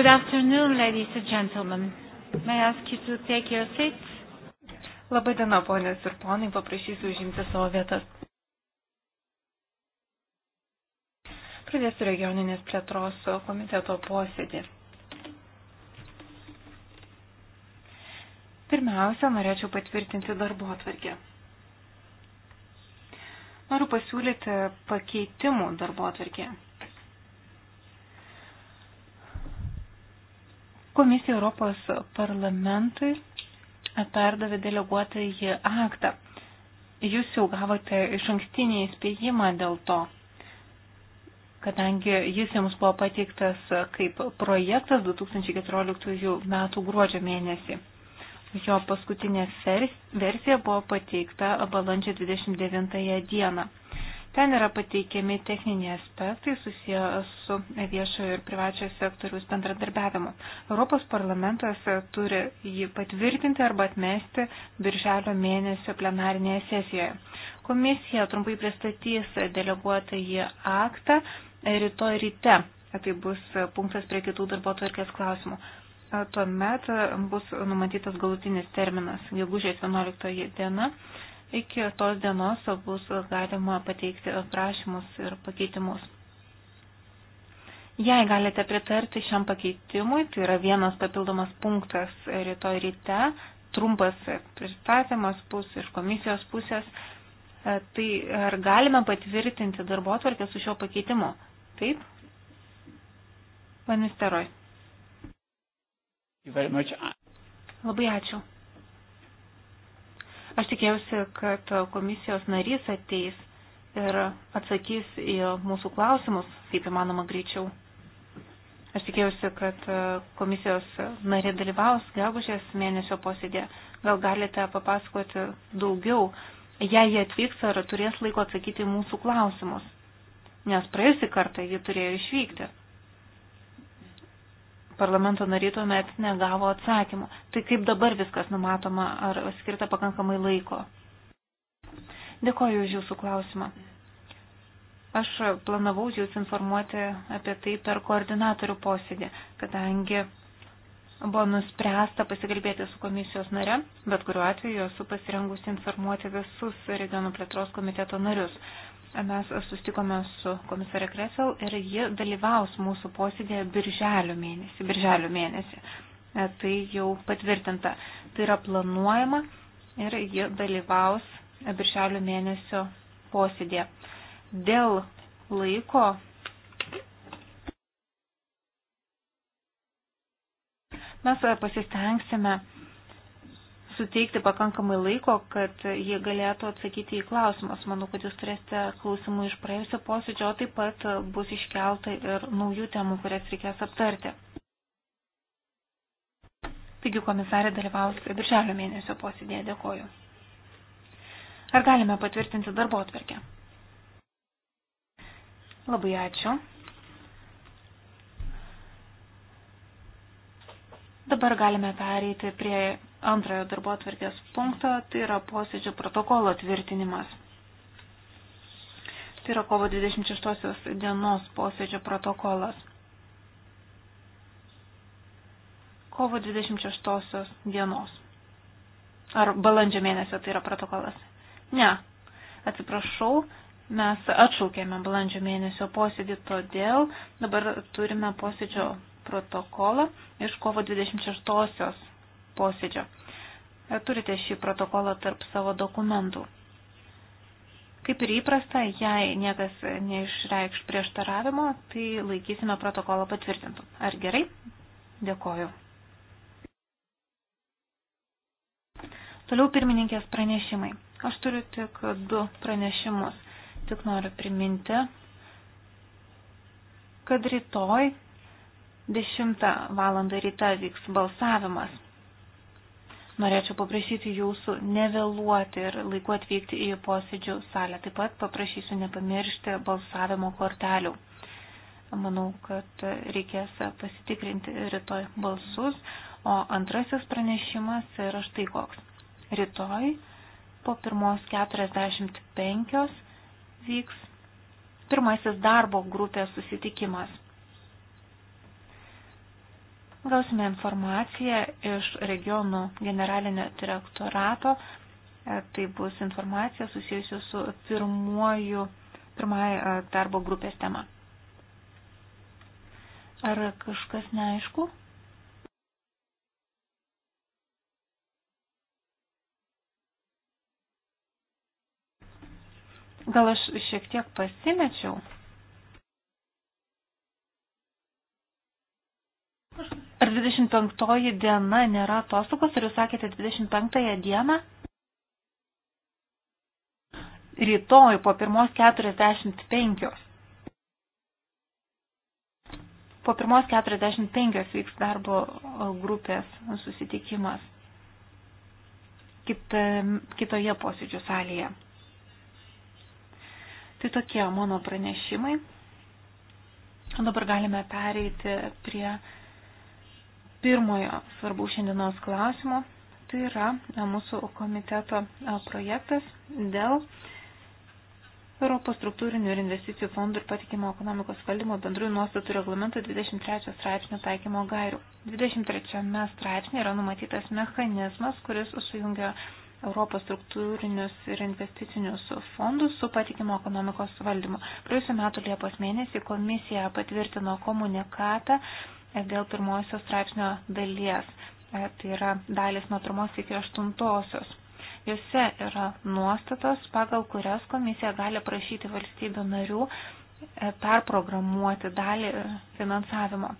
Good afternoon, ladies and gentlemen. May I ask you to take your seats? Labai diena, ponės ir ponai, paprašysiu užimti savo vietas. Pradėsiu regioninės plėtros komiteto posėdį. Pirmiausia, norėčiau patvirtinti darbo atvarkę. Noriu pasiūlyti pakeitimų darbo atvarkėje. komisija Europos parlamentui perdavė deleguotą į aktą. Jūs jau gavote iš ankstinį įspėjimą dėl to, kadangi jis jums buvo pateiktas kaip projektas 2014 m. gruodžio mėnesį. Jo paskutinė versija buvo pateikta balandžio 29 dieną. Ten yra pateikiami techniniai aspektai susiję su viešojo ir privačiojo sektoriaus bendradarbiavimu. Europos parlamentas turi jį patvirtinti arba atmesti birželio mėnesio plenarinėje sesijoje. Komisija trumpai pristatys deleguotą į aktą rytoj ryte. Tai bus punktas prie kitų darbo tvarkės klausimų. Tuomet bus numatytas galutinis terminas, gegužės 11 diena Iki tos dienos bus galima pateikti prašymus ir pakeitimus. Jei galite pritarti šiam pakeitimui, tai yra vienas papildomas punktas rytoj ryte, trumpas pristatymas bus iš komisijos pusės, tai ar galime patvirtinti darbo atvarkę su šio pakeitimu? Taip? Panisteroj. Labai ačiū. Aš tikėjausi, kad komisijos narys ateis ir atsakys į mūsų klausimus, kaip įmanoma greičiau. Aš tikėjausi, kad komisijos narė dalyvaus gegužės mėnesio posėdė. Gal galite papasakoti daugiau, jei jie atvyks ar turės laiko atsakyti mūsų klausimus, nes praėjusį kartą ji turėjo išvykti parlamento nariai tuomet negavo atsakymų. Tai kaip dabar viskas numatoma, ar skirta pakankamai laiko? Dėkoju už Jūsų klausimą. Aš planavau Jūs informuoti apie tai per koordinatorių posėdį, kadangi buvo nuspręsta pasikalbėti su komisijos nare, bet kuriuo atveju esu pasirengusi informuoti visus regionų plėtros komiteto narius. Mes sustikome su komisarė Kresel ir ji dalyvaus mūsų posėdėje birželio mėnesį. Birželio mėnesį. E, tai jau patvirtinta. Tai yra planuojama ir ji dalyvaus birželio mėnesio posėdėje. Dėl laiko. Mes pasistengsime suteikti pakankamai laiko, kad jie galėtų atsakyti į klausimus. Manau, kad jūs turėsite klausimų iš praėjusio posėdžio, taip pat bus iškelta ir naujų temų, kurias reikės aptarti. Taigi komisarė dalyvaus birželio mėnesio posėdėje. Dėkoju. Ar galime patvirtinti darbo atverkę? Labai ačiū. Dabar galime pereiti prie antrojo darbo atvarkės punkto, tai yra posėdžio protokolo tvirtinimas. Tai yra kovo 26 dienos posėdžio protokolas. Kovo 26 dienos. Ar balandžio mėnesio tai yra protokolas? Ne. Atsiprašau, mes atšaukėme balandžio mėnesio posėdį, todėl dabar turime posėdžio protokolą iš kovo 26 posėdžio. E, turite šį protokolą tarp savo dokumentų. Kaip ir įprasta, jei niekas neišreikš prieštaravimo, tai laikysime protokolą patvirtintų. Ar gerai? Dėkoju. Toliau pirmininkės pranešimai. Aš turiu tik du pranešimus. Tik noriu priminti, kad rytoj 10 val. ryte vyks balsavimas Norėčiau paprašyti jūsų nevėluoti ir laiku atvykti į posėdžių salę. Taip pat paprašysiu nepamiršti balsavimo kortelių. Manau, kad reikės pasitikrinti rytoj balsus, o antrasis pranešimas yra štai koks. Rytoj po pirmos 45 vyks pirmasis darbo grupės susitikimas. Gausime informaciją iš regionų generalinio direktorato. E, tai bus informacija susijusi su pirmuoju, pirmąją e, darbo grupės tema. Ar kažkas neaišku? Gal aš šiek tiek pasimečiau? Kažkas Ar 25 diena nėra atostogos, ar jūs sakėte 25 dieną? Rytoj po pirmos 45. Po pirmos 45 vyks darbo grupės susitikimas kit, kitoje posėdžių salėje. Tai tokie mano pranešimai. Dabar galime pereiti prie pirmojo svarbaus šiandienos klausimo. Tai yra e, mūsų komiteto e, projektas dėl Europos struktūrinių ir investicijų fondų ir patikimo ekonomikos valdymo bendrųjų nuostatų reglamento 23 straipsnio taikymo gairių. 23 straipsnė yra numatytas mechanizmas, kuris sujungia Europos struktūrinius ir investicinius fondus su patikimo ekonomikos valdymu. Praėjusiu metu Liepos mėnesį komisija patvirtino komunikatą dėl pirmosios straipsnio dalies, e, tai yra dalis nuo pirmos iki aštuntosios. Jose yra nuostatos, pagal kurias komisija gali prašyti valstybių narių e, perprogramuoti dalį finansavimo.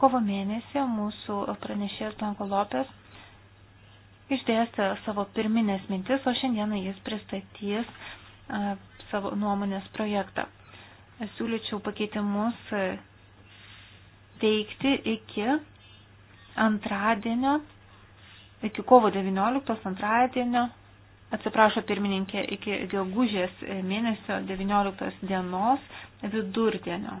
Kovo mėnesį mūsų pranešėjas Blanko Lopės išdėstė savo pirminės mintis, o šiandieną jis pristatys e, savo nuomonės projektą. Siūlyčiau pakeitimus teikti iki antradienio, iki kovo 19 antradienio, atsiprašo pirmininkė, iki gegužės mėnesio 19 dienos vidurdienio.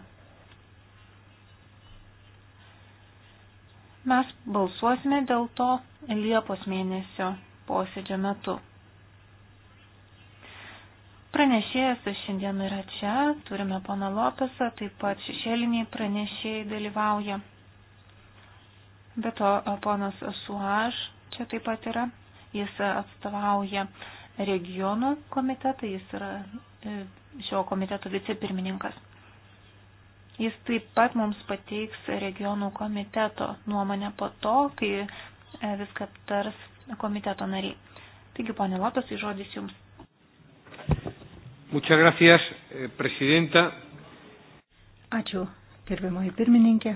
Mes balsuosime dėl to Liepos mėnesio posėdžio metu. Pranešėjas šiandien yra čia, turime pana Lopesą, taip pat šešėliniai pranešėjai dalyvauja. Be to, ponas Suaž čia taip pat yra, jis atstovauja regionų komitetą, jis yra e, šio komiteto vicepirmininkas. Jis taip pat mums pateiks regionų komiteto nuomonę po to, kai e, viską aptars komiteto nariai. Taigi, ponė Lopesai, žodis jums. Muchas gracias, eh, prezidenta. Ačiū, gerbiamoji pirmininkė.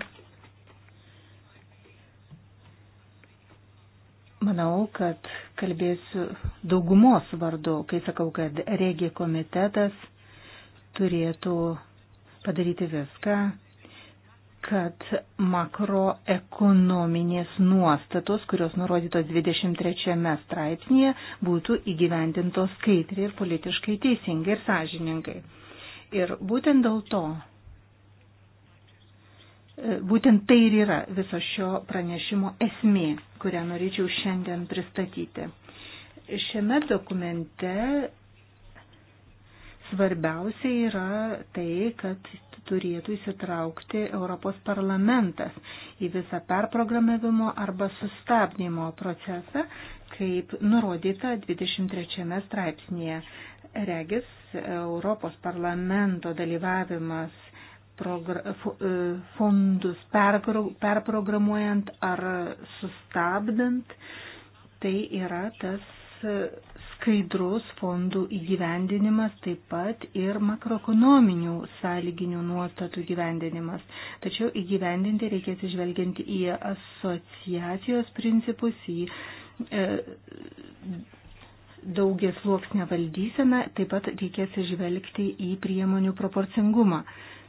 Manau, kad kalbėsiu daugumos vardu, kai sakau, kad regija komitetas turėtų padaryti viską, kad makroekonominės nuostatos, kurios nurodytos 23 straipsnėje, būtų įgyvendintos skaidriai ir politiškai teisingai ir sąžiningai. Ir būtent dėl to, e, būtent tai ir yra viso šio pranešimo esmė, kurią norėčiau šiandien pristatyti. Šiame dokumente svarbiausia yra tai, kad turėtų įsitraukti Europos parlamentas į visą perprogramavimo arba sustabdymo procesą, kaip nurodyta 23 straipsnėje. Regis Europos parlamento dalyvavimas e, fondus perprogramuojant ar sustabdant, tai yra tas skaidrus fondų įgyvendinimas, taip pat ir makroekonominių sąlyginių nuostatų įgyvendinimas. Tačiau įgyvendinti reikia atsižvelgianti į asociacijos principus, į e, daugias luoksnę valdyseną, taip pat reikia atsižvelgti į priemonių proporcingumą. E,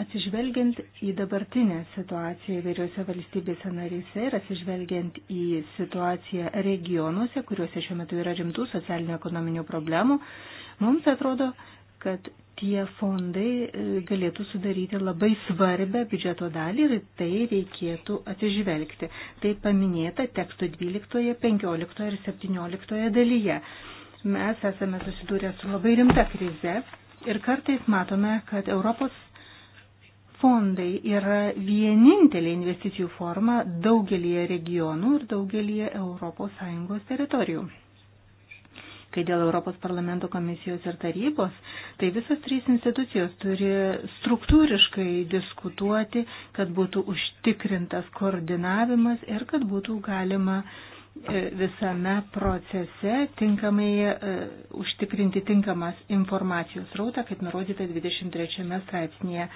Atsižvelgiant į dabartinę situaciją įvairiose valstybėse narėse ir atsižvelgiant į situaciją regionuose, kuriuose šiuo metu yra rimtų socialinių ekonominių problemų, mums atrodo, kad tie fondai e, galėtų sudaryti labai svarbę biudžeto dalį ir tai reikėtų atsižvelgti. Tai paminėta teksto 12, 15 ir 17 dalyje. Mes esame susidūrę su labai rimta krize ir kartais matome, kad Europos fondai yra vienintelė investicijų forma daugelie regionų ir daugelie ES teritorijų. Kai dėl Europos parlamento komisijos ir tarybos, tai visos trys institucijos turi struktūriškai diskutuoti, kad būtų užtikrintas koordinavimas ir kad būtų galima e, visame procese tinkamai e, užtikrinti tinkamas informacijos rautą, kaip nurodyta 23 straipsnėje.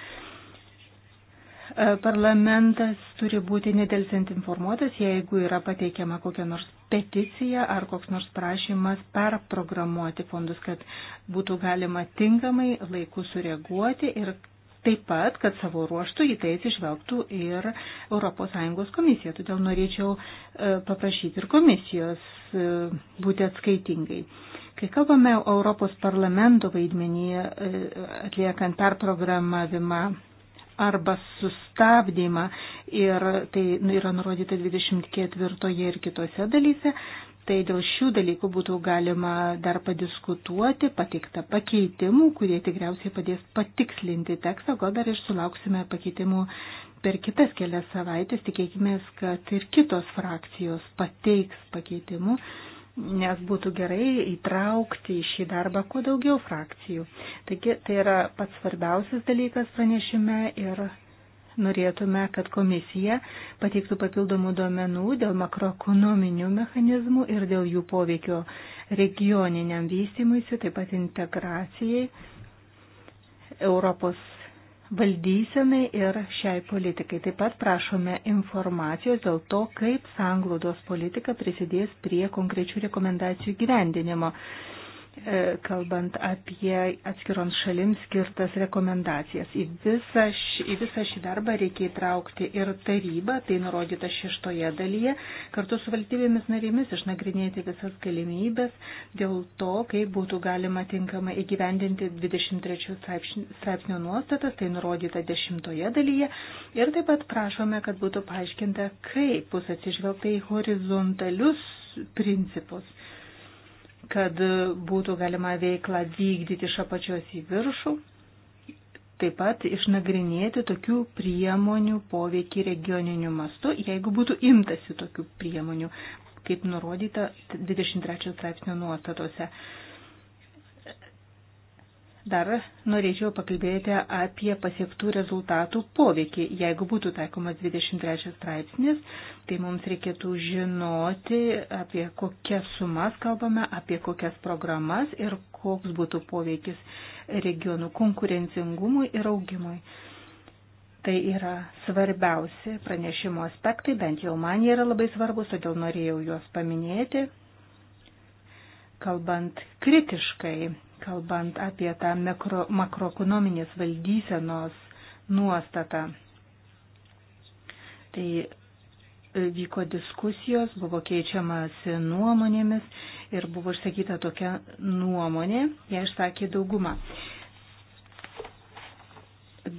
E, parlamentas turi būti nedelsiant informuotas, jeigu yra pateikiama kokia nors peticija ar koks nors prašymas perprogramuoti fondus, kad būtų galima tinkamai laiku sureaguoti ir taip pat, kad savo ruoštų į tai atsižvelgtų ir ES komisija. Todėl norėčiau e, paprašyti ir komisijos e, būti atskaitingai. Kai kalbame Europos parlamento vaidmenį atliekant perprogramavimą arba sustabdymą ir tai nu, yra nurodyta 24 ir kitose dalyse. Tai dėl šių dalykų būtų galima dar padiskutuoti, pateikta pakeitimų, kurie tikriausiai padės patikslinti tekstą, gal dar ir sulauksime pakeitimų per kitas kelias savaitės. Tikėkime, kad ir kitos frakcijos pateiks pakeitimų nes būtų gerai įtraukti į šį darbą kuo daugiau frakcijų. Taigi tai yra pats svarbiausias dalykas pranešime ir norėtume, kad komisija pateiktų papildomų duomenų dėl makroekonominių mechanizmų ir dėl jų poveikio regioniniam vystymuisi, taip pat integracijai Europos valdysenai ir šiai politikai. Taip pat prašome informacijos dėl to, kaip sanglaudos politika prisidės prie konkrečių rekomendacijų gyvendinimo. E, kalbant apie atskiroms šalims skirtas rekomendacijas. Į visą, šį, į visą šį darbą reikia įtraukti ir tarybą, tai nurodyta šeštoje dalyje, kartu su valstybėmis narėmis išnagrinėti visas galimybės dėl to, kaip būtų galima tinkamai įgyvendinti 23 straipsnio nuostatas, tai nurodyta dešimtoje dalyje. Ir taip pat prašome, kad būtų paaiškinta, kaip bus atsižvelgta į horizontalius principus kad būtų galima veiklą vykdyti iš apačios į viršų, taip pat išnagrinėti tokių priemonių poveikį regioniniu mastu, jeigu būtų imtasi tokių priemonių, kaip nurodyta 23 straipsnio nuostatose. Dar norėčiau pakalbėti apie pasiektų rezultatų poveikį. Jeigu būtų taikomas 23 straipsnis, tai mums reikėtų žinoti, apie kokias sumas kalbame, apie kokias programas ir koks būtų poveikis regionų konkurencingumui ir augimui. Tai yra svarbiausi pranešimo aspektai, bent jau man jie yra labai svarbus, todėl norėjau juos paminėti. Kalbant kritiškai kalbant apie tą mikro, makroekonominės valdysenos nuostatą. Tai vyko diskusijos, buvo keičiamas nuomonėmis ir buvo išsakyta tokia nuomonė, ją išsakė dauguma.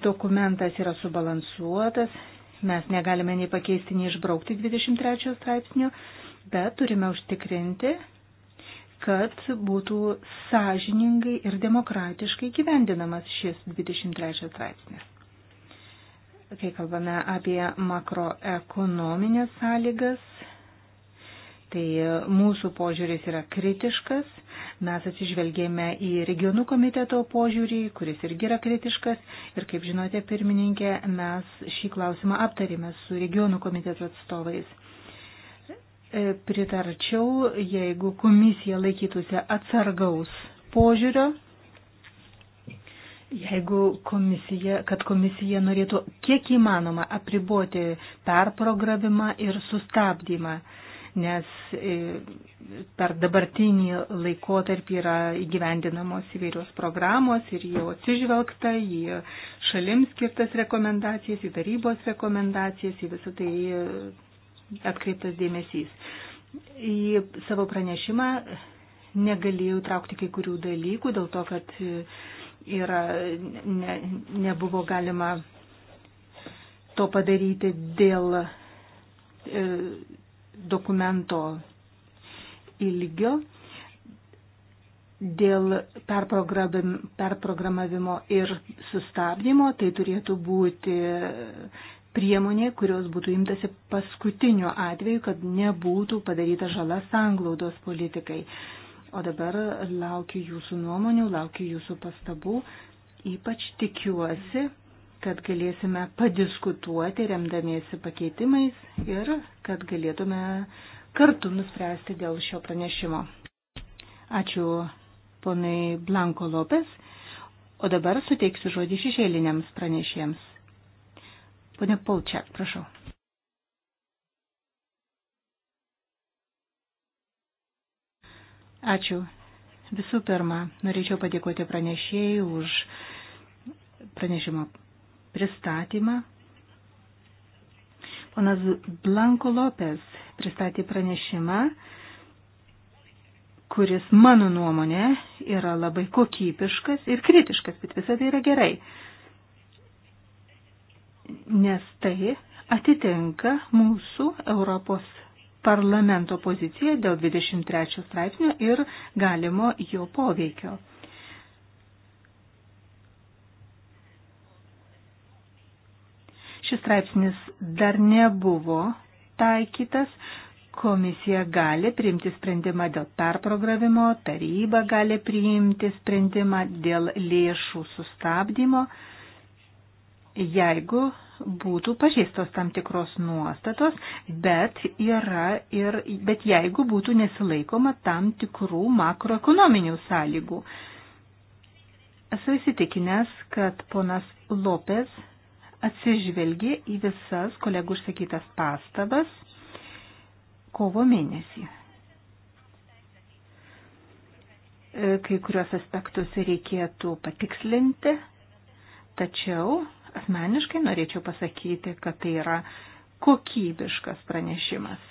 Dokumentas yra subalansuotas, mes negalime nei pakeisti, nei išbraukti 23 straipsnio, bet turime užtikrinti, kad būtų sąžiningai ir demokratiškai gyvendinamas šis 23 straipsnis. Kai kalbame apie makroekonominės sąlygas, Tai mūsų požiūris yra kritiškas, mes atsižvelgėme į regionų komiteto požiūrį, kuris irgi yra kritiškas ir, kaip žinote, pirmininkė, mes šį klausimą aptarėme su regionų komiteto atstovais. E, pritarčiau, jeigu komisija laikytųsi atsargaus požiūrio, jeigu komisija, kad komisija norėtų kiek įmanoma apriboti perprogramimą ir sustabdymą, nes e, per dabartinį laikotarpį yra įgyvendinamos įvairios programos ir jau atsižvelgta į šalims skirtas rekomendacijas, į tarybos rekomendacijas, į visą tai atkreiptas dėmesys. Į savo pranešimą negalėjau traukti kai kurių dalykų dėl to, kad yra, ne, nebuvo galima to padaryti dėl e, dokumento ilgio, dėl perprogramavimo ir sustabdymo, tai turėtų būti priemonė, kurios būtų imtasi paskutiniu atveju, kad nebūtų padaryta žala sanglaudos politikai. O dabar laukiu jūsų nuomonių, laukiu jūsų pastabų. Ypač tikiuosi, kad galėsime padiskutuoti remdamiesi pakeitimais ir kad galėtume kartu nuspręsti dėl šio pranešimo. Ačiū ponai Blanko Lopes, o dabar suteiksiu žodį šešėliniams pranešėjams. Pone Polčiak, prašau. Ačiū. Visų pirma, norėčiau padėkoti pranešėjai už pranešimo pristatymą. Ponas Blanko Lopes pristatė pranešimą, kuris mano nuomonė yra labai kokybiškas ir kritiškas, bet visą tai yra gerai nes tai atitinka mūsų Europos parlamento poziciją dėl 23 straipsnio ir galimo jo poveikio. Šis straipsnis dar nebuvo taikytas, komisija gali priimti sprendimą dėl perprogramimo, taryba gali priimti sprendimą dėl lėšų sustabdymo jeigu būtų pažeistos tam tikros nuostatos, bet, yra ir, bet jeigu būtų nesilaikoma tam tikrų makroekonominių sąlygų. Esu įsitikinęs, kad ponas Lopez atsižvelgė į visas kolegų užsakytas pastabas kovo mėnesį. E, kai kurios aspektus reikėtų patikslinti, tačiau asmeniškai norėčiau pasakyti, kad tai yra kokybiškas pranešimas.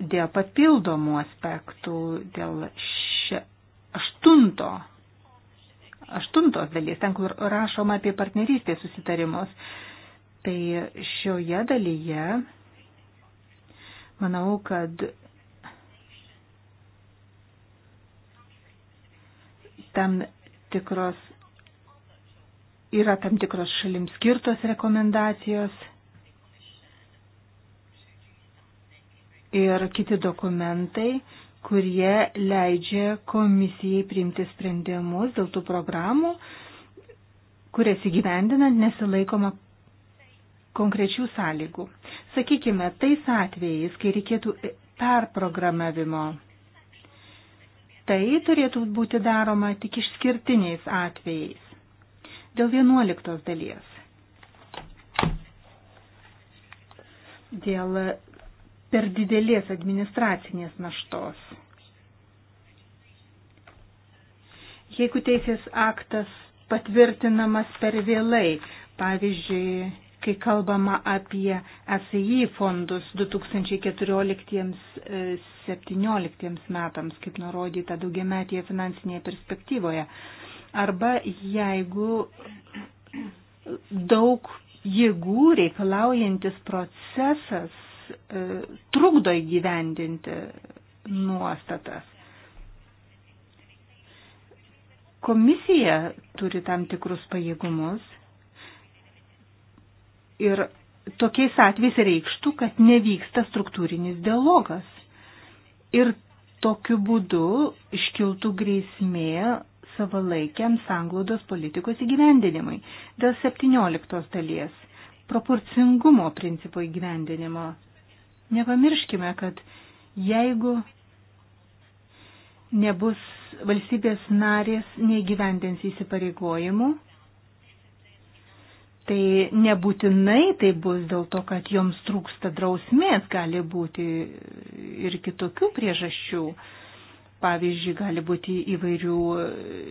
Dėl papildomų aspektų, dėl še, aštunto, aštuntos dalies, ten kur rašoma apie partnerystės susitarimus, tai šioje dalyje manau, kad tam tikros yra tam tikros šalims skirtos rekomendacijos ir kiti dokumentai, kurie leidžia komisijai priimti sprendimus dėl tų programų, kurias įgyvendinant nesilaikoma konkrečių sąlygų. Sakykime, tais atvejais, kai reikėtų perprogramavimo, tai turėtų būti daroma tik išskirtiniais atvejais. Dėl vienuoliktos dalies. Dėl per didelės administracinės naštos. Jeigu teisės aktas patvirtinamas per vėlai, pavyzdžiui, kai kalbama apie SAI fondus 2014-2017 e, metams, kaip nurodyta daugiametėje finansinėje perspektyvoje, arba jeigu daug jėgų reikalaujantis procesas e, trukdo įgyvendinti nuostatas. Komisija turi tam tikrus pajėgumus ir tokiais atvejais reikštų, kad nevyksta struktūrinis dialogas. Ir tokiu būdu iškiltų grėsmė savalaikiam sanglaudos politikos įgyvendinimui dėl 17 dalies proporcingumo principo įgyvendinimo. Nepamirškime, kad jeigu nebus valstybės narės neįgyvendins įsipareigojimų, tai nebūtinai tai bus dėl to, kad joms trūksta drausmės, gali būti ir kitokių priežasčių pavyzdžiui, gali būti įvairių e,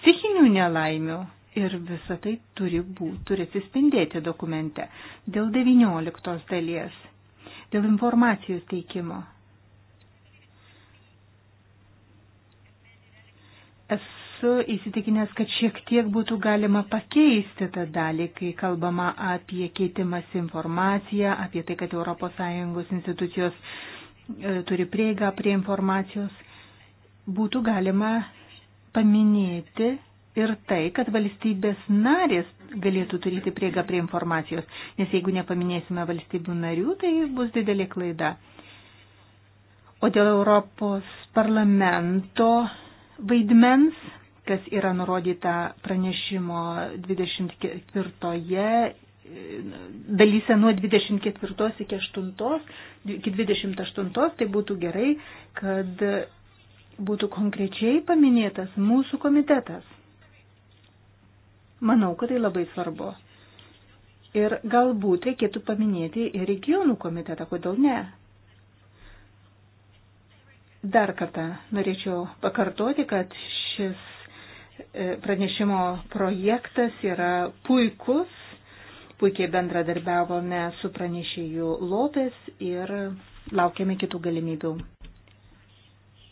stichinių nelaimių ir visa tai turi būti, turi atsispindėti dokumente. Dėl 19 dalies, dėl informacijos teikimo. Esu įsitikinęs, kad šiek tiek būtų galima pakeisti tą dalį, kai kalbama apie keitimas informaciją, apie tai, kad ES institucijos e, turi prieigą prie informacijos būtų galima paminėti ir tai, kad valstybės narės galėtų turėti prieigą prie informacijos, nes jeigu nepaminėsime valstybių narių, tai bus didelė klaida. O dėl Europos parlamento vaidmens, kas yra nurodyta pranešimo 24 dalyse nuo 24 iki 8, iki 28, tai būtų gerai, kad būtų konkrečiai paminėtas mūsų komitetas. Manau, kad tai labai svarbu. Ir galbūt reikėtų paminėti ir regionų komitetą, kodėl ne. Dar kartą norėčiau pakartoti, kad šis e, pranešimo projektas yra puikus, puikiai bendradarbiavome su pranešėjų Lopės ir laukiame kitų galimybių.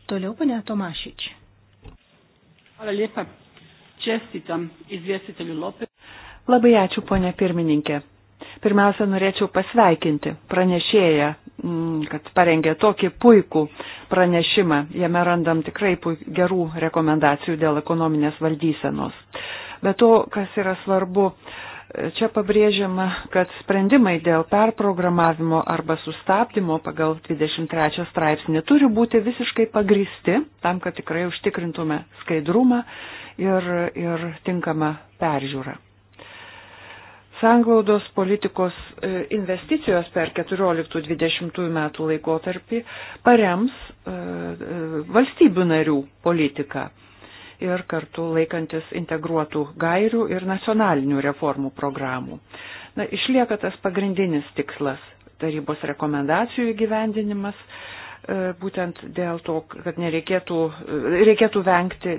Toliau pane Tomašić. Hvala lijepa. Čestitam izvjestitelju Lopez. Labai ačiū, ponė pirmininkė. Pirmiausia, norėčiau pasveikinti pranešėją, mm, kad parengė tokį puikų pranešimą. Jame randam tikrai gerų rekomendacijų dėl ekonominės valdysenos. Bet to, kas yra svarbu, uh, Čia pabrėžiama, kad sprendimai dėl perprogramavimo arba sustabdymo pagal 23 straipsnį turi būti visiškai pagristi, tam, kad tikrai užtikrintume skaidrumą ir, ir tinkamą peržiūrą. Sanglaudos politikos e, investicijos per 14-20 metų laikotarpį parems e, e, valstybių narių politiką ir kartu laikantis integruotų gairių ir nacionalinių reformų programų. Na, išlieka tas pagrindinis tikslas - tarybos rekomendacijų įgyvendinimas, e, būtent dėl to, kad nereikėtų, e, reikėtų vengti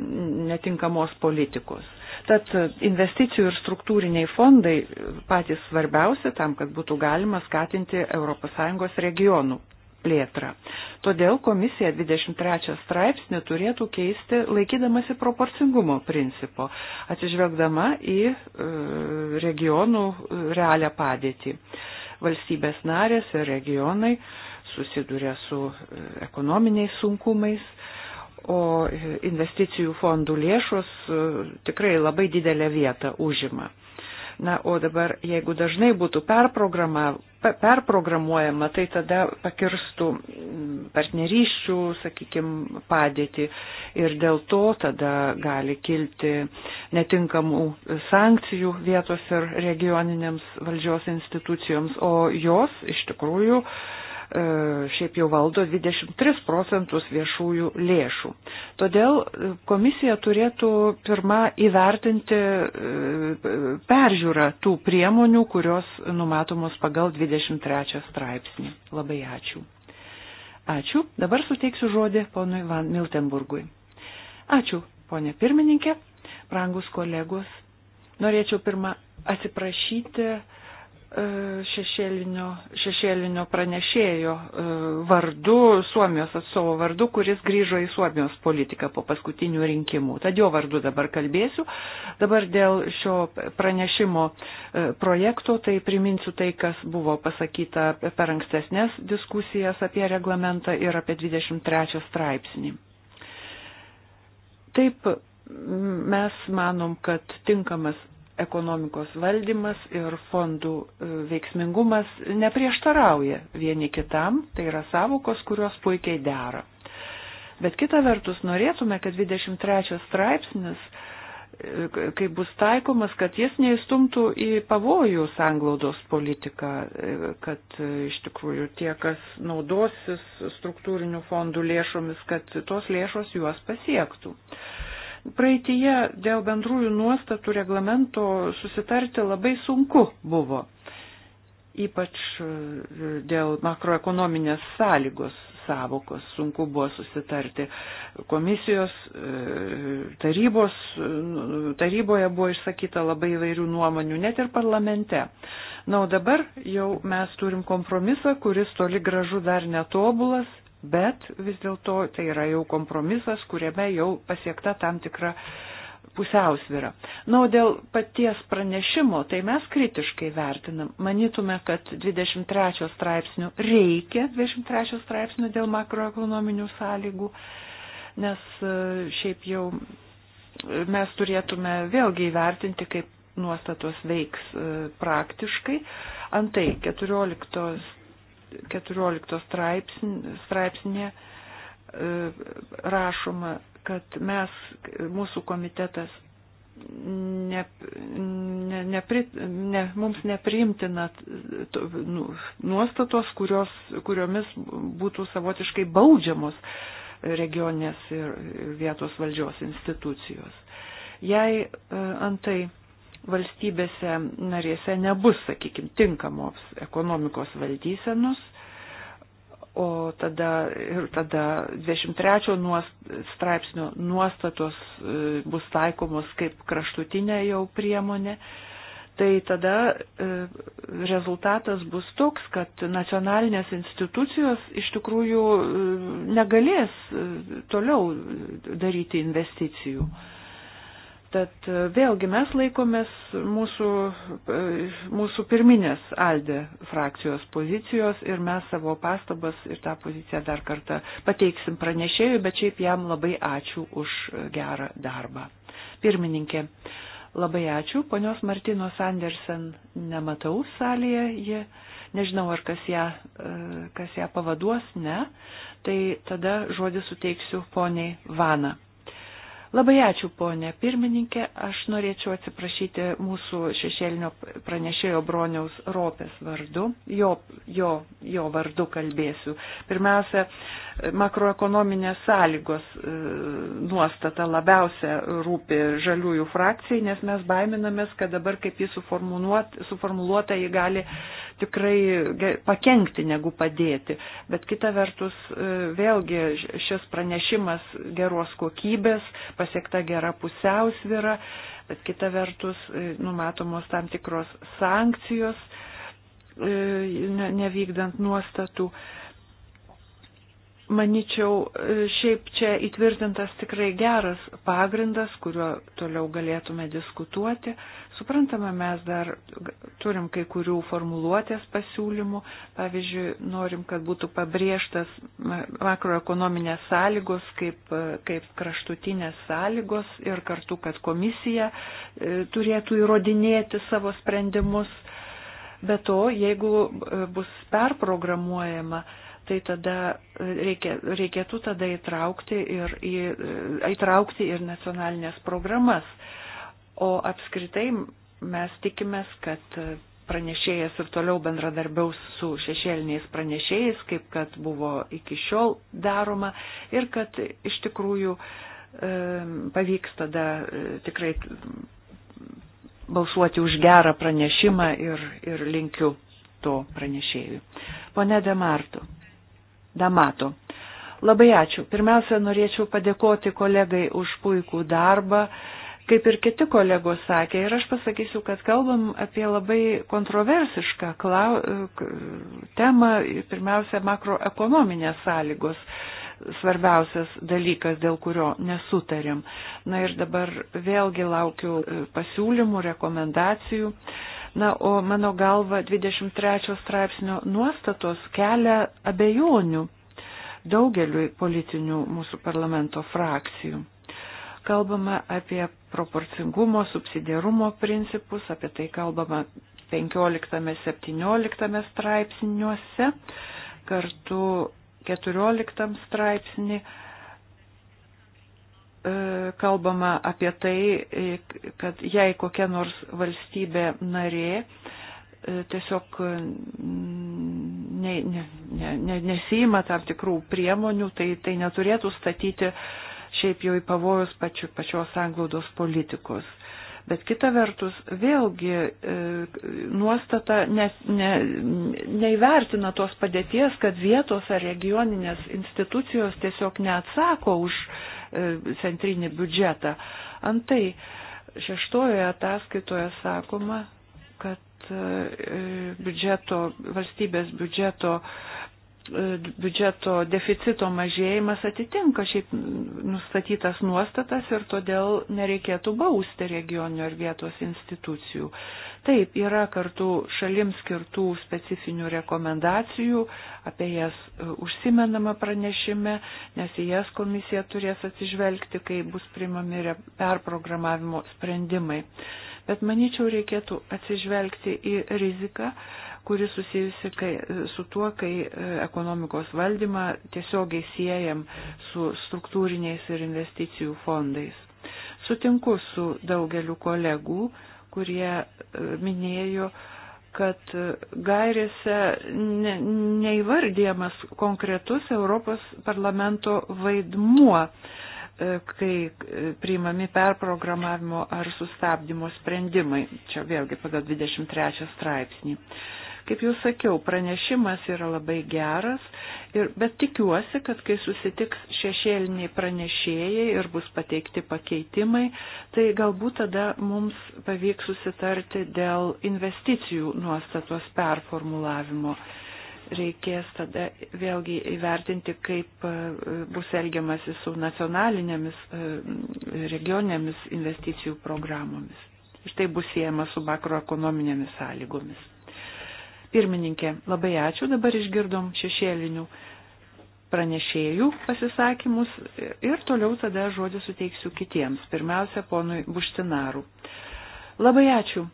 netinkamos politikos. Tad investicijų ir struktūriniai fondai patys svarbiausi tam, kad būtų galima skatinti ES regionų plėtrą. Todėl komisija 23 straipsnį turėtų keisti laikydamasi proporcingumo principo, atsižvelgdama į e, regionų e, realią padėtį. Valstybės narės ir regionai susiduria su e, ekonominiais sunkumais, o e, investicijų fondų lėšos tikrai labai didelę vietą užima. Na, o dabar, jeigu dažnai būtų perprogramuojama, tai tada pakirstų mm, partnerysčių, sakykime, padėtį ir dėl to tada gali kilti netinkamų sankcijų vietos ir regioninėms valdžios institucijoms, o jos iš tikrųjų uh, E, šiaip jau valdo 23 procentus viešųjų lėšų. Todėl e, komisija turėtų pirmą įvertinti e, peržiūrą tų priemonių, kurios numatomos pagal 23 straipsnį. Labai ačiū. Ačiū. Dabar suteiksiu žodį ponui Van Miltenburgui. Ačiū, ponė pirmininkė, brangus kolegos. Norėčiau pirmą atsiprašyti šešėlinio, šešėlinio pranešėjo e, vardu, Suomijos atstovo vardu, kuris grįžo į Suomijos politiką po paskutinių rinkimų. Tad jo vardu dabar kalbėsiu. Dabar dėl šio pranešimo e, projekto, tai priminsiu tai, kas buvo pasakyta per ankstesnės diskusijas apie reglamentą ir apie 23 straipsnį. Taip, mes manom, kad tinkamas ekonomikos valdymas ir fondų e, veiksmingumas neprieštarauja vieni kitam, tai yra savokos, kurios puikiai dera. Bet kita vertus norėtume, kad 23 straipsnis, e, kai bus taikomas, kad jis neįstumtų į pavojų sanglaudos politiką, e, kad iš tikrųjų tie, kas naudosis struktūrinių fondų lėšomis, kad tos lėšos juos pasiektų. Praeitie dėl bendrųjų nuostatų reglamento susitarti labai sunku buvo, ypač e, dėl makroekonominės sąlygos savokos sunku buvo susitarti. Komisijos e, tarybos, taryboje buvo išsakyta labai įvairių nuomonių, net ir parlamente. Na, o dabar jau mes turim kompromisą, kuris toli gražu dar netobulas, bet vis dėlto tai yra jau kompromisas, kuriame jau pasiekta tam tikra pusiausvyrą. Na, o dėl paties pranešimo, tai mes kritiškai vertinam. Manytume, kad 23 straipsnių reikia, 23 straipsnių dėl makroekonominių sąlygų, nes e, šiaip jau mes turėtume vėlgi įvertinti, kaip nuostatos veiks e, praktiškai. Antai 14 14 straipsnė, straipsnė e, rašoma, kad mes, mūsų komitetas, ne, ne, ne, ne, mums nepriimtina nu, nuostatos, kurios, kuriomis būtų savotiškai baudžiamos regioninės ir vietos valdžios institucijos. Jei e, antai valstybėse narėse nebus, sakykime, tinkamos ekonomikos valdysenos, o tada ir tada 23 nuost, straipsnio nuostatos e, bus taikomos kaip kraštutinė jau priemonė, tai tada e, rezultatas bus toks, kad nacionalinės institucijos iš tikrųjų e, negalės toliau daryti investicijų. Mhm. Tad e, vėlgi mes laikomės mūsų, e, mūsų pirminės Alde frakcijos pozicijos ir mes savo pastabas ir tą poziciją dar kartą pateiksim pranešėjui, bet šiaip jam labai ačiū už gerą darbą. Pirmininkė, labai ačiū. Ponios Martino Sandersen nematau salėje, ji nežinau ar kas ją, e, kas ją pavaduos, ne. Tai tada žodį suteiksiu poniai Vana. Labai ačiū, ponė pirmininkė. Aš norėčiau atsiprašyti mūsų šešėlinio pranešėjo broniaus Ropės vardu. Jo, jo, jo vardu kalbėsiu. Pirmiausia, makroekonominės sąlygos e, nuostata labiausia rūpi žaliųjų frakcijai, nes mes baiminamės, kad dabar, kaip jis suformuluota, jį gali tikrai pakengti negu padėti. Bet kita vertus, e, vėlgi šis pranešimas geros kokybės, pasiekta gera pusiausvyra, bet kita vertus e, numatomos tam tikros sankcijos e, nevykdant nuostatų. Ne Maničiau, e, šiaip čia įtvirtintas tikrai geras pagrindas, kuriuo toliau galėtume diskutuoti. Suprantama, mes dar turim kai kurių formuluotės pasiūlymų. Pavyzdžiui, norim, kad būtų pabrėžtas makroekonominės sąlygos kaip, e, kaip kraštutinės sąlygos ir kartu, kad komisija e, turėtų įrodinėti savo sprendimus. Be to, jeigu bus perprogramuojama, tai tada e, reikia, reikėtų tada įtraukti ir, į, e, įtraukti ir nacionalinės programas. O apskritai mes tikimės, kad pranešėjas ir toliau bendradarbiaus su šešėliniais pranešėjais, kaip kad buvo iki šiol daroma ir kad iš tikrųjų e, pavyks tada tikrai balsuoti už gerą pranešimą ir, ir linkiu to pranešėjui. Pone Demartu. Damato. Labai ačiū. Pirmiausia, norėčiau padėkoti kolegai už puikų darbą. Kaip ir kiti kolegos sakė, ir aš pasakysiu, kad kalbam apie labai kontroversišką klau... temą, pirmiausia, makroekonominės sąlygos svarbiausias dalykas, dėl kurio nesutarėm. Na ir dabar vėlgi laukiu pasiūlymų, rekomendacijų. Uh, Na, o mano galva 23 straipsnio nuostatos kelia abejonių daugeliui politinių mūsų parlamento frakcijų. Kalbama apie proporcingumo, subsidiarumo principus, apie tai kalbama 15-17 straipsniuose, kartu 14 straipsnį E, kalbama apie tai, e, kad jei kokia nors valstybė narė e, tiesiog ne, ne, ne, nesima tam tikrų priemonių, tai, tai neturėtų statyti šiaip jau į pavojus pačiu, pačios anglaudos politikos. Bet kita vertus, vėlgi e, nuostata nes, ne, neįvertina tos padėties, kad vietos ar regioninės institucijos tiesiog neatsako už e, E, centrinį biudžetą. Antai šeštojoje ataskaitoje sakoma, kad e, biudžeto, valstybės biudžeto e, biudžeto deficito mažėjimas atitinka šiaip nustatytas nuostatas ir todėl nereikėtų bausti regioninio ir vietos institucijų. Taip, yra kartu šalims skirtų specifinių rekomendacijų, apie jas e, užsimenama pranešime, nes į jas komisija turės atsižvelgti, kai bus primami perprogramavimo sprendimai. Bet manyčiau, reikėtų atsižvelgti į riziką, kuri susijusi kai, e, su tuo, kai e, ekonomikos valdymą tiesiogiai siejam su struktūriniais ir investicijų fondais. Sutinku su daugeliu kolegų, kurie e, minėjo, kad gairėse ne, neįvardyjamas konkretus Europos parlamento vaidmuo, e, kai e, priimami perprogramavimo ar sustabdymo sprendimai. Čia vėlgi pagal 23 straipsnį. Kaip jau sakiau, pranešimas yra labai geras, ir, bet tikiuosi, kad kai susitiks šešėliniai pranešėjai ir bus pateikti pakeitimai, tai galbūt tada mums pavyks susitarti dėl investicijų nuostatos performulavimo reikės tada vėlgi įvertinti, kaip e, bus elgiamasi su nacionalinėmis e, regioninėmis investicijų programomis. Ir tai bus siejama su makroekonominėmis sąlygomis. Pirmininkė, labai ačiū, dabar išgirdom šešėlinių pranešėjų pasisakymus ir toliau tada žodį suteiksiu kitiems. Pirmiausia, ponui Buštinaru. Labai ačiū,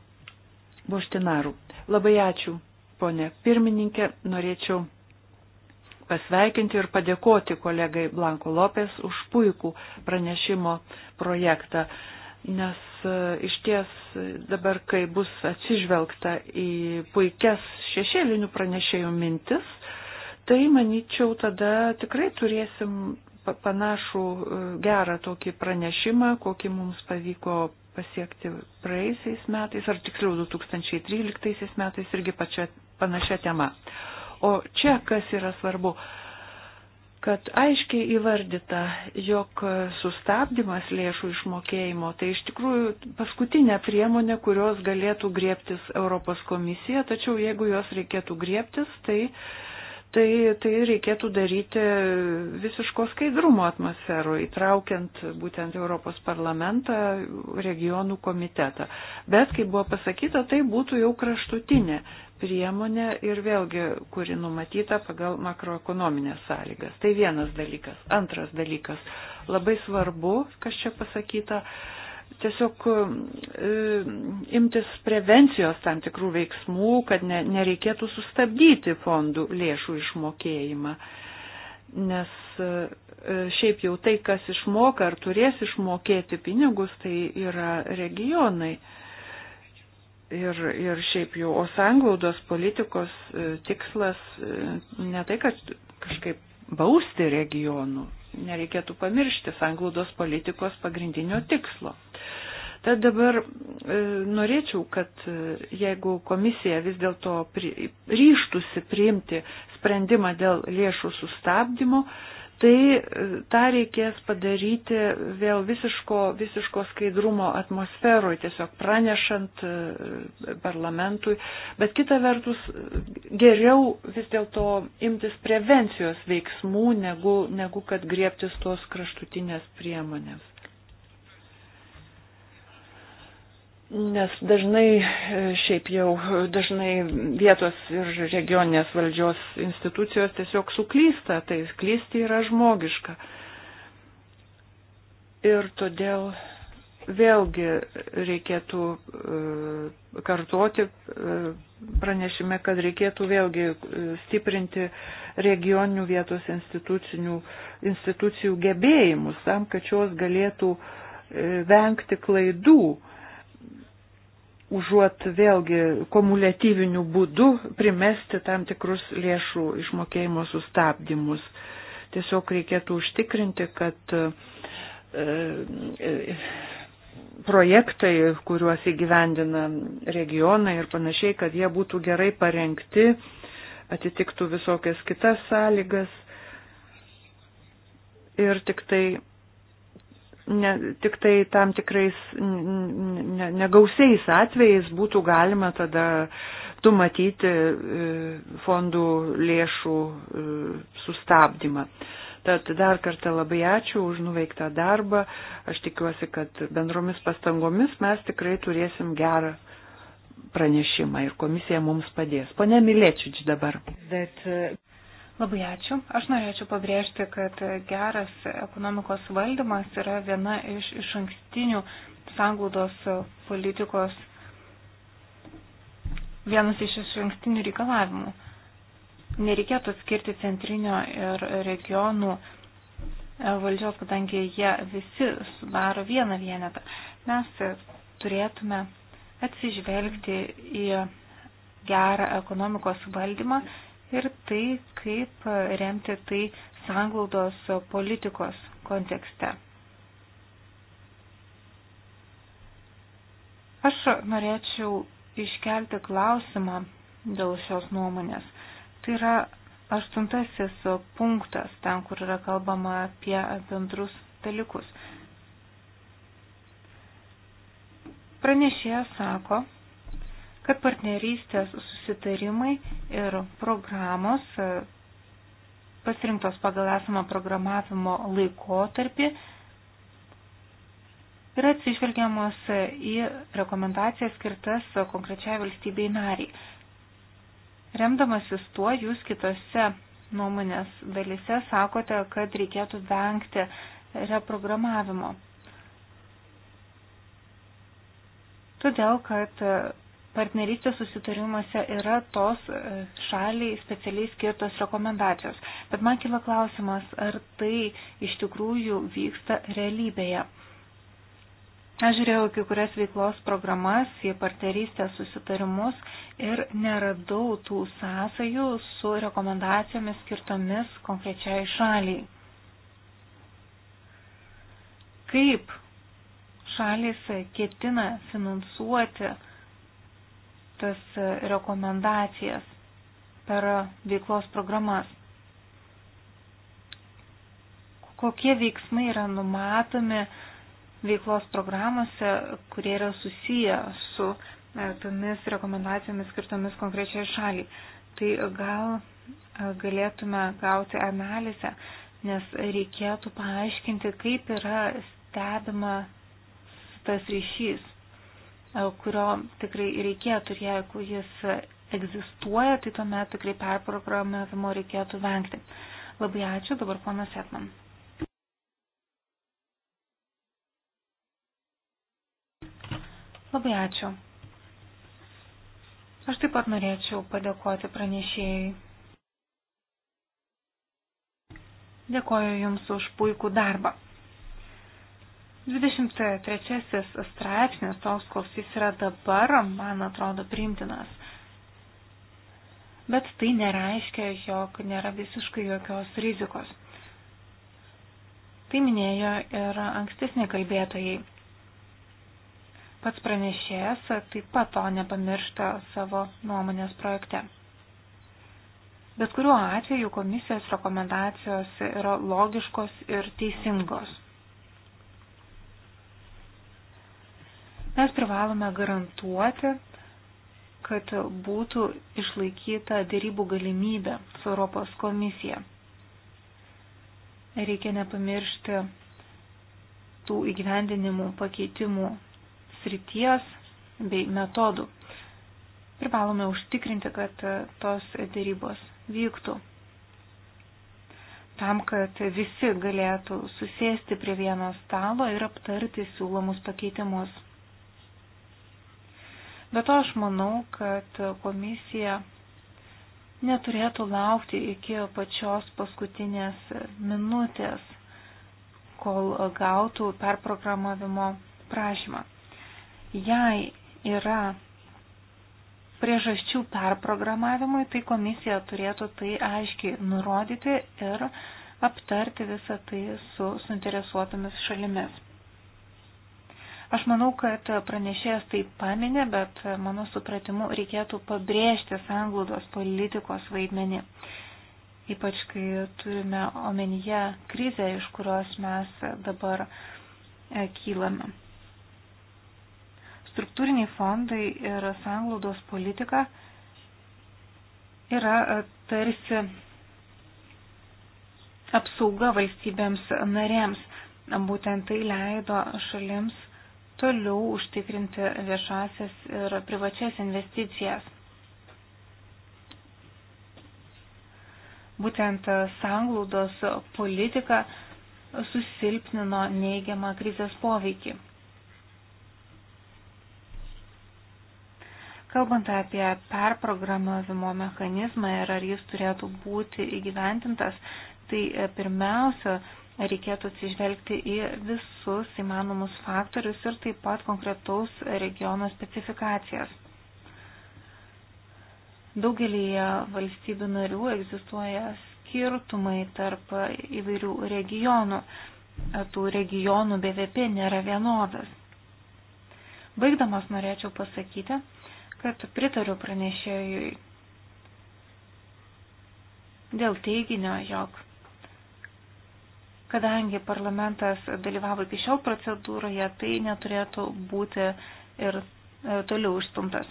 Buštinaru. Labai ačiū, ponė pirmininkė. Norėčiau pasveikinti ir padėkoti kolegai Blanko Lopės už puikų pranešimo projektą nes e, iš ties dabar, kai bus atsižvelgta į puikias šešėlinių pranešėjų mintis, tai manyčiau tada tikrai turėsim panašų e, gerą tokį pranešimą, kokį mums pavyko pasiekti praeisiais metais, ar tiksliau 2013 metais irgi pačia panašia tema. O čia kas yra svarbu, kad aiškiai įvardyta, jog sustabdymas lėšų išmokėjimo tai iš tikrųjų paskutinė priemonė, kurios galėtų griebtis Europos komisija, tačiau jeigu jos reikėtų griebtis, tai, tai, tai reikėtų daryti visiško skaidrumo atmosferų, įtraukiant būtent Europos parlamentą, regionų komitetą. Bet, kaip buvo pasakyta, tai būtų jau kraštutinė priemonė ir vėlgi, kuri numatyta pagal makroekonominės sąlygas. Tai vienas dalykas. Antras dalykas. Labai svarbu, kas čia pasakyta, tiesiog e, imtis prevencijos tam tikrų veiksmų, kad ne, nereikėtų sustabdyti fondų lėšų išmokėjimą. Nes e, e, šiaip jau tai, kas išmoka ar turės išmokėti pinigus, tai yra regionai ir, ir šiaip jau, o sanglaudos politikos e, tikslas e, ne tai, kad kažkaip bausti regionų, nereikėtų pamiršti sanglaudos politikos pagrindinio tikslo. Tad dabar e, norėčiau, kad e, jeigu komisija vis dėlto pri, ryštusi priimti sprendimą dėl lėšų sustabdymo, e, tai e, tą reikės padaryti vėl visiško, visiško skaidrumo atmosferoje, tiesiog pranešant e, parlamentui, bet kita vertus geriau vis dėlto imtis prevencijos veiksmų, negu, negu kad griebtis tos kraštutinės priemonės. Nes dažnai, e, šiaip jau, dažnai vietos ir regioninės valdžios institucijos tiesiog suklysta, tai klysti yra žmogiška. Ir todėl vėlgi reikėtų e, kartuoti e, pranešime, kad reikėtų vėlgi stiprinti regioninių vietos institucijų gebėjimus tam, kad šios galėtų vengti klaidų užuot vėlgi kumuliatyviniu būdu primesti tam tikrus lėšų išmokėjimo sustabdymus. Tiesiog reikėtų užtikrinti, kad e, e, projektai, kuriuos įgyvendina regionai ir panašiai, kad jie būtų gerai parengti, atitiktų visokias kitas sąlygas ir tik tai ne, tik tai tam tikrais ne, negausiais atvejais būtų galima tada tu matyti e, fondų lėšų e, sustabdymą. Tad dar kartą labai ačiū už nuveiktą darbą. Aš tikiuosi, kad bendromis pastangomis mes tikrai turėsim gerą pranešimą ir komisija mums padės. Pone Milėčič dabar. That, uh... Labai ačiū. Aš norėčiau pabrėžti, kad geras ekonomikos valdymas yra viena iš iš ankstinių sanglaudos politikos, vienas iš iš ankstinių reikalavimų. Nereikėtų skirti centrinio ir regionų e, valdžios, kadangi jie visi sudaro vieną vienetą. Mes turėtume atsižvelgti į gerą ekonomikos valdymą ir tai, kaip remti tai sanglaudos politikos kontekste. Aš norėčiau iškelti klausimą dėl šios nuomonės. Tai yra aštuntasis punktas, ten, kur yra kalbama apie bendrus dalykus. Pranešėjas sako, kad partnerystės susitarimai ir programos e, pasirinktos pagal esamą programavimo laikotarpį yra atsižvelgiamos į rekomendacijas skirtas konkrečiai valstybei nariai. Remdamasis tuo, jūs kitose nuomonės dalise sakote, kad reikėtų vengti reprogramavimo. Todėl, kad partnerystės susitarimuose yra tos e, šaliai specialiai skirtos rekomendacijos. Bet man kila klausimas, ar tai iš tikrųjų vyksta realybėje. Aš žiūrėjau kai kurias veiklos programas, į partnerystės susitarimus ir neradau tų sąsajų su rekomendacijomis skirtomis konkrečiai šaliai. Kaip šalis ketina finansuoti parengtas rekomendacijas per veiklos programas. Kokie veiksmai yra numatomi veiklos programuose, kurie yra susiję su e, tomis rekomendacijomis skirtomis konkrečiai šaliai. Tai gal e, galėtume gauti analizę, nes reikėtų paaiškinti, kaip yra stebima tas ryšys. E, kurio tikrai reikėtų ir jeigu jis egzistuoja, tai tuomet tikrai perprogramavimo reikėtų vengti. Labai ačiū, dabar ponas Etman. Labai ačiū. Aš taip pat norėčiau padėkoti pranešėjai. Dėkoju Jums už puikų darbą. 23 straipsnis, toks koks jis yra dabar, man atrodo priimtinas. Bet tai nereiškia, jog nėra visiškai jokios rizikos. Tai minėjo ir ankstesni kalbėtojai. Pats pranešėjas taip pat to nepamiršta savo nuomonės projekte. Bet kuriuo atveju komisijos rekomendacijos yra logiškos ir teisingos. Mes privalome garantuoti, kad būtų išlaikyta dėrybų galimybė su Europos komisija. Reikia nepamiršti tų įgyvendinimų pakeitimų srities bei metodų. Privalome užtikrinti, kad tos dėrybos vyktų tam, kad visi galėtų susėsti prie vieno stalo ir aptarti siūlomus pakeitimus. Bet aš manau, kad komisija neturėtų laukti iki pačios paskutinės minutės, kol gautų perprogramavimo prašymą. Jei yra priežasčių perprogramavimui, tai komisija turėtų tai aiškiai nurodyti ir aptarti visą tai su suinteresuotomis šalimis. Aš manau, kad pranešėjas tai paminė, bet mano supratimu reikėtų pabrėžti sanglaudos politikos vaidmenį. Ypač kai turime omenyje krizę, iš kurios mes dabar e, kylame. Struktūriniai fondai ir sanglaudos politika yra e, tarsi apsauga valstybėms narėms. Būtent tai leido šalims toliau užtikrinti viešasias ir privačias investicijas. Būtent sanglaudos politika susilpnino neigiamą krizės poveikį. Kalbant apie perprogramavimo mechanizmą ir ar jis turėtų būti įgyventintas, tai pirmiausia, reikėtų atsižvelgti į visus įmanomus faktorius ir taip pat konkretaus regiono specifikacijas. Daugelį valstybių narių egzistuoja skirtumai tarp įvairių regionų. Tų regionų BVP nėra vienodas. Baigdamas norėčiau pasakyti, kad pritariu pranešėjui dėl teiginio, jog Kadangi parlamentas dalyvavo iki šiol procedūroje, tai neturėtų būti ir e, toliau užstumtas.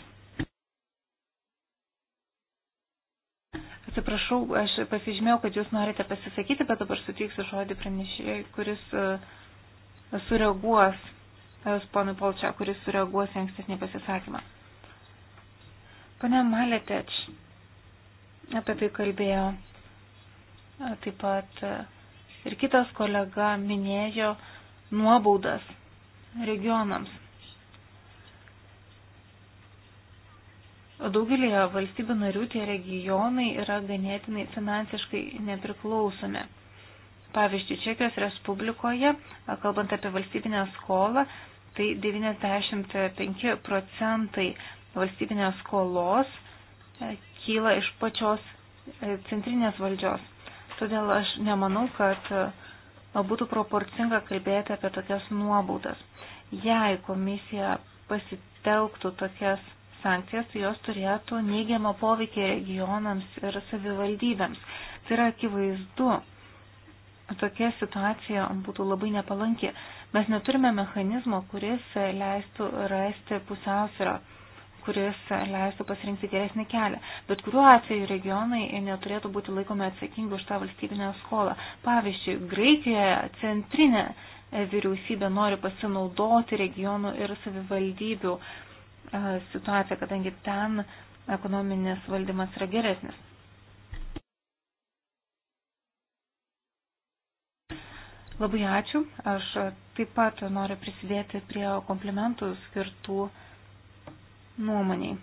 Atsiprašau, aš pasižymėjau, kad jūs norite pasisakyti, bet dabar suteiksiu žodį pranešėjai, kuris e, sureaguos, e, ponui Polčia, kuris sureaguos į ankstesnį pasisakymą. Pane Maleteč apie tai kalbėjo taip pat ir kitas kolega minėjo nuobaudas regionams. Daugelėje valstybių narių tie regionai yra ganėtinai finansiškai nepriklausomi. Pavyzdžiui, Čekijos Respublikoje, kalbant apie valstybinę skolą, tai 95 procentai valstybinės skolos kyla iš pačios e, centrinės valdžios. Todėl aš nemanau, kad būtų proporcinga kalbėti apie tokias nuobaudas. Jei komisija pasitelktų tokias sankcijas, tai jos turėtų neigiamą poveikį regionams ir savivaldybėms. Tai yra akivaizdu. Tokia situacija būtų labai nepalanki. Mes neturime mechanizmo, kuris leistų rasti pusiausvyrą kuris leistų pasirinkti geresnį kelią. Bet kuriuo atveju regionai neturėtų būti laikomi atsakingi už tą valstybinę skolą. Pavyzdžiui, Graikijoje centrinė vyriausybė nori pasinaudoti regionų ir savivaldybių e, situaciją, kadangi ten ekonominis valdymas yra geresnis. Labai ačiū. Aš taip pat noriu prisidėti prie komplimentų skirtų uh, nuomoniai.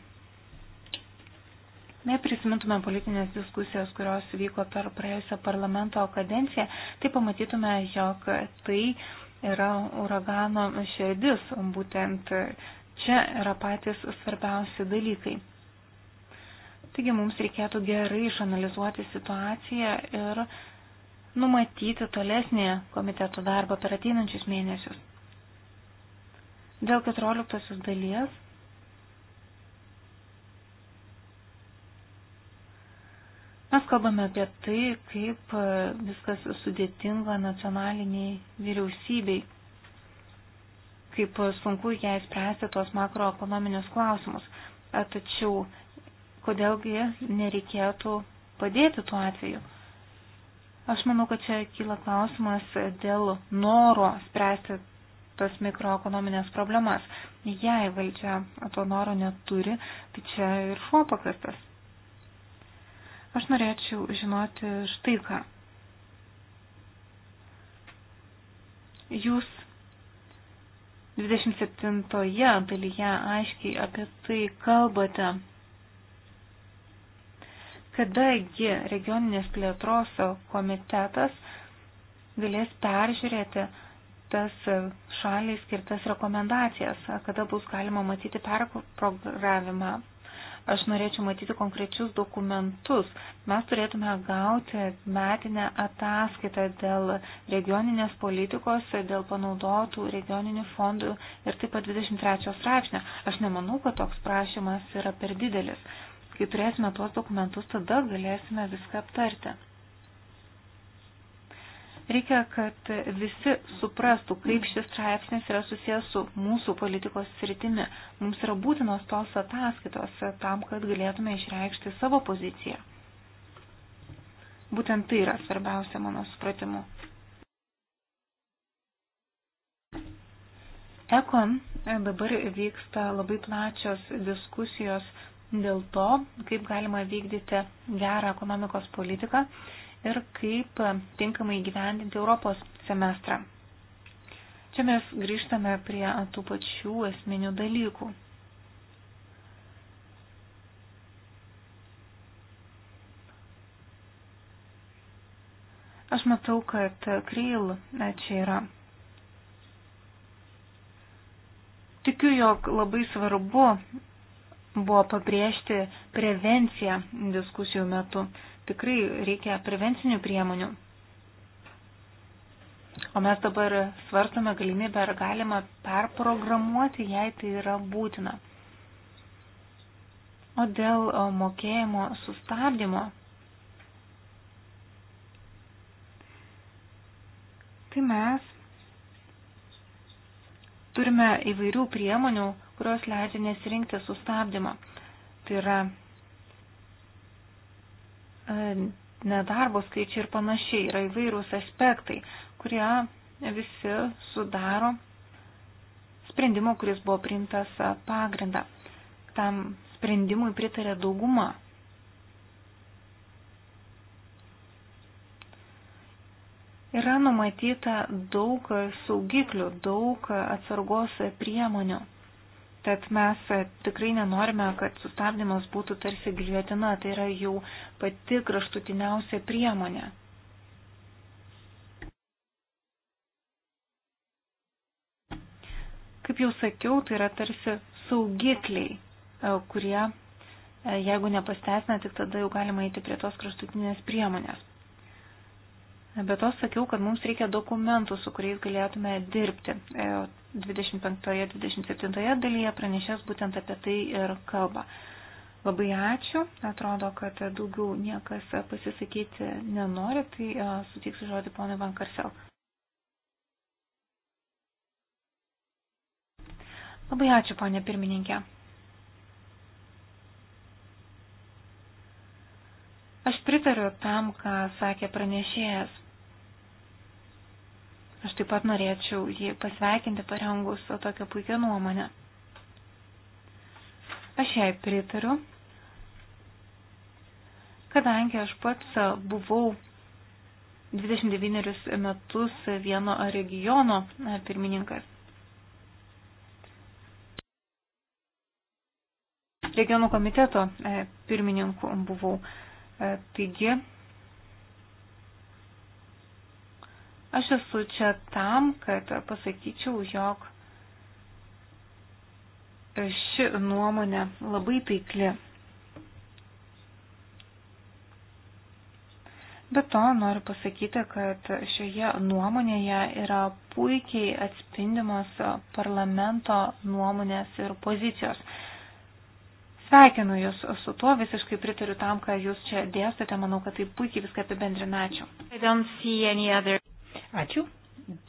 Jei prisimintume politinės diskusijas, kurios vyko per praėjusią parlamento kadenciją, tai pamatytume, jog tai yra uragano širdis, būtent čia yra patys svarbiausi dalykai. Taigi mums reikėtų gerai išanalizuoti situaciją ir numatyti tolesnį komiteto darbą per ateinančius mėnesius. Dėl 14 dalies Mes kalbame apie tai, kaip e, viskas sudėtinga nacionaliniai vyriausybei, kaip sunku jai spręsti tuos makroekonominius klausimus. Tačiau kodėlgi nereikėtų padėti tuo atveju? Aš manau, kad čia kyla klausimas dėl noro spręsti tas mikroekonominės problemas. Jei valdžia to noro neturi, tai čia ir šuo pakastas. Aš norėčiau žinoti štai ką. Jūs 27 dalyje aiškiai apie tai kalbate. Kadagi regioninės plėtros komitetas galės peržiūrėti tas šaliai skirtas rekomendacijas, kada bus galima matyti perprogramavimą Aš norėčiau matyti konkrečius dokumentus. Mes turėtume gauti metinę ataskaitą dėl regioninės politikos, dėl panaudotų regioninių fondų ir taip pat 23 straipsnio. Aš nemanau, kad toks prašymas yra per didelis. Kai turėsime tuos dokumentus, tada galėsime viską aptarti. Reikia, kad visi suprastų, kaip šis straipsnis yra susijęs su mūsų politikos sritimi. Mums yra būtinos tos ataskaitos tam, kad galėtume išreikšti savo poziciją. Būtent tai yra svarbiausia mano supratimu. Ekon dabar vyksta labai plačios diskusijos dėl to, kaip galima vykdyti gerą ekonomikos politiką ir kaip tinkamai gyvendinti Europos semestrą. Čia mes grįžtame prie tų pačių esminių dalykų. Aš matau, kad Kryl čia yra. Tikiu, jog labai svarbu buvo pabrėžti prevenciją diskusijų metu tikrai reikia prevencinių priemonių. O mes dabar svarstame galimybę, ar galima perprogramuoti, jei tai yra būtina. O dėl mokėjimo sustabdymo, tai mes turime įvairių priemonių, kurios leidžia nesirinkti sustabdymą. Tai yra E, nedarbo skaičiai ir panašiai. Yra įvairūs aspektai, kurie visi sudaro sprendimo, kuris buvo priimtas pagrindą. Tam sprendimui pritarė dauguma. Yra numatyta daug saugiklių, daug atsargos priemonių. Tad mes e, tikrai nenorime, kad sustabdymas būtų tarsi giljotina, tai yra jau pati kraštutiniausia priemonė. Kaip jau sakiau, tai yra tarsi saugikliai, e, kurie, e, jeigu nepasteisina, tik tada jau galima eiti prie tos kraštutinės priemonės. Be to sakiau, kad mums reikia dokumentų, su kuriais galėtume dirbti. 25-27 e, dalyje pranešės būtent apie tai ir kalba. Labai ačiū. Atrodo, kad daugiau niekas pasisakyti nenori, tai e, sutiksiu žodį ponui Van Karsel. Labai ačiū, ponė pirmininkė. Aš pritariu tam, ką sakė pranešėjas. Aš taip pat norėčiau jį pasveikinti parengus tokią puikią nuomonę. Aš jai pritariu, kadangi aš pats buvau 29 metus vieno regiono pirmininkas. Regionų komiteto pirmininku buvau. Taigi, Aš esu čia tam, kad pasakyčiau, jog ši nuomonė labai taikli. Be to noriu pasakyti, kad šioje nuomonėje yra puikiai atspindimas parlamento nuomonės ir pozicijos. Sveikinu Jūs su tuo, visiškai pritariu tam, ką Jūs čia dėstote, manau, kad tai puikiai viską apibendrinačiau. Ačiū.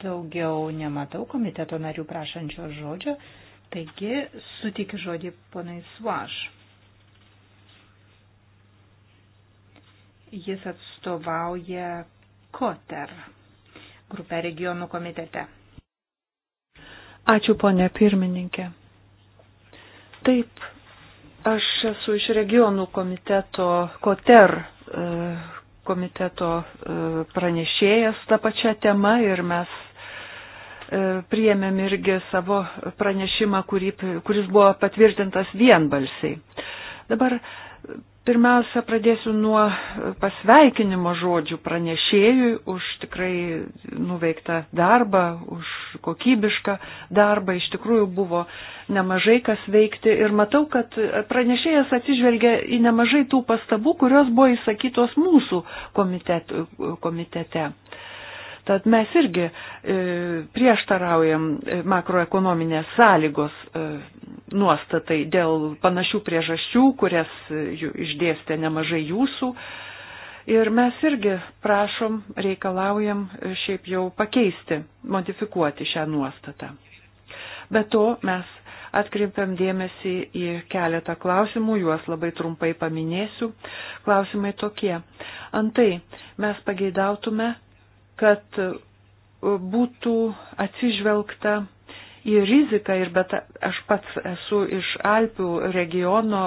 Daugiau nematau komiteto narių prašančio žodžio, taigi sutikiu žodį ponai Suaš. Jis atstovauja Koter grupę regionų komitete. Ačiū, ponė pirmininkė. Taip, aš esu iš regionų komiteto Koter e, komiteto e, pranešėjas tą pačią temą ir mes e, priėmėm irgi savo pranešimą, kurį, kuris buvo patvirtintas vienbalsiai. Dabar Pirmiausia, pradėsiu nuo pasveikinimo žodžių pranešėjui už tikrai nuveiktą darbą, už kokybišką darbą. Iš tikrųjų buvo nemažai kas veikti ir matau, kad pranešėjas atsižvelgia į nemažai tų pastabų, kurios buvo įsakytos mūsų komitet, komitete. komitete Tad mes irgi e, prieštaraujam e, makroekonominės sąlygos e, nuostatai dėl panašių priežasčių, kurias e, išdėstė nemažai jūsų. Ir mes irgi prašom, reikalaujam e, šiaip jau pakeisti, modifikuoti šią nuostatą. Be to mes atkreipiam dėmesį į keletą klausimų, juos labai trumpai paminėsiu. Klausimai tokie. Antai mes pageidautume, kad būtų atsižvelgta į riziką ir bet aš pats esu iš Alpių regiono,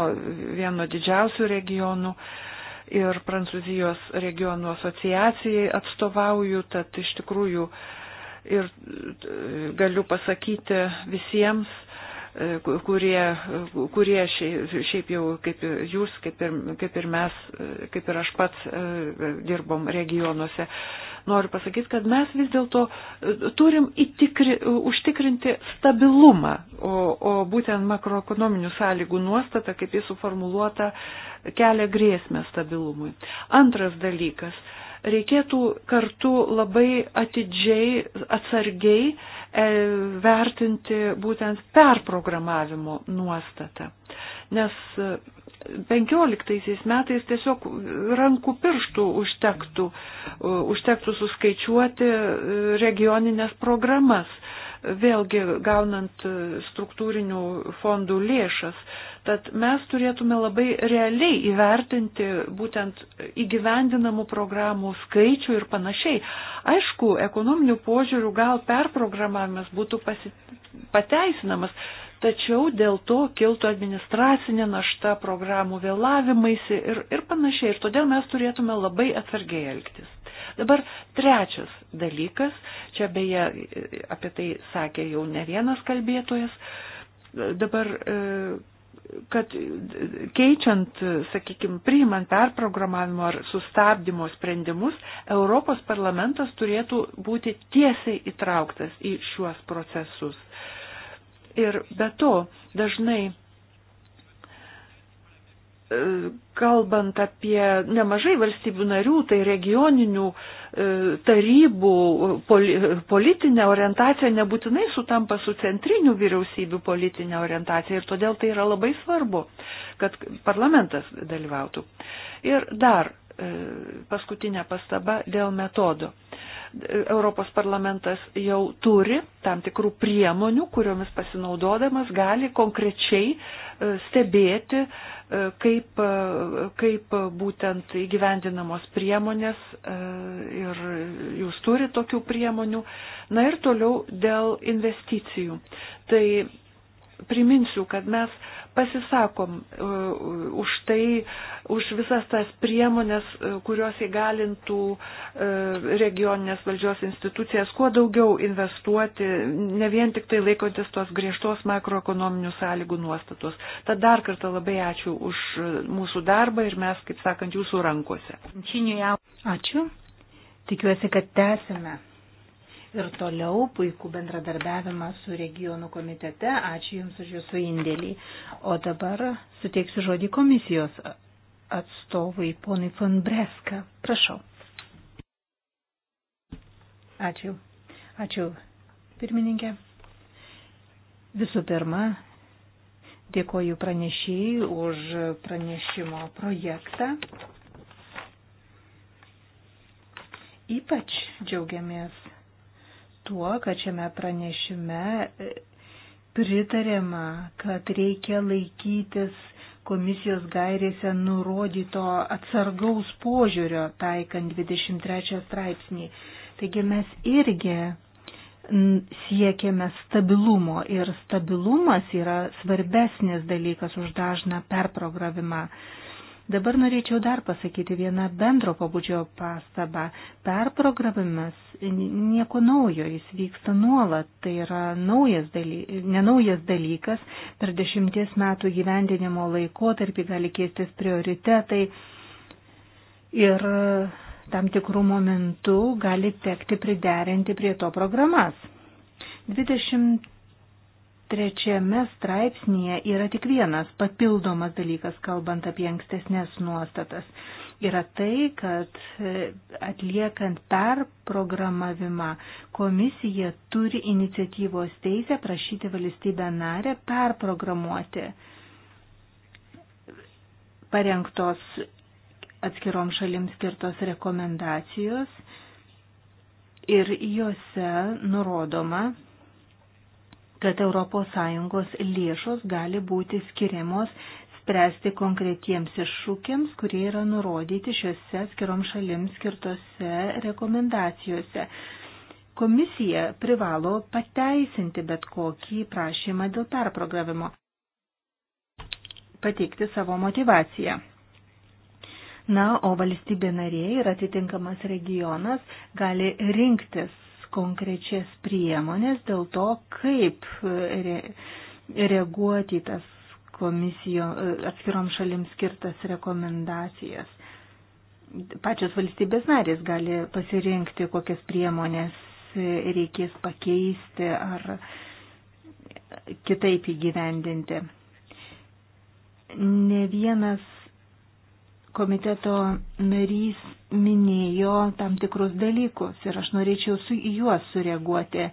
vieno didžiausių regionų ir Prancūzijos regionų asociacijai atstovauju, tad iš tikrųjų ir galiu pasakyti visiems, E, kurie, kurie šiaip jau kaip jūs, kaip ir, kaip ir mes, e, kaip ir aš pats e, dirbom regionuose. Noriu pasakyti, kad mes vis dėlto turim įtikri, užtikrinti stabilumą, o, o būtent makroekonominių sąlygų nuostata, kaip jis suformuluota, kelia grėsmę stabilumui. Antras dalykas reikėtų kartu labai atidžiai, atsargiai e, vertinti būtent perprogramavimo nuostatą. Nes 15 e, metais tiesiog rankų pirštų užtektų, e, užtektų suskaičiuoti e, regioninės programas, vėlgi gaunant struktūrinių fondų lėšas Tad mes turėtume labai realiai įvertinti būtent įgyvendinamų programų skaičių ir panašiai. Aišku, ekonominių požiūrių gal perprogramavimas būtų pasi... pateisinamas, tačiau dėl to kiltų administracinė našta, programų vėlavimaisi ir, ir panašiai. Ir todėl mes turėtume labai atsargiai elgtis. Dabar trečias dalykas, čia beje apie tai sakė jau ne vienas kalbėtojas, dabar e, kad keičiant, sakykime, priimant perprogramavimo ar sustabdymo sprendimus, Europos parlamentas turėtų būti tiesiai įtrauktas į šiuos procesus. Ir be to, dažnai E, kalbant apie nemažai valstybių narių, tai regioninių e, tarybų politinė orientacija nebūtinai sutampa su centrinių vyriausybių politinė orientacija ir todėl tai yra labai svarbu, kad parlamentas dalyvautų. Ir dar e, paskutinė pastaba dėl metodo. Europos parlamentas jau turi tam tikrų priemonių, kuriomis pasinaudodamas gali konkrečiai e, stebėti, e, kaip, e, kaip būtent įgyvendinamos priemonės ir jūs turi tokių priemonių. Na ir toliau dėl investicijų. Tai priminsiu, kad mes pasisakom e, už tai, už visas tas priemonės, e, kurios įgalintų e, regioninės valdžios institucijas kuo daugiau investuoti, ne vien tik tai laikantis tos griežtos makroekonominių sąlygų nuostatos. Tad dar kartą labai ačiū už mūsų darbą ir mes, kaip sakant, jūsų rankose. Ačiū. Tikiuosi, kad tęsime ir toliau puikų bendradarbiavimą su regionų komitete. Ačiū Jums už Jūsų indėlį. O dabar suteiksiu žodį komisijos atstovui, ponui von Breska. Prašau. Ačiū. Ačiū, pirmininkė. Visų pirma, dėkoju pranešėjai už pranešimo projektą. Ypač džiaugiamės tuo, kad šiame pranešime e, pritarėma, kad reikia laikytis komisijos gairėse nurodyto atsargaus požiūrio taikant 23 straipsnį. Taigi mes irgi siekiame stabilumo ir stabilumas yra svarbesnis dalykas už dažną perprogramimą. Dabar norėčiau dar pasakyti vieną bendro pabudžio pastabą. Perprogramimas nieko naujo, jis vyksta nuolat, tai yra naujas dalykas, nenaujas dalykas, per dešimties metų gyvendinimo laikotarpį gali keistis prioritetai ir tam tikrų momentų gali tekti priderinti prie to programas. 20 trečiame straipsnėje yra tik vienas papildomas dalykas, kalbant apie ankstesnės nuostatas. Yra tai, kad e, atliekant perprogramavimą, komisija turi iniciatyvos teisę prašyti valstybę narę perprogramuoti parengtos atskirom šalim skirtos rekomendacijos ir juose nurodoma, kad ES lėšos gali būti skiriamos spręsti konkretiems iššūkiams, kurie yra nurodyti šiuose skirom šalims skirtose rekomendacijose. Komisija privalo pateisinti bet kokį prašymą dėl perprogramimo, pateikti savo motivaciją. Na, o valstybė narė ir atitinkamas regionas gali rinktis konkrečias priemonės dėl to, kaip re, reaguoti į tas komisijo atskirom šalim skirtas rekomendacijas. Pačios valstybės narės gali pasirinkti, kokias priemonės reikės pakeisti ar kitaip įgyvendinti. Ne vienas komiteto narys minėjo tam tikrus dalykus ir aš norėčiau su juos sureaguoti.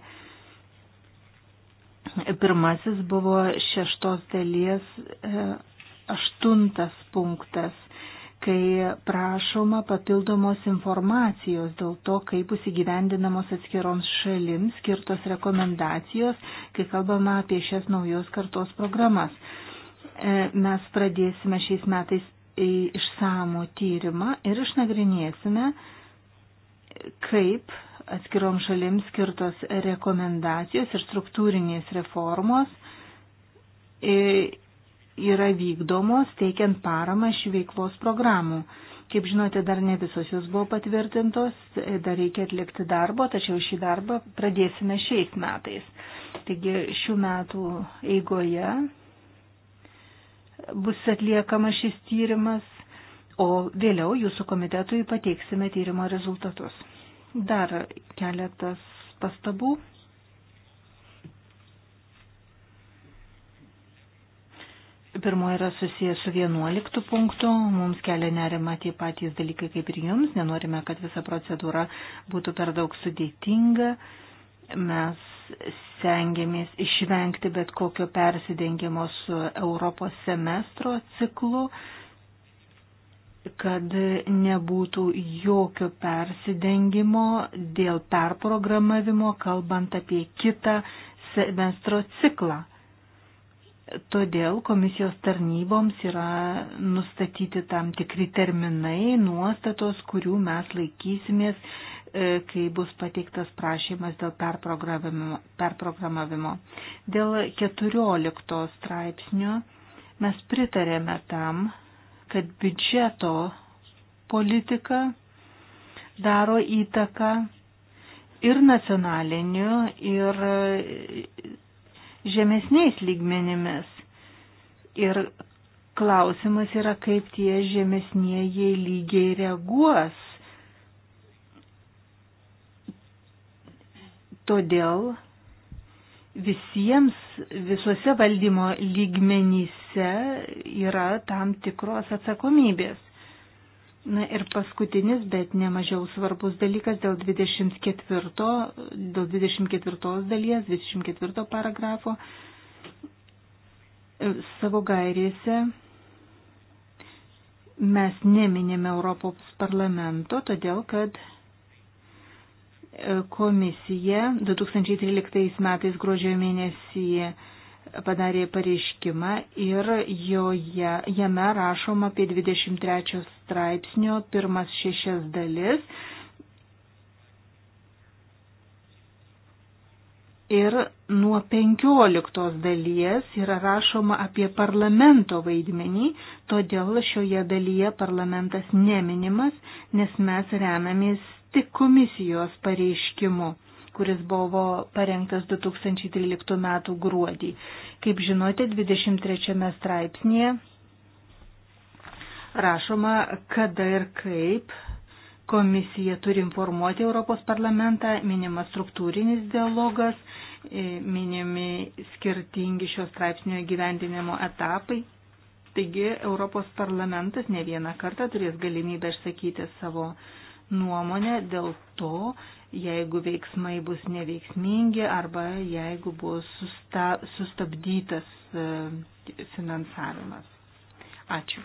Pirmasis buvo šeštos dalies e, aštuntas punktas, kai prašoma papildomos informacijos dėl to, kaip bus įgyvendinamos atskiroms šalims skirtos rekomendacijos, kai kalbama apie šias naujos kartos programas. E, mes pradėsime šiais metais išsamų tyrimą ir išnagrinėsime, kaip atskirom šalims skirtos rekomendacijos ir struktūrinės reformos e, yra vykdomos teikiant paramą iš veiklos programų. Kaip žinote, dar ne visos jos buvo patvirtintos, e, dar reikia atlikti darbo, tačiau šį darbą pradėsime šiais metais. Taigi šių metų eigoje bus atliekama šis tyrimas, o vėliau jūsų komitetui pateiksime tyrimo rezultatus. Dar keletas pastabų. Pirmoji yra susijęs su 11 punktu. Mums kelia nerima tie patys dalykai kaip ir jums. Nenorime, kad visa procedūra būtų per daug sudėtinga. Mes stengiamės išvengti bet kokio persidengimo su Europos semestro ciklu, kad nebūtų jokio persidengimo dėl perprogramavimo, kalbant apie kitą semestro ciklą. Todėl komisijos tarnyboms yra nustatyti tam tikri terminai, nuostatos, kurių mes laikysimės E, kai bus pateiktas prašymas dėl perprogramavimo. perprogramavimo. Dėl 14 straipsnio mes pritarėme tam, kad biudžeto politika daro įtaką ir nacionaliniu, ir e, žemesniais lygmenimis. Ir klausimas yra, kaip tie žemesnieji lygiai reaguos Todėl visiems, visuose valdymo lygmenyse yra tam tikros atsakomybės. Na ir paskutinis, bet nemažiau svarbus dalykas dėl 24, dėl 24 dalies, 24 paragrafo savo gairėse mes neminėme Europos parlamento, todėl kad Komisija 2013 metais gruodžio mėnesį padarė pareiškimą ir joje, jame rašoma apie 23 straipsnio pirmas šešias dalis. Ir nuo 15 dalies yra rašoma apie parlamento vaidmenį, todėl šioje dalyje parlamentas neminimas, nes mes remiamės tik komisijos pareiškimu kuris buvo parengtas 2013 m. gruodį. Kaip žinote, 23 straipsnėje rašoma, kada ir kaip komisija turi informuoti Europos parlamentą, minimas struktūrinis dialogas, e, minimi skirtingi šios straipsnio gyvendinimo etapai. Taigi Europos parlamentas ne vieną kartą turės galimybę išsakyti savo uh, nuomonę dėl to, jeigu veiksmai bus neveiksmingi arba jeigu bus susta, sustabdytas e, finansavimas. Ačiū.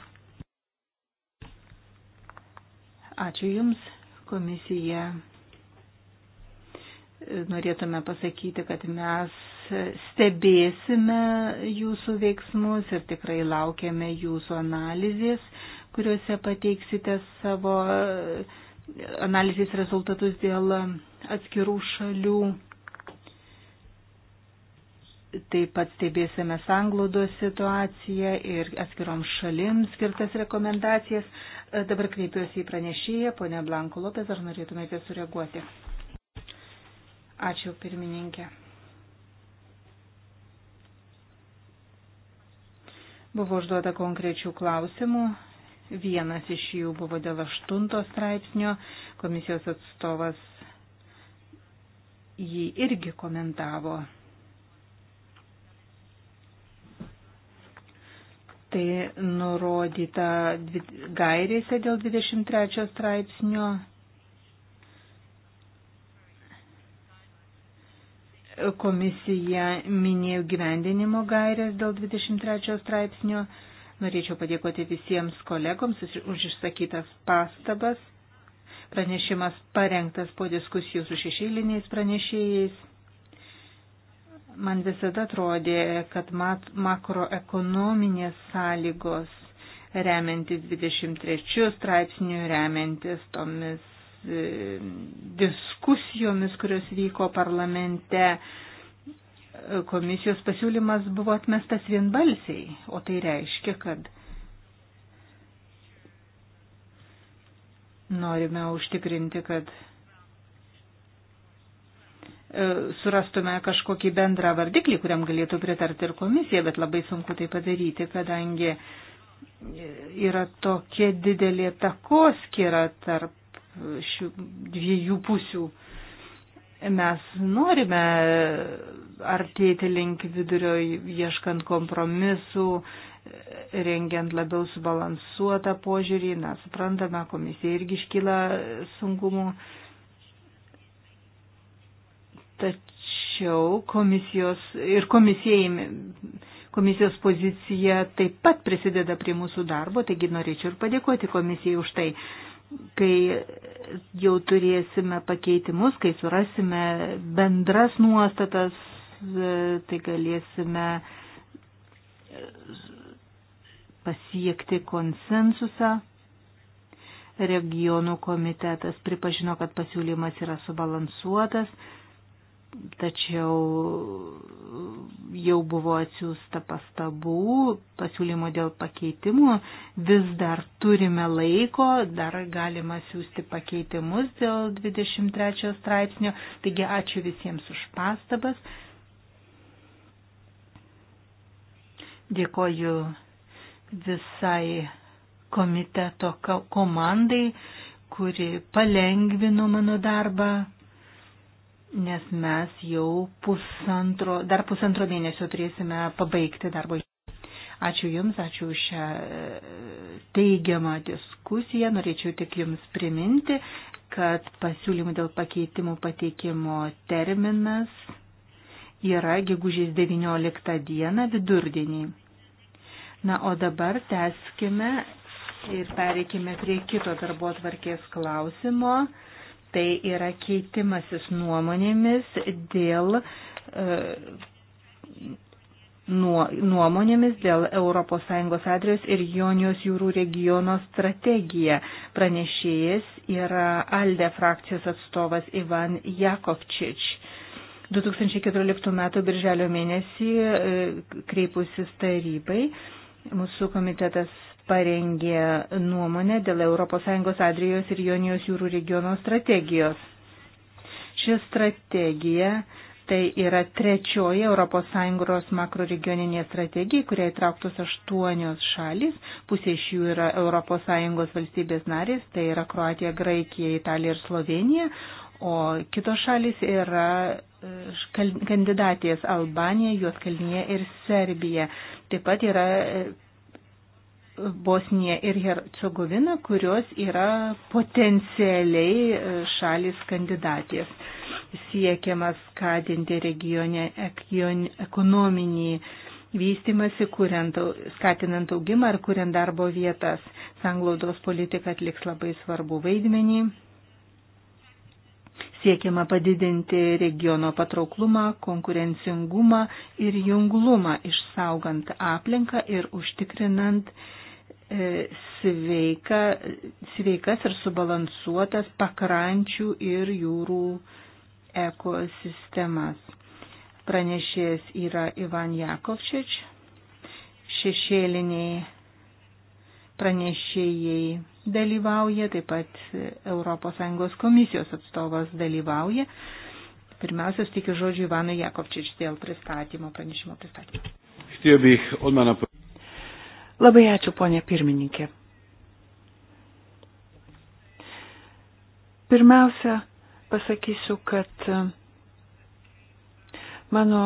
Ačiū Jums, komisija. E, norėtume pasakyti, kad mes stebėsime jūsų veiksmus ir tikrai laukiame jūsų analizės, kuriuose pateiksite savo uh, analizės rezultatus dėl atskirų šalių. Taip pat stebėsime sanglaudos situaciją ir atskirom šalims skirtas rekomendacijas. Dabar kreipiuosi į pranešėją, ponę Blanko Lopez, ar norėtumėte sureaguoti? Ačiū, pirmininkė. Buvo užduota konkrečių klausimų Vienas iš jų buvo dėl aštunto straipsnio, komisijos atstovas jį irgi komentavo. Tai nurodyta gairėse dėl 23 straipsnio komisija minėjo gyvendinimo gairės dėl 23 straipsnio, Norėčiau padėkoti visiems kolegoms už išsakytas pastabas. Pranešimas parengtas po diskusijų su šešėliniais pranešėjais. Man visada atrodė, kad mat, makroekonominės sąlygos remiantis 23 straipsnių, remiantis tomis e, diskusijomis, kurios vyko parlamente, e, komisijos pasiūlymas buvo atmestas vienbalsiai, o tai reiškia, kad norime užtikrinti, kad e, surastume kažkokį bendrą vardiklį, kuriam galėtų pritarti ir komisija, bet labai sunku tai padaryti, kadangi yra tokia didelė takoskira tarp šių dviejų pusių. Mes norime artėti link vidurio, ieškant kompromisų, rengiant labiau subalansuotą požiūrį. Na, suprantame, komisija irgi iškyla sunkumų. Tačiau komisijos ir komisijai, komisijos pozicija taip pat prisideda prie mūsų darbo, taigi norėčiau ir padėkoti komisijai už tai kai jau turėsime pakeitimus, kai surasime bendras nuostatas E, tai galėsime e, pasiekti konsensusą. Regionų komitetas pripažino, kad pasiūlymas yra subalansuotas, tačiau jau buvo atsiųsta pastabų, pasiūlymo dėl pakeitimų, vis dar turime laiko, dar galima siūsti pakeitimus dėl 23 straipsnio, taigi ačiū visiems už pastabas, Dėkoju visai komiteto komandai, kuri palengvino mano darbą, nes mes jau pusantro, dar pusantro mėnesio turėsime pabaigti darbo. Ačiū Jums, ačiū už šią e, teigiamą diskusiją. Norėčiau tik Jums priminti, kad pasiūlymų dėl pakeitimų pateikimo terminas yra gegužės 19 dieną vidurdienį. Na, o dabar teskime ir pereikime prie kito darbo atvarkės klausimo. Tai yra keitimasis nuomonėmis dėl, e, nuo, nuomonėmis dėl ES Adrijos ir Jonijos jūrų regiono strategija. Pranešėjas yra Alde frakcijos atstovas Ivan Jakovčič. 2014 m. birželio mėnesį e, kreipusis tarybai, mūsų komitetas parengė nuomonę dėl ES Adrijos ir Jonijos jūrų regiono strategijos. Ši strategija tai yra trečioji ES makroregioninė strategija, kuriai trauktos aštuonios šalis, pusė iš jų yra ES valstybės narės, tai yra Kroatija, Graikija, Italija ir Slovenija, o kitos šalis yra kandidatės Albanija, Juotkalnyje ir Serbija. Taip pat yra e, Bosnija ir Hercegovina, kurios yra potencialiai e, šalis kandidatės. Siekiama skatinti regione ekonominį vystimasi, kuriant, skatinant augimą ar kuriant darbo vietas. Sanglaudos politika atliks labai svarbu vaidmenį Siekiama padidinti regiono patrauklumą, konkurencingumą ir junglumą, išsaugant aplinką ir užtikrinant e, sveika, sveikas ir subalansuotas pakrančių ir jūrų ekosistemas. Pranešėjas yra Ivan Jakovčič, šešėliniai pranešėjai dalyvauja, taip pat ES komisijos atstovas dalyvauja. Pirmiausia, tikiu žodžiu Ivanui Jakovčič dėl pristatymo, pranešimo pristatymo. Labai ačiū, ponė pirmininkė. Pirmiausia, pasakysiu, kad mano,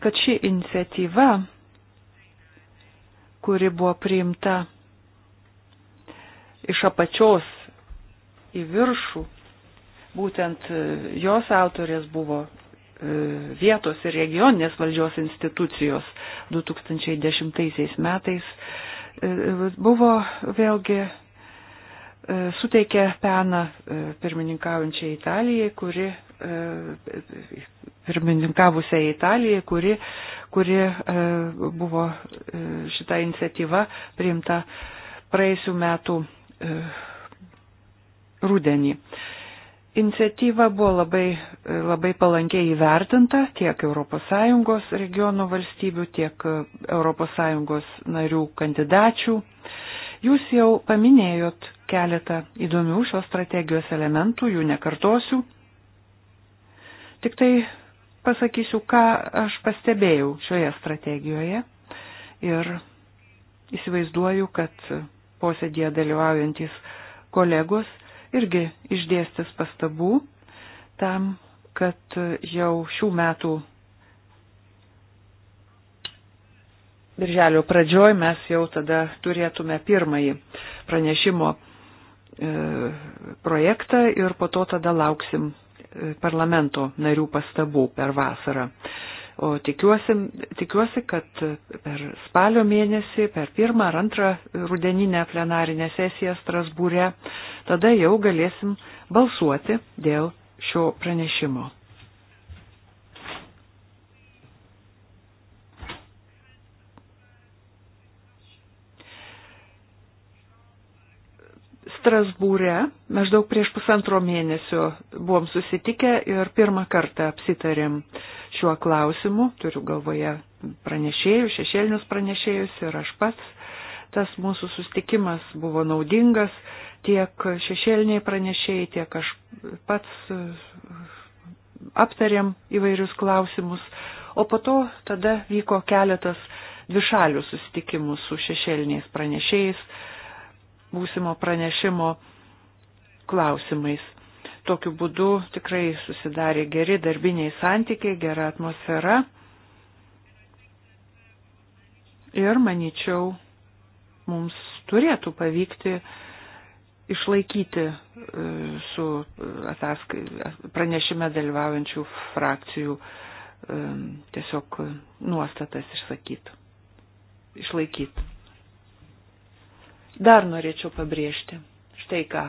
kad ši iniciatyva, kuri buvo priimta iš apačios į viršų. Būtent e, jos autorės buvo e, vietos ir regioninės valdžios institucijos 2010 metais e, buvo vėlgi suteikė peną pirmininkaujančiai Italijai, kuri pirmininkavusiai Italijai, kuri, kuri buvo šita iniciatyva priimta praėjusių metų E, rudenį. Iniciatyva buvo labai, e, labai palankiai įvertinta tiek ES regionų valstybių, tiek ES narių kandidačių. Jūs jau paminėjot keletą įdomių šios strategijos elementų, jų nekartosiu. Tik tai pasakysiu, ką aš pastebėjau šioje strategijoje ir įsivaizduoju, kad posėdėje dalyvaujantis kolegos irgi išdėstis pastabų tam, kad jau šių metų birželio pradžioj mes jau tada turėtume pirmąjį pranešimo e, projektą ir po to tada lauksim e, parlamento narių pastabų per vasarą. O tikiuosi, tikiuosi, kad per spalio mėnesį, per pirmą ar antrą rudeninę plenarinę sesiją Strasbūrė, tada jau galėsim balsuoti dėl šio pranešimo. Strasbūre maždaug prieš pusantro mėnesio buvom susitikę ir pirmą kartą apsitarėm šiuo klausimu, turiu galvoje pranešėjus, šešėlinius pranešėjus ir aš pats. Tas mūsų sustikimas buvo naudingas tiek šešėliniai pranešėjai, tiek aš pats e, aptarėm įvairius klausimus, o po to tada vyko keletas dvišalių susitikimų su šešėliniais pranešėjais, būsimo pranešimo klausimais. Tokiu būdu tikrai susidarė geri darbiniai santykiai, gera atmosfera. Ir manyčiau, mums turėtų pavykti išlaikyti e, su e, ataskai, pranešime dalyvaujančių frakcijų e, tiesiog nuostatas išsakyti. Išlaikyti. Dar norėčiau pabrėžti štai ką.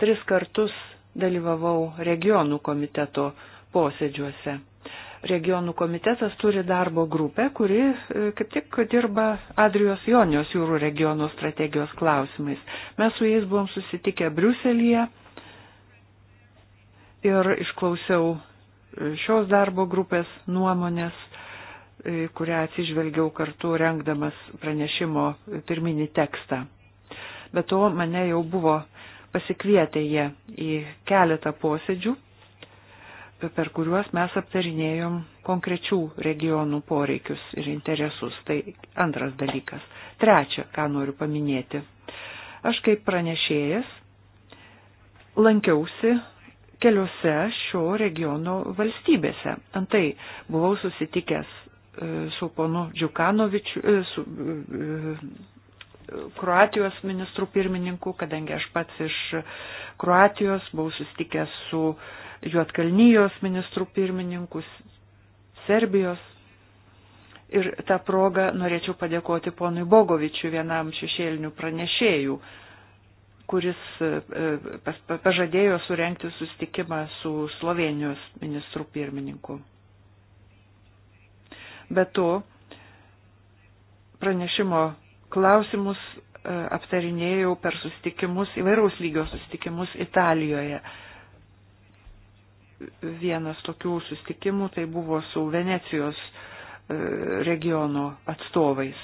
Tris kartus dalyvavau regionų komiteto posėdžiuose. Regionų komitetas turi darbo grupę, kuri e, kaip tik dirba Adrijos Jonijos jūrų regiono strategijos klausimais. Mes su jais buvom susitikę Briuselėje ir išklausiau e, šios darbo grupės nuomonės, e, kurią atsižvelgiau kartu rengdamas pranešimo pirminį tekstą. Be to mane jau buvo pasikvietė jie į keletą posėdžių, per kuriuos mes aptarinėjom konkrečių regionų poreikius ir interesus. Tai antras dalykas. Trečia, ką noriu paminėti. Aš kaip pranešėjas lankiausi keliose šio regiono valstybėse. Antai buvau susitikęs e, su ponu Džiukanovičiu, e, su e, Kroatijos ministrų pirmininku, kadangi aš pats iš Kroatijos buvau sustikęs su Juotkalnyjos ministrų pirmininku, Serbijos. Ir tą progą norėčiau padėkoti ponui Bogovičiu, vienam šešėlinių pranešėjų, kuris e, pažadėjo surenkti sustikimą su Slovenijos ministrų pirmininku. Be to, pranešimo klausimus e, aptarinėjau per susitikimus, įvairaus lygio susitikimus Italijoje. Vienas tokių susitikimų tai buvo su Venecijos e, regiono atstovais.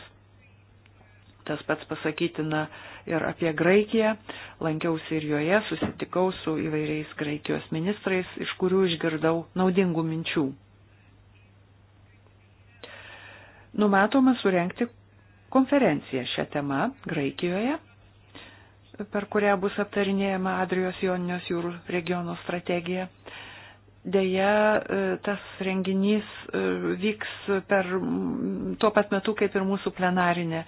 Tas pats pasakytina ir apie Graikiją. Lankiausi ir joje, susitikau su įvairiais Graikijos ministrais, iš kurių išgirdau naudingų minčių. Numatoma surenkti konferenciją šią temą Graikijoje, per kurią bus aptarinėjama Adrijos Joninios jūrų regiono strategija. Deja, e, tas renginys e, vyks per tuo pat metu, kaip ir mūsų plenarinė e,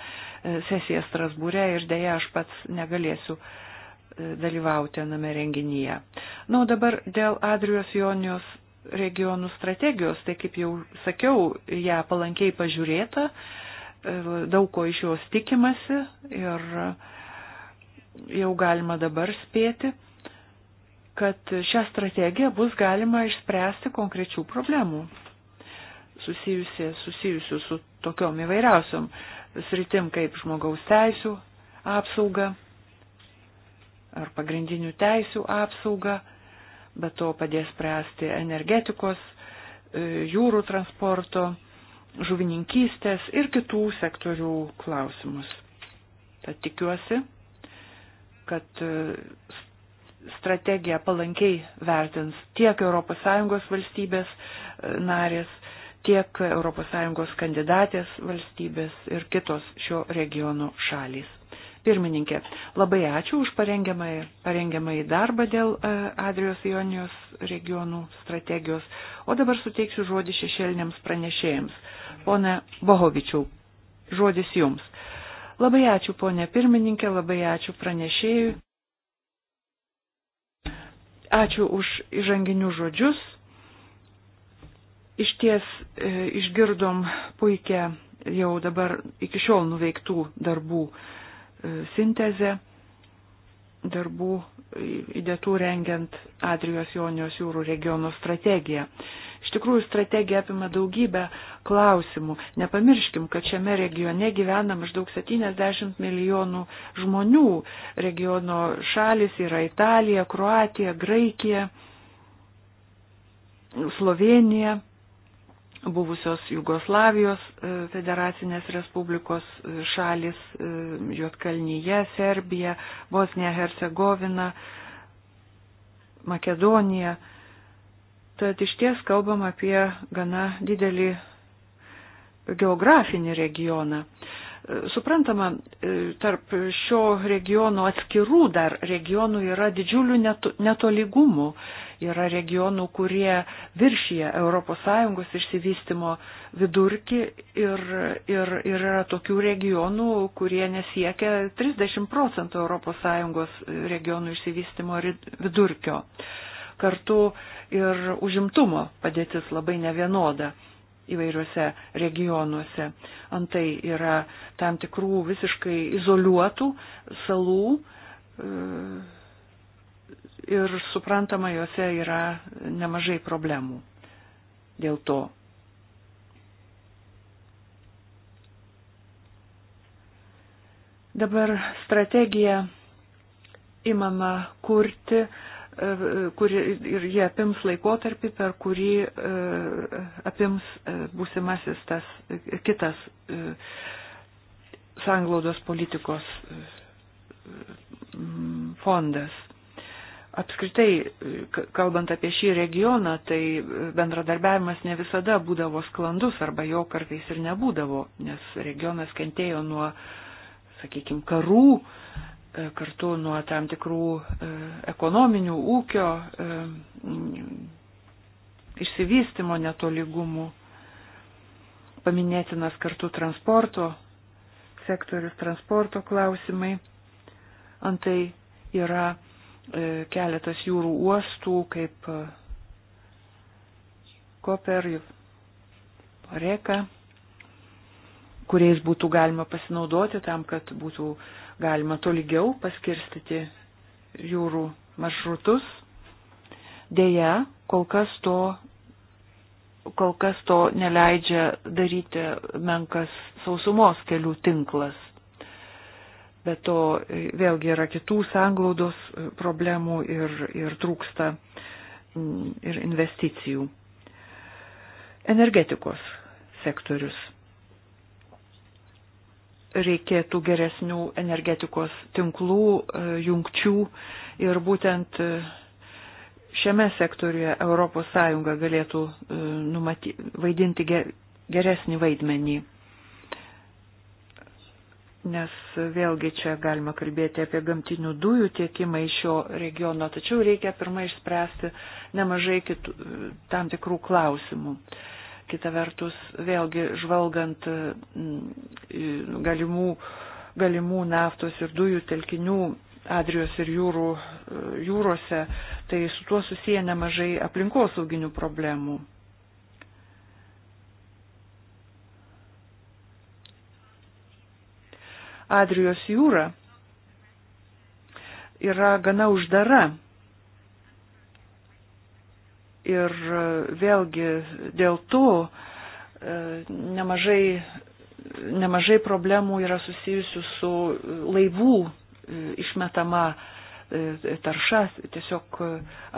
sesija Strasbūre ir deja, aš pats negalėsiu dalyvauti aname renginyje. Na, o dabar dėl Adrijos Jonijos regionų strategijos, tai kaip jau sakiau, ją palankiai pažiūrėta, daug ko iš jos tikimasi ir jau galima dabar spėti, kad šią strategiją bus galima išspręsti konkrečių problemų susijusių su tokiom įvairiausiom sritim kaip žmogaus teisų apsauga ar pagrindinių teisų apsauga, bet to padės spręsti energetikos, e, jūrų transporto, žuvininkystės ir kitų sektorių klausimus. Tad tikiuosi, kad e, strategiją palankiai vertins tiek ES valstybės e, narės, tiek ES kandidatės valstybės ir kitos šio regiono šalys. Pirmininkė, labai ačiū už parengiamąjį, parengiamąjį darbą dėl e, Adrijos Jonijos regionų strategijos, o dabar suteiksiu žodį šešėliniams pranešėjams. Pone Bohovičiau, žodis jums. Labai ačiū, ponė pirmininkė, labai ačiū pranešėjui. Ačiū už įžanginius žodžius. Iš ties e, išgirdom puikia jau dabar iki šiol nuveiktų darbų e, sintezė, darbų e, įdėtų rengiant Adrijos Jonijos jūrų regiono strategiją. E, Iš tikrųjų, strategija apima daugybę klausimų. Nepamirškim, kad šiame regione gyvena maždaug 70 milijonų žmonių. Regiono šalis yra Italija, Kroatija, Graikija, Slovenija buvusios Jugoslavijos e, federacinės respublikos e, šalis, e, Juotkalnyje, Serbija, Bosnija, Hercegovina, Makedonija. Tad iš ties kalbam apie gana didelį geografinį regioną. Suprantama, tarp šio regiono atskirų dar regionų yra didžiulių netolygumų. Yra regionų, kurie viršyje ES išsivystimo vidurki ir, ir, ir yra tokių regionų, kurie nesiekia 30 procentų ES regionų išsivystimo vidurkio. Uh, kartu ir užimtumo padėtis labai nevienoda įvairiuose regionuose. Antai yra tam tikrų visiškai izoliuotų salų e, ir suprantama, juose yra nemažai problemų dėl to. Dabar strategija imama kurti kur ir jie apims laikotarpį, per kurį e, apims e, būsimasis tas e, kitas sanglaudos politikos fondas. Apskritai, kalbant apie šį regioną, tai bendradarbiavimas ne visada būdavo sklandus arba jo kartais ir nebūdavo, nes regionas kentėjo nuo, sakykime, karų, E, kartu nuo tam tikrų e, ekonominių ūkio e, išsivystimo netoligumų. Paminėtinas kartu transporto sektorius, transporto klausimai. Antai yra keletas jūrų uostų kaip Koper, Pareka, kuriais būtų galima pasinaudoti tam, kad būtų uh, galima tolygiau paskirstyti jūrų maršrutus. Deja, kol kas to, kol kas to neleidžia daryti menkas sausumos kelių tinklas. Bet to vėlgi yra kitų sanglaudos problemų ir, ir trūksta mm, ir investicijų. Energetikos sektorius reikėtų geresnių energetikos tinklų, e, jungčių ir būtent e, šiame sektoriuje ES galėtų e, numaty, vaidinti geresnį vaidmenį. Nes vėlgi čia galima kalbėti apie gamtinių dujų tiekimą iš šio regiono, tačiau reikia pirmai išspręsti nemažai kitų, tam tikrų klausimų. Uh, kita vertus, vėlgi žvalgant mm, galimų, galimų naftos ir dujų telkinių Adrijos ir jūrų, e, jūrose, tai su tuo susiję nemažai aplinkosauginių problemų. Adrijos jūra yra gana uždara Ir e, vėlgi dėl tų e, nemažai, nemažai problemų yra susijusių su e, laivų išmetama tarša, tiesiog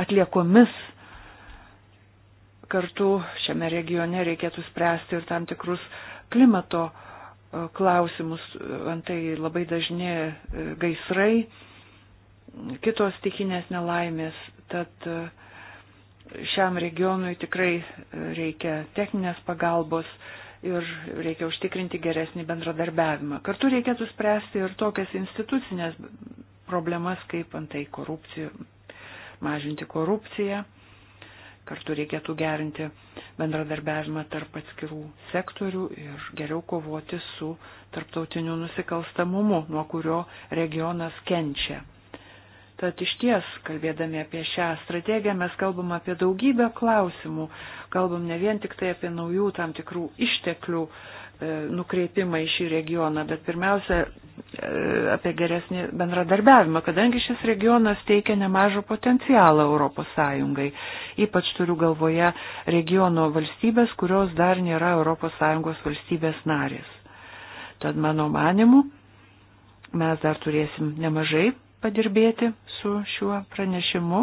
atliekomis. Kartu šiame regione reikėtų spręsti ir tam tikrus klimato klausimus, antai labai dažni gaisrai, kitos tikinės nelaimės. Tad uh, šiam regionui tikrai reikia techninės pagalbos ir reikia užtikrinti geresnį bendradarbiavimą. Kartu reikėtų spręsti ir tokias institucinės problemas, kaip antai korupcija, mažinti korupciją. Kartu reikėtų gerinti bendradarbiavimą tarp atskirų sektorių ir geriau kovoti su tarptautiniu nusikalstamumu, nuo kurio regionas kenčia. Tad iš ties, kalbėdami apie šią strategiją, mes kalbam apie daugybę klausimų, kalbam ne vien tik tai apie naujų tam tikrų išteklių e, nukreipimą į šį regioną, bet pirmiausia e, apie geresnį bendradarbiavimą, kadangi šis regionas teikia nemažą potencialą Europos Sąjungai. Ypač turiu galvoje regiono valstybės, kurios dar nėra Europos Sąjungos valstybės narės. Tad mano manimu, mes dar turėsim nemažai padirbėti su šiuo pranešimu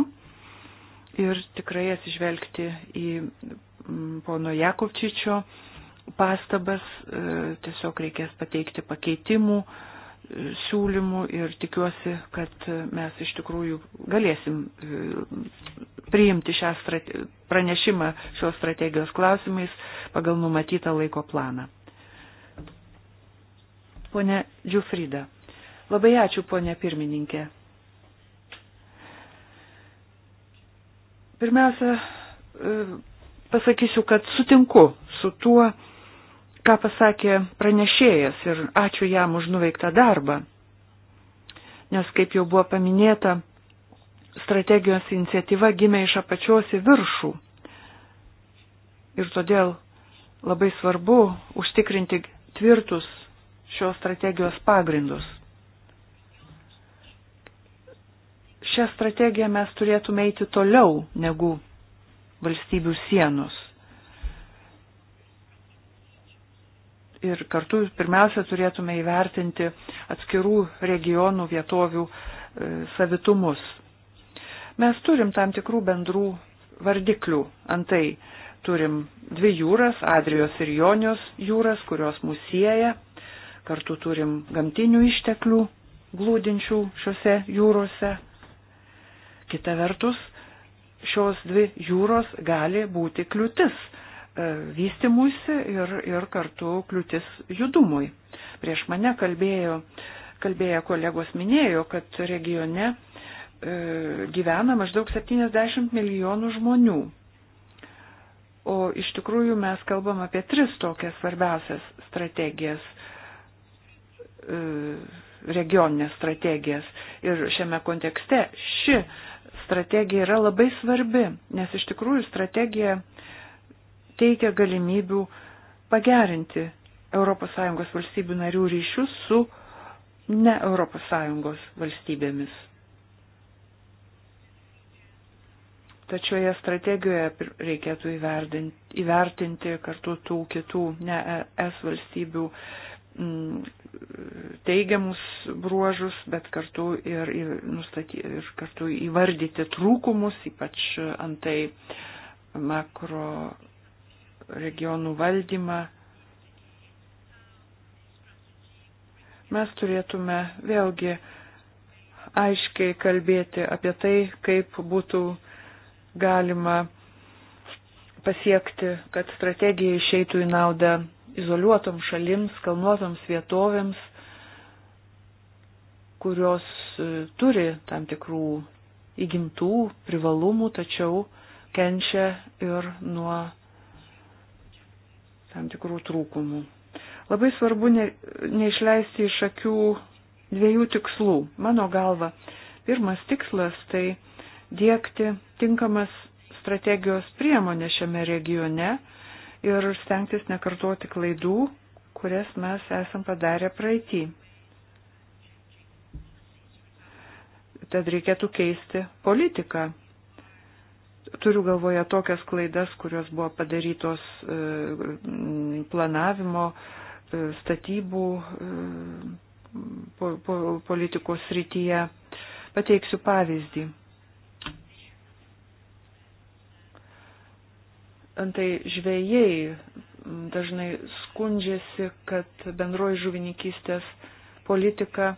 ir tikrai atsižvelgti į mm, pono Jakovčičio pastabas, e, tiesiog reikės pateikti pakeitimų, e, siūlymų ir tikiuosi, kad mes iš tikrųjų galėsim e, priimti šią strate... pranešimą šios strategijos klausimais pagal numatytą laiko planą. Pone Džiufrida. Labai ačiū, ponė pirmininkė. Pirmiausia, e, pasakysiu, kad sutinku su tuo, ką pasakė pranešėjas ir ačiū jam už nuveiktą darbą. Nes, kaip jau buvo paminėta, strategijos iniciatyva gimė iš apačios į viršų. Ir todėl labai svarbu užtikrinti tvirtus šios strategijos pagrindus. šią strategiją mes turėtume eiti toliau negu valstybių sienos. Ir kartu pirmiausia turėtume įvertinti atskirų regionų vietovių e, savitumus. Mes turim tam tikrų bendrų vardiklių. Antai turim dvi jūras, Adrijos ir Jonios jūras, kurios mus sieja. Kartu turim gamtinių išteklių glūdinčių šiuose jūrose Kita vertus, šios dvi jūros gali būti kliūtis e, vystimuisi ir, ir kartu kliūtis judumui. Prieš mane kalbėjo, kalbėję kolegos minėjo, kad regione e, gyvena maždaug 70 milijonų žmonių. O iš tikrųjų mes kalbam apie tris tokias svarbiausias strategijas, e, regioninės strategijas. Ir šiame kontekste ši strategija yra labai svarbi, nes iš tikrųjų strategija teikia galimybių pagerinti ES valstybių narių ryšius su ne ES valstybėmis. Tačioje strategijoje reikėtų įvertinti kartu tų kitų ne ES valstybių Mm, teigiamus bruožus, bet kartu ir, nustaty, ir kartu įvardyti trūkumus, ypač antai makro regionų valdymą. Mes turėtume vėlgi aiškiai kalbėti apie tai, kaip būtų galima pasiekti, kad strategija išeitų į naudą izoliuotoms šalims, kalnuotoms vietovėms, kurios e, turi tam tikrų įgimtų privalumų, tačiau kenčia ir nuo tam tikrų trūkumų. Labai svarbu ne, neišleisti iš akių dviejų tikslų. Mano galva, pirmas tikslas tai dėkti tinkamas strategijos priemonė šiame regione, ir stengtis nekartoti klaidų, kurias mes esam padarę praeitį. Tad reikėtų keisti politiką. Turiu galvoje tokias klaidas, kurios buvo padarytos e, planavimo, e, statybų e, politikos srityje. Pateiksiu pavyzdį. antai žvėjai dažnai skundžiasi, kad bendroji žuvininkystės politika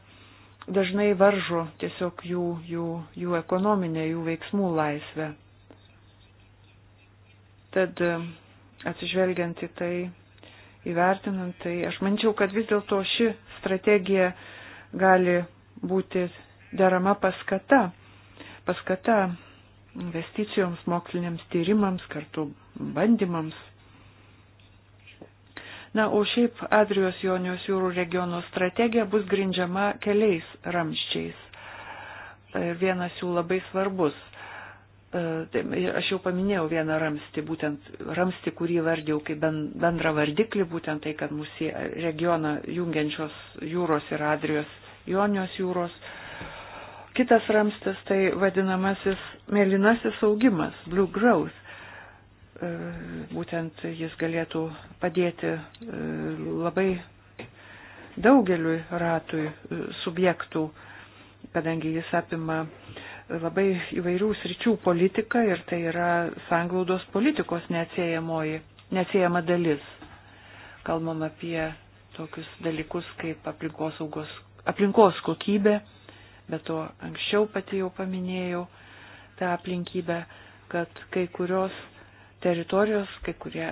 dažnai varžo tiesiog jų, jų, jų ekonominę, jų veiksmų laisvę. Tad atsižvelgiant į tai, įvertinant tai, aš mančiau, kad vis dėlto ši strategija gali būti derama paskata, paskata investicijoms, moksliniams tyrimams, kartu bandymams. Na, o šiaip Adrijos Jonijos jūrų regiono strategija bus grindžiama keliais ramščiais. E, vienas jų labai svarbus. E, tai aš jau paminėjau vieną ramstį, būtent ramstį, kurį vardėjau kaip bendrą vardiklį, būtent tai, kad mūsų regioną jungiančios jūros yra Adrijos Jonijos jūros. jūros Kitas ramstas tai vadinamasis mėlynasis augimas, blue growth. E, būtent jis galėtų padėti e, labai daugeliui ratui e, subjektų, kadangi jis apima labai įvairių sričių politiką ir tai yra sanglaudos politikos neatsiejama dalis. Kalbam apie tokius dalykus kaip aplinkosaugos aplinkos kokybė, bet to anksčiau pati jau paminėjau tą aplinkybę, kad kai kurios teritorijos, kai kurie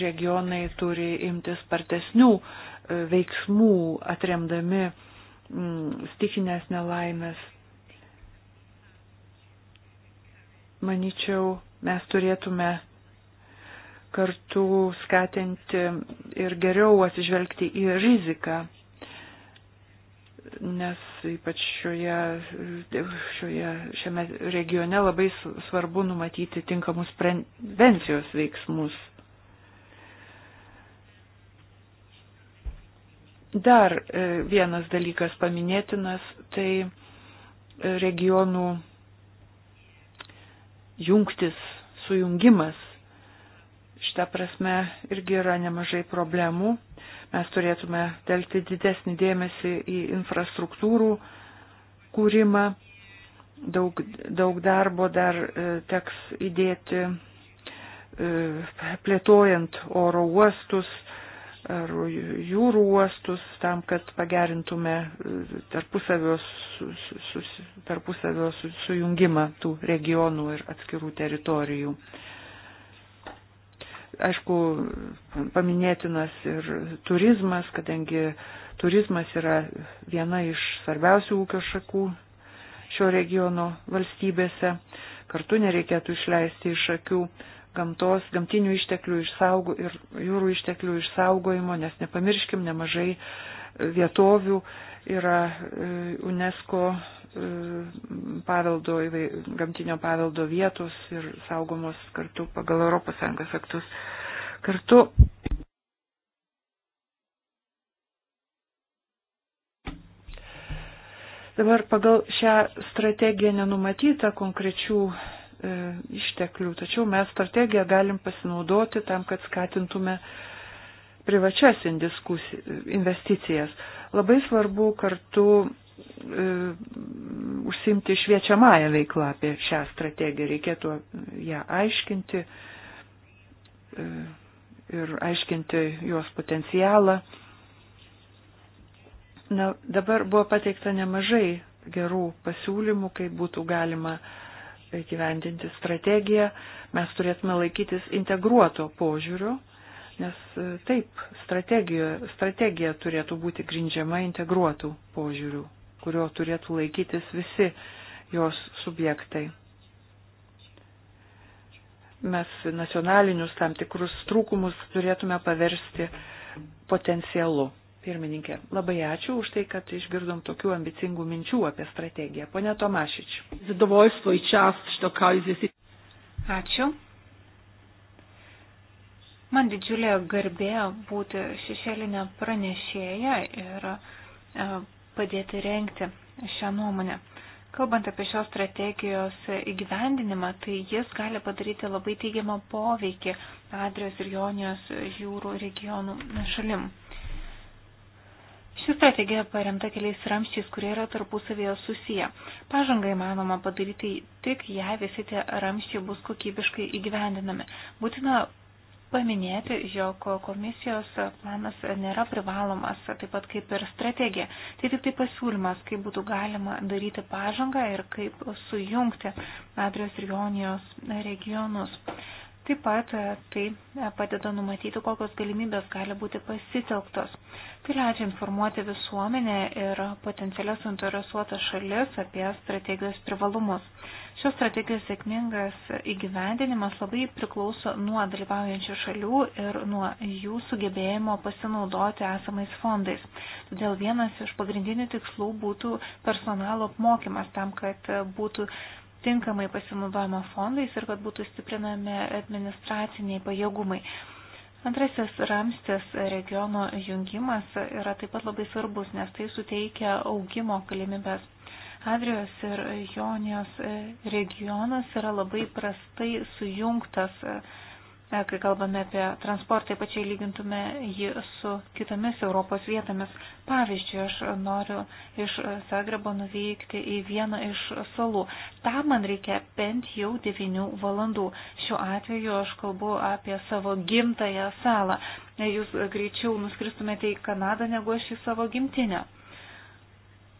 regionai turi imtis spartesnių e, veiksmų atremdami mm, stikinės nelaimės. Maničiau, mes turėtume kartu skatinti ir geriau atsižvelgti į riziką nes ypač šioje, šioje, šiame regione labai svarbu numatyti tinkamus prevencijos veiksmus. Dar e, vienas dalykas paminėtinas, tai e, regionų jungtis, sujungimas. Šitą prasme irgi yra nemažai problemų Mes turėtume telkti didesnį dėmesį į infrastruktūrų kūrimą. Daug, daug darbo dar e, teks įdėti e, plėtojant oro uostus ar jūrų uostus tam, kad pagerintume e, tarpusavio, tarpusavio sujungimą tų regionų ir atskirų teritorijų aišku, paminėtinas ir turizmas, kadangi turizmas yra viena iš svarbiausių ūkio šakų šio regiono valstybėse. Kartu nereikėtų išleisti iš akių gamtos, gamtinių išteklių išsaugo, ir jūrų išteklių išsaugojimo, nes nepamirškim, nemažai vietovių yra e, UNESCO E, paveldo, gamtinio paveldo vietos ir saugomos kartu pagal ES aktus. Kartu dabar pagal šią strategiją nenumatyta konkrečių e, išteklių, tačiau mes strategiją galim pasinaudoti tam, kad skatintume privačias investicijas. Labai svarbu kartu E, užsimti šviečiamąją veiklą apie šią strategiją, reikėtų ją aiškinti e, ir aiškinti jos potencialą. Na, dabar buvo pateikta nemažai gerų pasiūlymų, kaip būtų galima gyvendinti strategiją. Mes turėtume laikytis integruoto požiūrio, nes e, taip, strategija, strategija turėtų būti grindžiama integruotų požiūrių kurio turėtų laikytis visi jos subjektai. Mes nacionalinius tam tikrus trūkumus turėtume paversti potencialu. Pirmininkė, labai ačiū už tai, kad išgirdom tokių ambicingų minčių apie strategiją. Pone Tomašič. Ačiū. Man didžiulė garbė būti šešėlinė pranešėja ir e, padėti renkti šią nuomonę. Kalbant apie šios strategijos įgyvendinimą, tai jis gali padaryti labai teigiamą poveikį Adrijos ir Jonijos jūrų regionų šalim. Ši strategija paremta keliais ramščiais, kurie yra tarpusavėje susiję. Pažangą įmanoma padaryti tik jei visi tie ramščiai bus kokybiškai įgyvendinami. Būtina paminėti, jog komisijos planas nėra privalomas, taip pat kaip ir strategija. Tai tik tai pasiūlymas, kaip būtų galima daryti pažangą ir kaip sujungti Adrijos ir Jonijos regionus. Taip pat e, tai e, padeda numatyti, kokios galimybės gali būti pasitelktos. Tai leidžia informuoti visuomenę ir potencialias suinteresuotas šalis apie strategijos privalumus. Šios strategijos sėkmingas įgyvendinimas labai priklauso nuo dalyvaujančių šalių ir nuo jų sugebėjimo pasinaudoti esamais fondais. Todėl vienas iš pagrindinių tikslų būtų personalo apmokymas tam, kad būtų tinkamai pasinaudojama fondais ir kad būtų stiprinami administraciniai pajėgumai. Antrasis ramstis regiono jungimas yra taip pat labai svarbus, nes tai suteikia augimo galimybės. Adrijos ir Jonijos regionas yra labai prastai sujungtas E, kai kalbame apie transportą, ypač jei lygintume jį su kitomis Europos vietomis. Pavyzdžiui, aš noriu iš Zagrebo nuvykti į vieną iš salų. Tam man reikia bent jau 9 valandų. Šiuo atveju aš kalbu apie savo gimtąją salą. E, jūs greičiau nuskristumėte į Kanadą negu aš į savo gimtinę.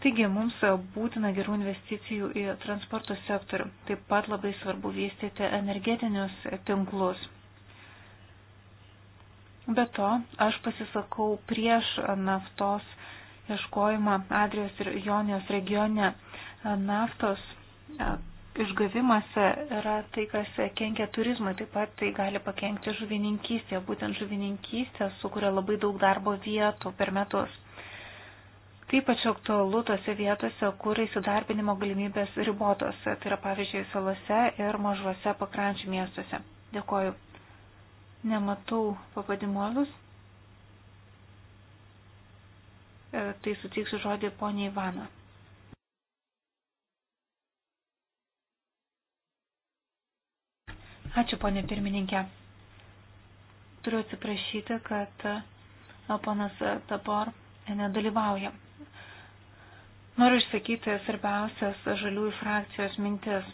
Taigi mums būtina gerų investicijų į transporto sektorių. Taip pat labai svarbu vystyti energetinius tinklus. Be to, aš pasisakau prieš naftos ieškojimą Adrijos ir Jonijos regione. Naftos e, išgavimas yra tai, kas kenkia turizmui, taip pat tai gali pakenkti žuvininkystėje, būtent žuvininkystė sukuria labai daug darbo vietų per metus. Taip pat aktualu tose vietose, kur įsidarbinimo galimybės ribotos, tai yra pavyzdžiui salose ir mažuose pakrančių miestuose. Dėkuoju. Nematau pavadimuolus. E, tai sutiksiu žodį poniai Ivana. Ačiū, ponė pirmininkė. Turiu atsiprašyti, kad e, ponas Tabor nedalyvauja. Noriu išsakyti svarbiausias žaliųjų frakcijos mintis.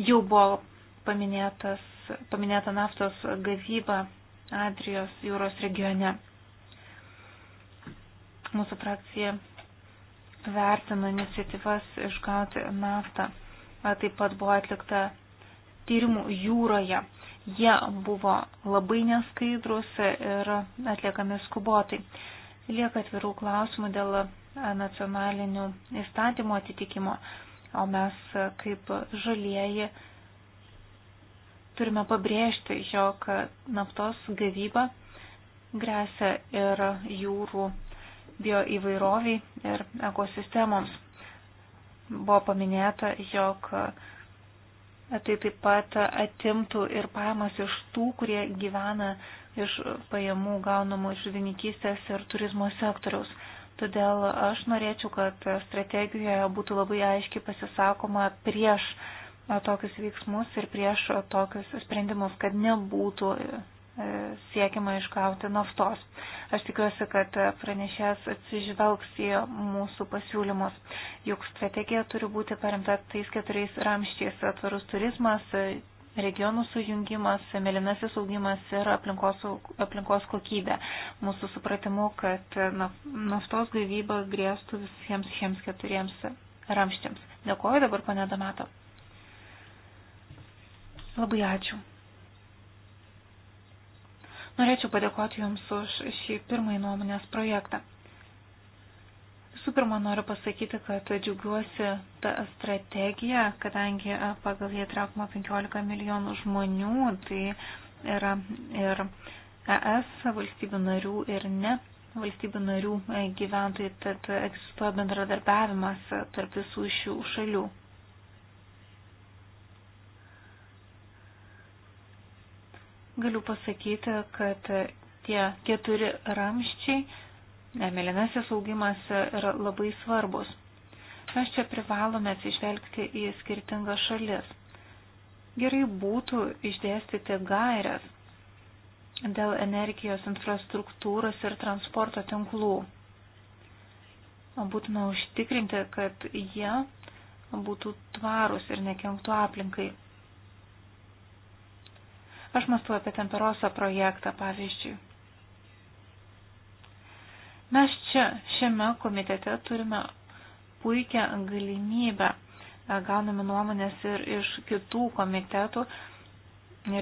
Jau buvo paminėtas paminėta naftos gavyba Adrijos jūros regione. Mūsų frakcija vertino iniciatyvas išgauti naftą. Taip pat buvo atlikta tyrimų jūroje. Jie buvo labai neskaidrus ir atliekami skubotai. Lieka atvirų klausimų dėl nacionalinių įstatymų atitikimo, o mes kaip žalieji Turime pabrėžti, jog naftos gavyba grėsia ir jūrų bioįvairoviai ir ekosistemoms. Buvo paminėta, jog tai taip pat atimtų ir pajamas iš tų, kurie gyvena iš pajamų gaunamų iš žuvininkystės ir turizmo sektoriaus. Todėl aš norėčiau, kad strategijoje būtų labai aiškiai pasisakoma prieš uh, tokius veiksmus ir prieš tokius sprendimus, kad nebūtų e, siekiama išgauti naftos. Aš tikiuosi, kad pranešės atsižvelgs į mūsų pasiūlymus. Juk strategija turi būti paremta tais keturiais ramščiais - tvarus turizmas, regionų sujungimas, melinasis augimas ir aplinkos, aplinkos kokybė. Mūsų supratimu, kad naftos gaivyba grėstų visiems šiems keturiems ramščiams. Dėkuoju dabar, pane Damato. Labai ačiū. Norėčiau padėkoti Jums už šį pirmąjį nuomonės projektą. Visų pirma, noriu pasakyti, kad džiaugiuosi tą strategiją, kadangi pagal jį traukama 15 milijonų žmonių, tai yra ir ES valstybių narių ir ne valstybių narių gyventojai, tad egzistuoja bendradarbiavimas tarp visų šių šalių. Galiu pasakyti, kad tie keturi ramščiai, mėlynasis augimas yra labai svarbus. Mes čia privalome atsižvelgti į skirtingas šalis. Gerai būtų išdėstyti gairias dėl energijos infrastruktūros ir transporto tinklų. Būtume užtikrinti, kad jie būtų tvarus ir nekenktų aplinkai. Aš mastu apie temperosą projektą, pavyzdžiui. Mes čia, šiame komitete turime puikią galimybę, e, gauname nuomonės ir iš kitų komitetų.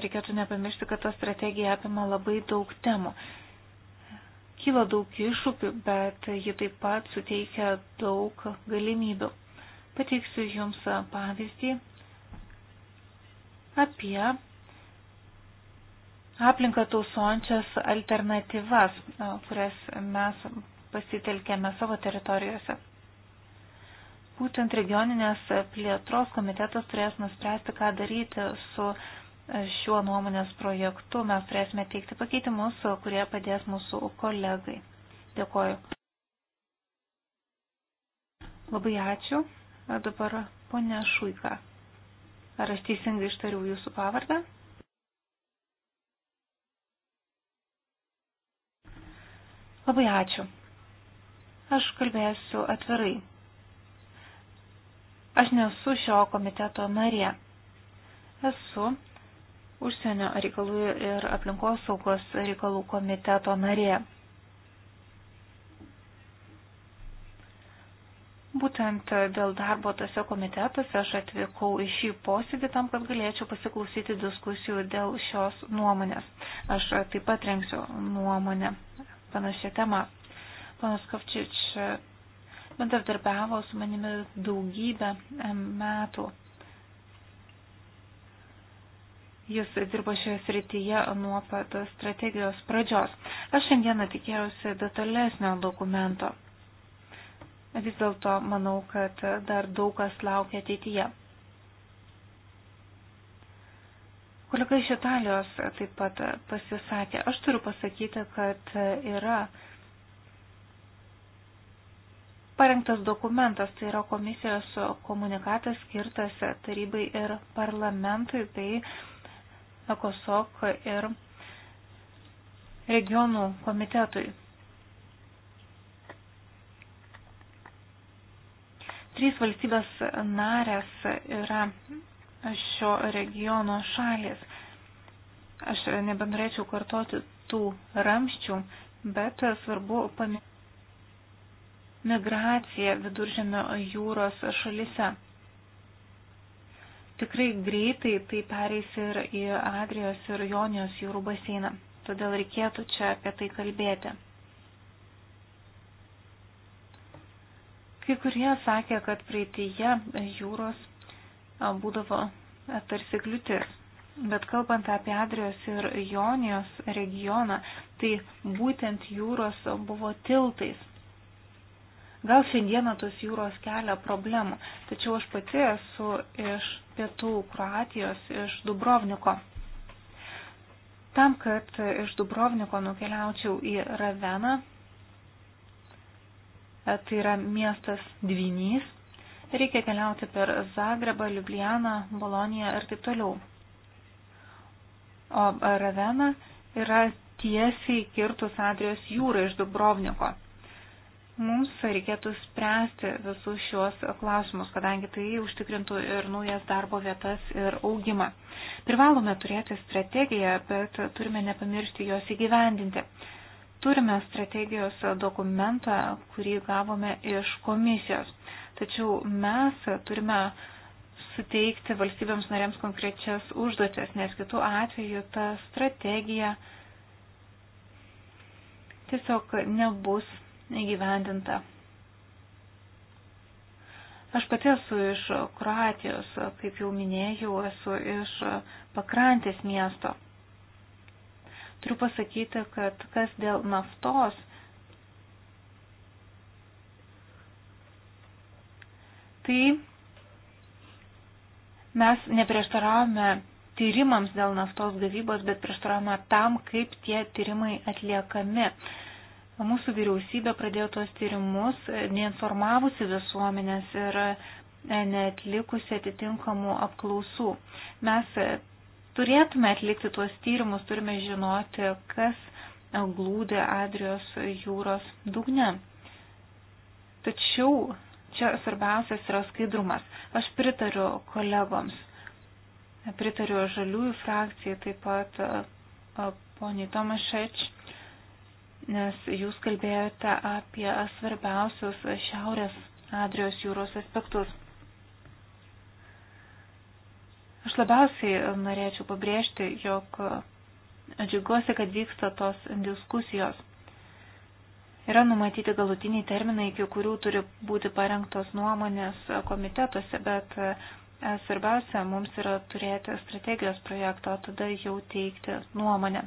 Reikėtų nepamiršti, kad ta strategija apima labai daug temų kyla daug iššūkių, bet ji taip pat suteikia daug galimybių. Pateiksiu Jums pavyzdį apie aplinką tausojančias alternatyvas, kurias mes pasitelkėme savo teritorijose. Būtent regioninės plėtros komitetas turės nuspręsti, ką daryti su šiuo nuomonės projektu. Mes turėsime teikti pakeitimus, kurie padės mūsų kolegai. Dėkoju. Labai ačiū. Dabar ponia Šuika. Ar aš teisingai ištariu jūsų pavardę? Labai ačiū. Aš kalbėsiu atvirai. Aš nesu šio komiteto narė. Esu užsienio reikalų ir aplinkos saugos reikalų komiteto narė. Būtent dėl darbo tose komitetuose aš atvykau į šį posėdį tam, kad galėčiau pasiklausyti diskusijų dėl šios nuomonės. Aš taip pat renksiu nuomonę panašią temą. Panas Kovčič bendradarbiavo su manimi daugybę metų. Jis dirbo šioje srityje nuo pat strategijos pradžios. Aš šiandieną tikėjausi detalesnio dokumento. Vis dėlto manau, kad dar daug kas laukia ateityje. Kolega iš Italijos taip pat pasisakė. Aš turiu pasakyti, kad yra parengtas dokumentas, tai yra komisijos komunikatas skirtas tarybai ir parlamentui, bei ECOSOC ir regionų komitetui. Trys valstybės narės yra šio regiono šalis. Aš nebenorėčiau kartoti tų ramščių, bet svarbu paminėti migraciją viduržėmio jūros šalise. Tikrai greitai tai pereis ir į Adrijos ir Jonijos jūrų baseiną, todėl reikėtų čia apie tai kalbėti. Kai kurie sakė, kad praeitįje jūros būdavo tarsi kliūtis. Bet kalbant apie Adrijos ir Jonijos regioną, tai būtent jūros buvo tiltais. Gal šiandieną tos jūros kelia problemų, tačiau aš pati esu iš pietų Kroatijos, iš Dubrovniko. Tam, kad iš Dubrovniko nukeliaučiau į Raveną, tai yra miestas dvinys, Reikia keliauti per Zagrebą, Liublianą, Boloniją ir taip toliau. O Ravena yra tiesiai kirtus Adrijos jūrą iš Dubrovniko. Mums reikėtų spręsti visus šiuos klausimus, kadangi tai užtikrintų ir naujas darbo vietas ir augimą. Privalome turėti strategiją, bet turime nepamiršti jos įgyvendinti. Turime strategijos dokumentą, kurį gavome iš komisijos. Tačiau mes turime suteikti valstybėms narėms konkrečias užduotis, nes kitų atveju ta strategija tiesiog nebus įgyvendinta. Aš pati esu iš Kroatijos, kaip jau minėjau, esu iš pakrantės miesto. Turiu pasakyti, kad kas dėl naftos, tai mes neprieštaravome tyrimams dėl naftos gavybos, bet prieštaravome tam, kaip tie tyrimai atliekami. Mūsų vyriausybė pradėjo tuos tyrimus, neinformavusi visuomenės ir netlikusi atitinkamų apklausų. Mes turėtume atlikti tuos tyrimus, turime žinoti, kas glūdė Adrijos jūros dugne. Tačiau čia svarbiausias yra skaidrumas. Aš pritariu kolegoms, pritariu žaliųjų frakcijai, taip pat poniai Tomašeč, nes jūs kalbėjote apie svarbiausius Šiaurės Adrijos jūros aspektus. Aš labiausiai norėčiau pabrėžti, jog džiugiuosi, kad vyksta tos diskusijos Yra numatyti galutiniai terminai, iki kurių turi būti parengtos nuomonės komitetuose, bet e, svarbiausia mums yra turėti strategijos projektą, o tada jau teikti nuomonę.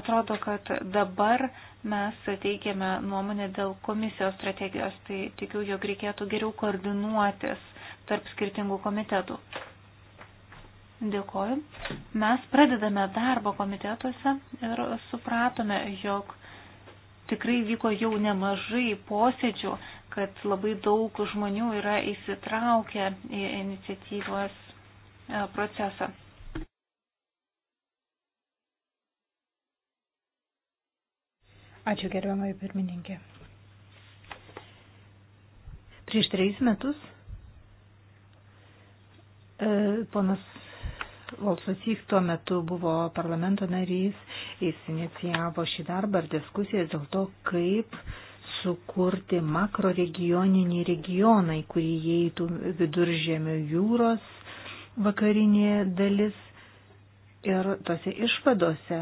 Atrodo, kad dabar mes teikiame nuomonę dėl komisijos strategijos, tai tikiu, jog reikėtų geriau koordinuotis tarp skirtingų komitetų. Dėkoju. Mes pradedame darbo komitetuose ir supratome, jog tikrai vyko jau nemažai posėdžių, kad labai daug žmonių yra įsitraukę į iniciatyvos e, procesą. Ačiū gerbiamai pirmininkė. Prieš trejus metus e, ponas Valsasys tuo metu buvo parlamento narys, jis inicijavo šį darbą ir diskusijas dėl to, kaip sukurti makroregioninį regioną, į kurį įeitų viduržėmio jūros vakarinė dalis. Ir tose išvadose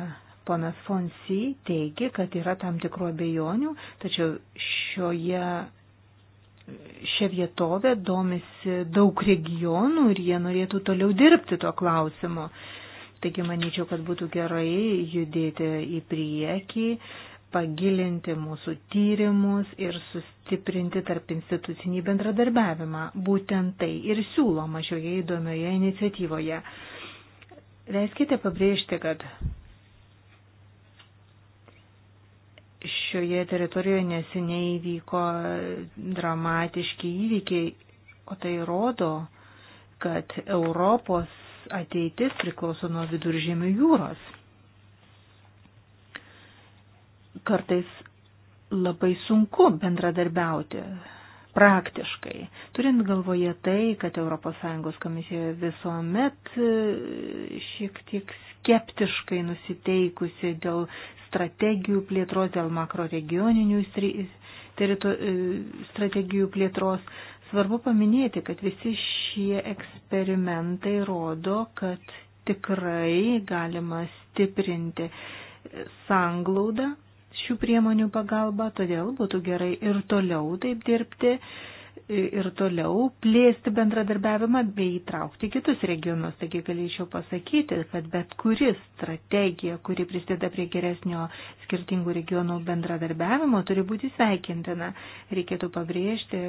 ponas Fonsi teigia, kad yra tam tikrų abejonių, tačiau šioje šią vietovę domisi daug regionų ir jie norėtų toliau dirbti tuo klausimu. Taigi manyčiau, kad būtų gerai judėti į priekį, pagilinti mūsų tyrimus ir sustiprinti tarp institucinį bendradarbiavimą. Būtent tai ir siūloma šioje įdomioje iniciatyvoje. Leiskite pabrėžti, kad šioje teritorijoje neseniai vyko dramatiški įvykiai, o tai rodo, kad Europos ateitis priklauso nuo viduržėmių jūros. Kartais labai sunku bendradarbiauti praktiškai. Turint galvoje tai, kad ES komisijoje visuomet e, šiek tiek skeptiškai nusiteikusi dėl strategijų plėtros, dėl makroregioninių e, strategijų plėtros, svarbu paminėti, kad visi šie eksperimentai rodo, kad tikrai galima stiprinti sanglaudą šių priemonių pagalba, todėl būtų gerai ir toliau taip dirbti, ir toliau plėsti bendradarbiavimą bei įtraukti kitus regionus. Taigi galėčiau pasakyti, kad bet kuri strategija, kuri prisideda prie geresnio skirtingų regionų bendradarbiavimo, turi būti sveikintina. Reikėtų pabrėžti,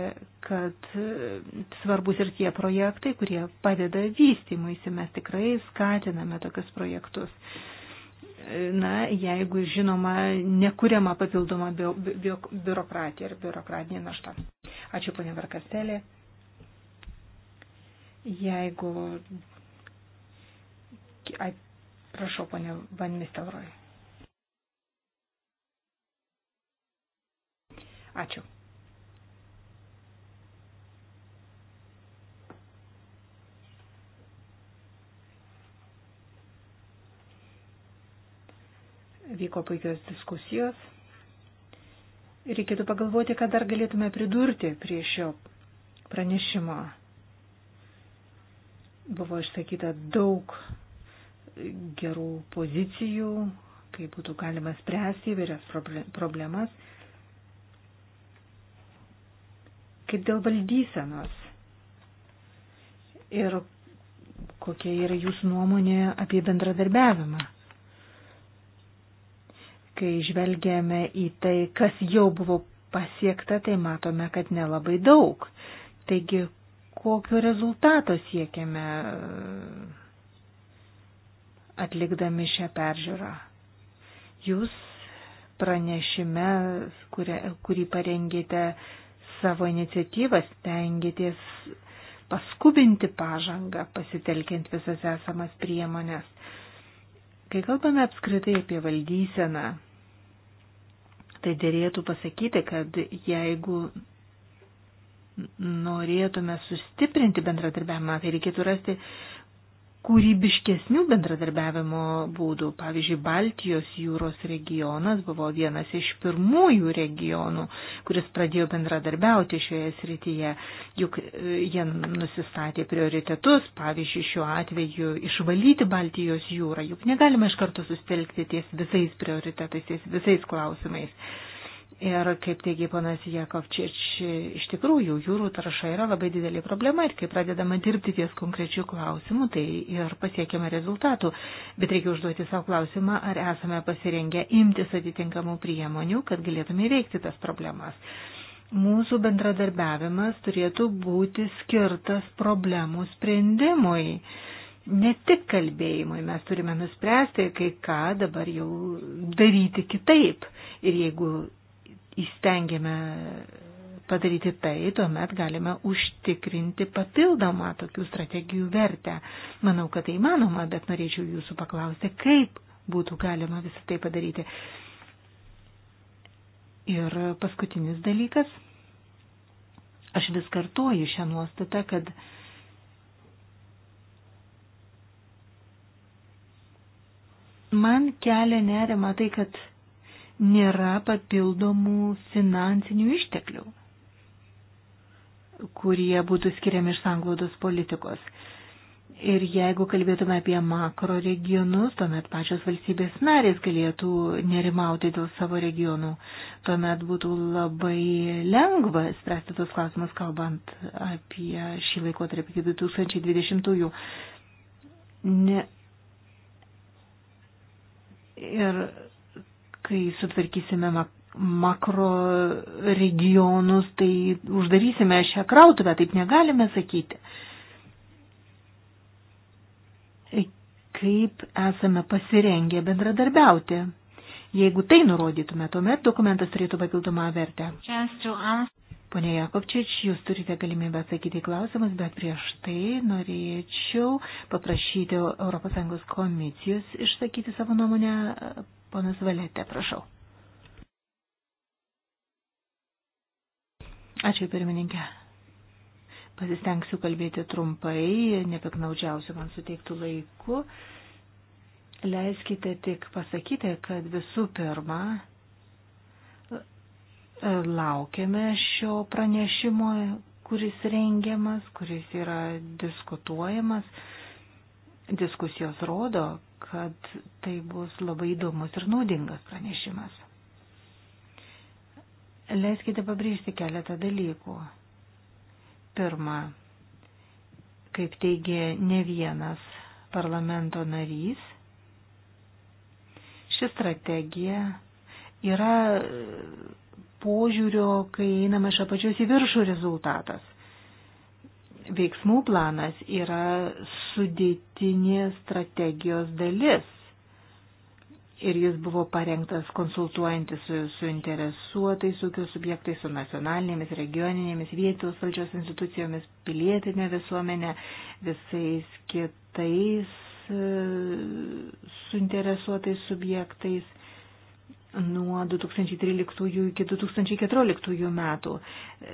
kad svarbus ir tie projektai, kurie padeda vystymuisi, mes tikrai skatiname tokius projektus na, jeigu žinoma, nekuriama papildoma bio, bio, biurokratija ir biurokratinė našta. Ačiū, ponė Varkastelė. Jeigu. Ai, prašau, ponė Van Mistelroj. Ačiū. vyko puikios diskusijos. Reikėtų pagalvoti, ką dar galėtume pridurti prie šio pranešimo. Buvo išsakyta daug gerų pozicijų, kaip būtų galima spręsti įvairias problemas. Kaip dėl valdysenos ir kokia yra jūsų nuomonė apie bendradarbiavimą. Kai žvelgėme į tai, kas jau buvo pasiekta, tai matome, kad nelabai daug. Taigi, kokio rezultato siekiame e, atlikdami šią peržiūrą? Jūs pranešime, kuria, kurį parengėte savo iniciatyvas, tengiatės paskubinti pažangą, pasitelkiant visas esamas priemonės. Kai kalbame apskritai apie valdyseną, tai dėrėtų pasakyti, kad jeigu norėtume sustiprinti bendradarbiavimą, tai reikėtų rasti kūrybiškesnių bendradarbiavimo būdų. Pavyzdžiui, Baltijos jūros regionas buvo vienas iš pirmųjų regionų, kuris pradėjo bendradarbiauti šioje srityje, juk e, jie nusistatė prioritetus, pavyzdžiui, šiuo atveju išvalyti Baltijos jūrą, juk negalime iš karto sustelkti ties visais prioritetais, ties visais klausimais. Ir kaip teigia ponas Jakovčič, iš tikrųjų jūrų tarša yra labai didelė problema ir kai pradedama dirbti ties konkrečių klausimų, tai ir pasiekiama rezultatų. Bet reikia užduoti savo klausimą, ar esame pasirengę imtis atitinkamų priemonių, kad galėtume įveikti tas problemas. Mūsų bendradarbiavimas turėtų būti skirtas problemų sprendimui ne tik kalbėjimui, mes turime nuspręsti, kai ką dabar jau daryti kitaip. Ir jeigu įstengėme padaryti tai, tuomet galime užtikrinti papildomą tokių strategijų vertę. Manau, kad tai įmanoma, bet norėčiau jūsų paklausti, kaip būtų galima visą tai padaryti. Ir paskutinis dalykas. Aš vis kartuoju šią nuostatą, kad man kelia nerima tai, kad nėra papildomų finansinių išteklių, kurie būtų skiriami iš sanglaudos politikos. Ir jeigu kalbėtume apie makro regionus, tuomet pačios valstybės narės galėtų nerimauti dėl savo regionų. Tuomet būtų labai lengva spręsti tos klausimus, kalbant apie šį laikotarpį iki 2020-ųjų. Ne... Ir kai sutvarkysime makro regionus, tai uždarysime šią krautuvę, taip negalime sakyti. E, kaip esame pasirengę bendradarbiauti? Jeigu tai nurodytume, tuomet dokumentas turėtų papildomą vertę. Pone Jakobčič, jūs turite galimybę atsakyti klausimus, bet prieš tai norėčiau paprašyti ES komisijos išsakyti savo nuomonę Ponas Valėte, prašau. Ačiū pirmininkė. Pasistengsiu kalbėti trumpai, nepiknaudžiausiu man suteiktų laiku. Leiskite tik pasakyti, kad visų pirma, laukiame šio pranešimo, kuris rengiamas, kuris yra diskutuojamas. Diskusijos rodo, kad tai bus labai įdomus ir naudingas pranešimas. Leiskite pabrėžti keletą dalykų. Pirma, kaip teigė ne vienas parlamento narys, ši strategija yra požiūrio, kai einame iš apačios į viršų rezultatas veiksmų planas yra sudėtinė strategijos dalis. Ir jis buvo parengtas konsultuojantis su suinteresuotais ūkio subjektais, su nacionalinėmis, regioninėmis, vietos valdžios institucijomis, pilietinė visuomenė, visais kitais e, suinteresuotais subjektais nuo 2013 iki 2014 metų.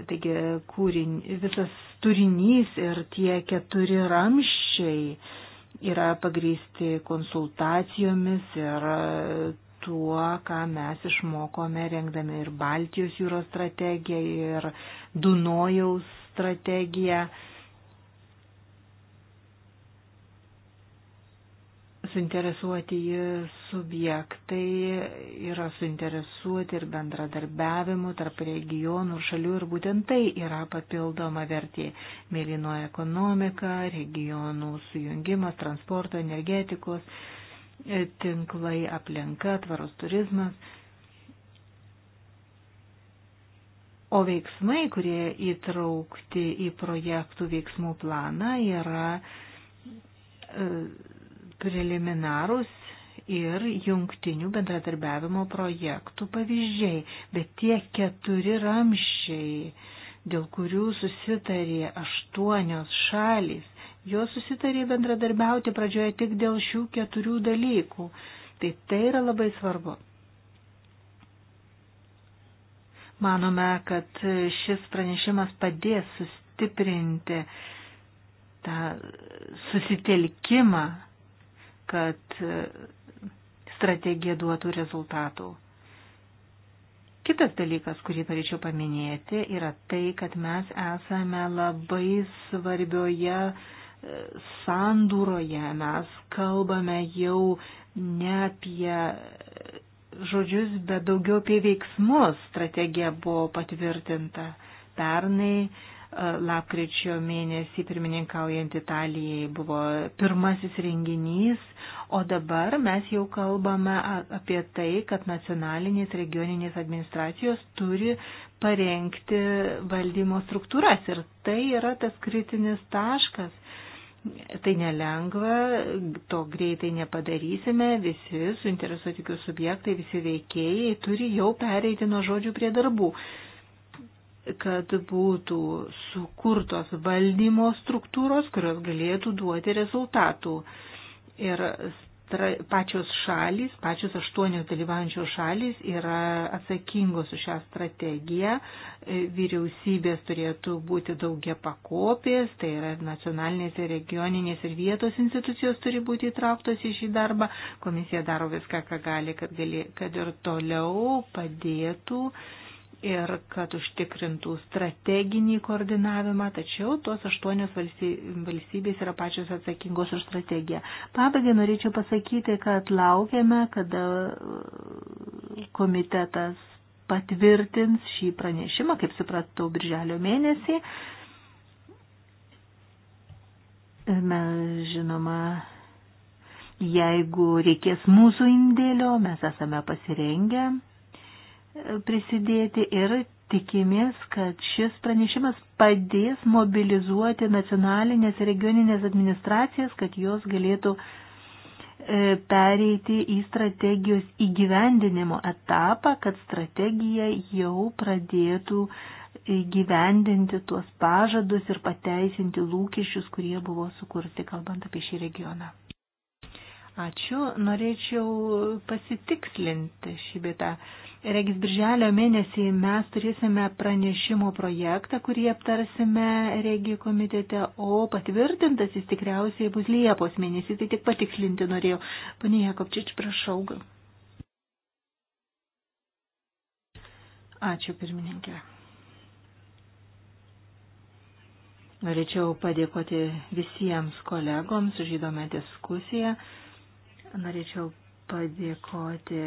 Taigi kūrin, visas turinys ir tie keturi ramščiai yra pagrįsti konsultacijomis ir tuo, ką mes išmokome rengdami ir Baltijos jūros strategiją, ir Dunojaus strategiją. suinteresuoti subjektai yra suinteresuoti ir bendradarbiavimu tarp regionų ir šalių ir būtent tai yra papildoma vertė. Mėlynoja ekonomika, regionų sujungimas, transporto, energetikos, e, tinklai, aplinka, tvaros turizmas. O veiksmai, kurie įtraukti į projektų veiksmų planą, yra e, preliminarūs ir jungtinių bendradarbiavimo projektų pavyzdžiai, bet tie keturi ramščiai, dėl kurių susitarė aštuonios šalys, jos susitarė bendradarbiauti pradžioje tik dėl šių keturių dalykų. Tai tai yra labai svarbu. Manome, kad šis pranešimas padės sustiprinti tą susitelkimą kad strategija duotų rezultatų. Kitas dalykas, kurį norėčiau paminėti, yra tai, kad mes esame labai svarbioje e, sandūroje. Mes kalbame jau ne apie žodžius, bet daugiau apie veiksmus. Strategija buvo patvirtinta pernai lapkričio mėnesį pirmininkaujant Italijai buvo pirmasis renginys, o dabar mes jau kalbame apie tai, kad nacionalinės regioninės administracijos turi parengti valdymo struktūras ir tai yra tas kritinis taškas. Tai nelengva, to greitai nepadarysime, visi suinteresuoti subjektai, visi veikėjai turi jau pereiti nuo žodžių prie darbų kad būtų sukurtos valdymo struktūros, kurios galėtų duoti rezultatų. Ir pačios šalys, pačios aštuonios dalyvaujančios šalys yra atsakingos už šią strategiją. Vyriausybės turėtų būti daugia pakopės, tai yra nacionalinės ir regioninės ir vietos institucijos turi būti įtrauktos į šį darbą. Komisija daro viską, ką gali, kad, gali, kad ir toliau padėtų uh, ir kad užtikrintų strateginį koordinavimą, tačiau tos aštuonios valstybės yra pačios atsakingos už strategiją. Pabaigai norėčiau pasakyti, kad laukiame, kada e, komitetas patvirtins šį pranešimą, kaip supratau, birželio mėnesį. Mes, žinoma, jeigu reikės mūsų indėlio, mes esame pasirengę prisidėti ir tikimės, kad šis pranešimas padės mobilizuoti nacionalinės regioninės administracijas, kad jos galėtų e, pereiti į strategijos įgyvendinimo etapą, kad strategija jau pradėtų įgyvendinti tuos pažadus ir pateisinti lūkesčius, kurie buvo sukurti, kalbant apie šį regioną. Ačiū, norėčiau pasitikslinti šį bitą. Regis birželio mėnesį mes turėsime pranešimo projektą, kurį aptarsime regijų komitete, o patvirtintas jis tikriausiai bus Liepos mėnesį, tai tik patikslinti norėjau. Pane Jakobčič, prašau. Ačiū pirmininkė. Norėčiau padėkoti visiems kolegoms už įdomią diskusiją. Norėčiau padėkoti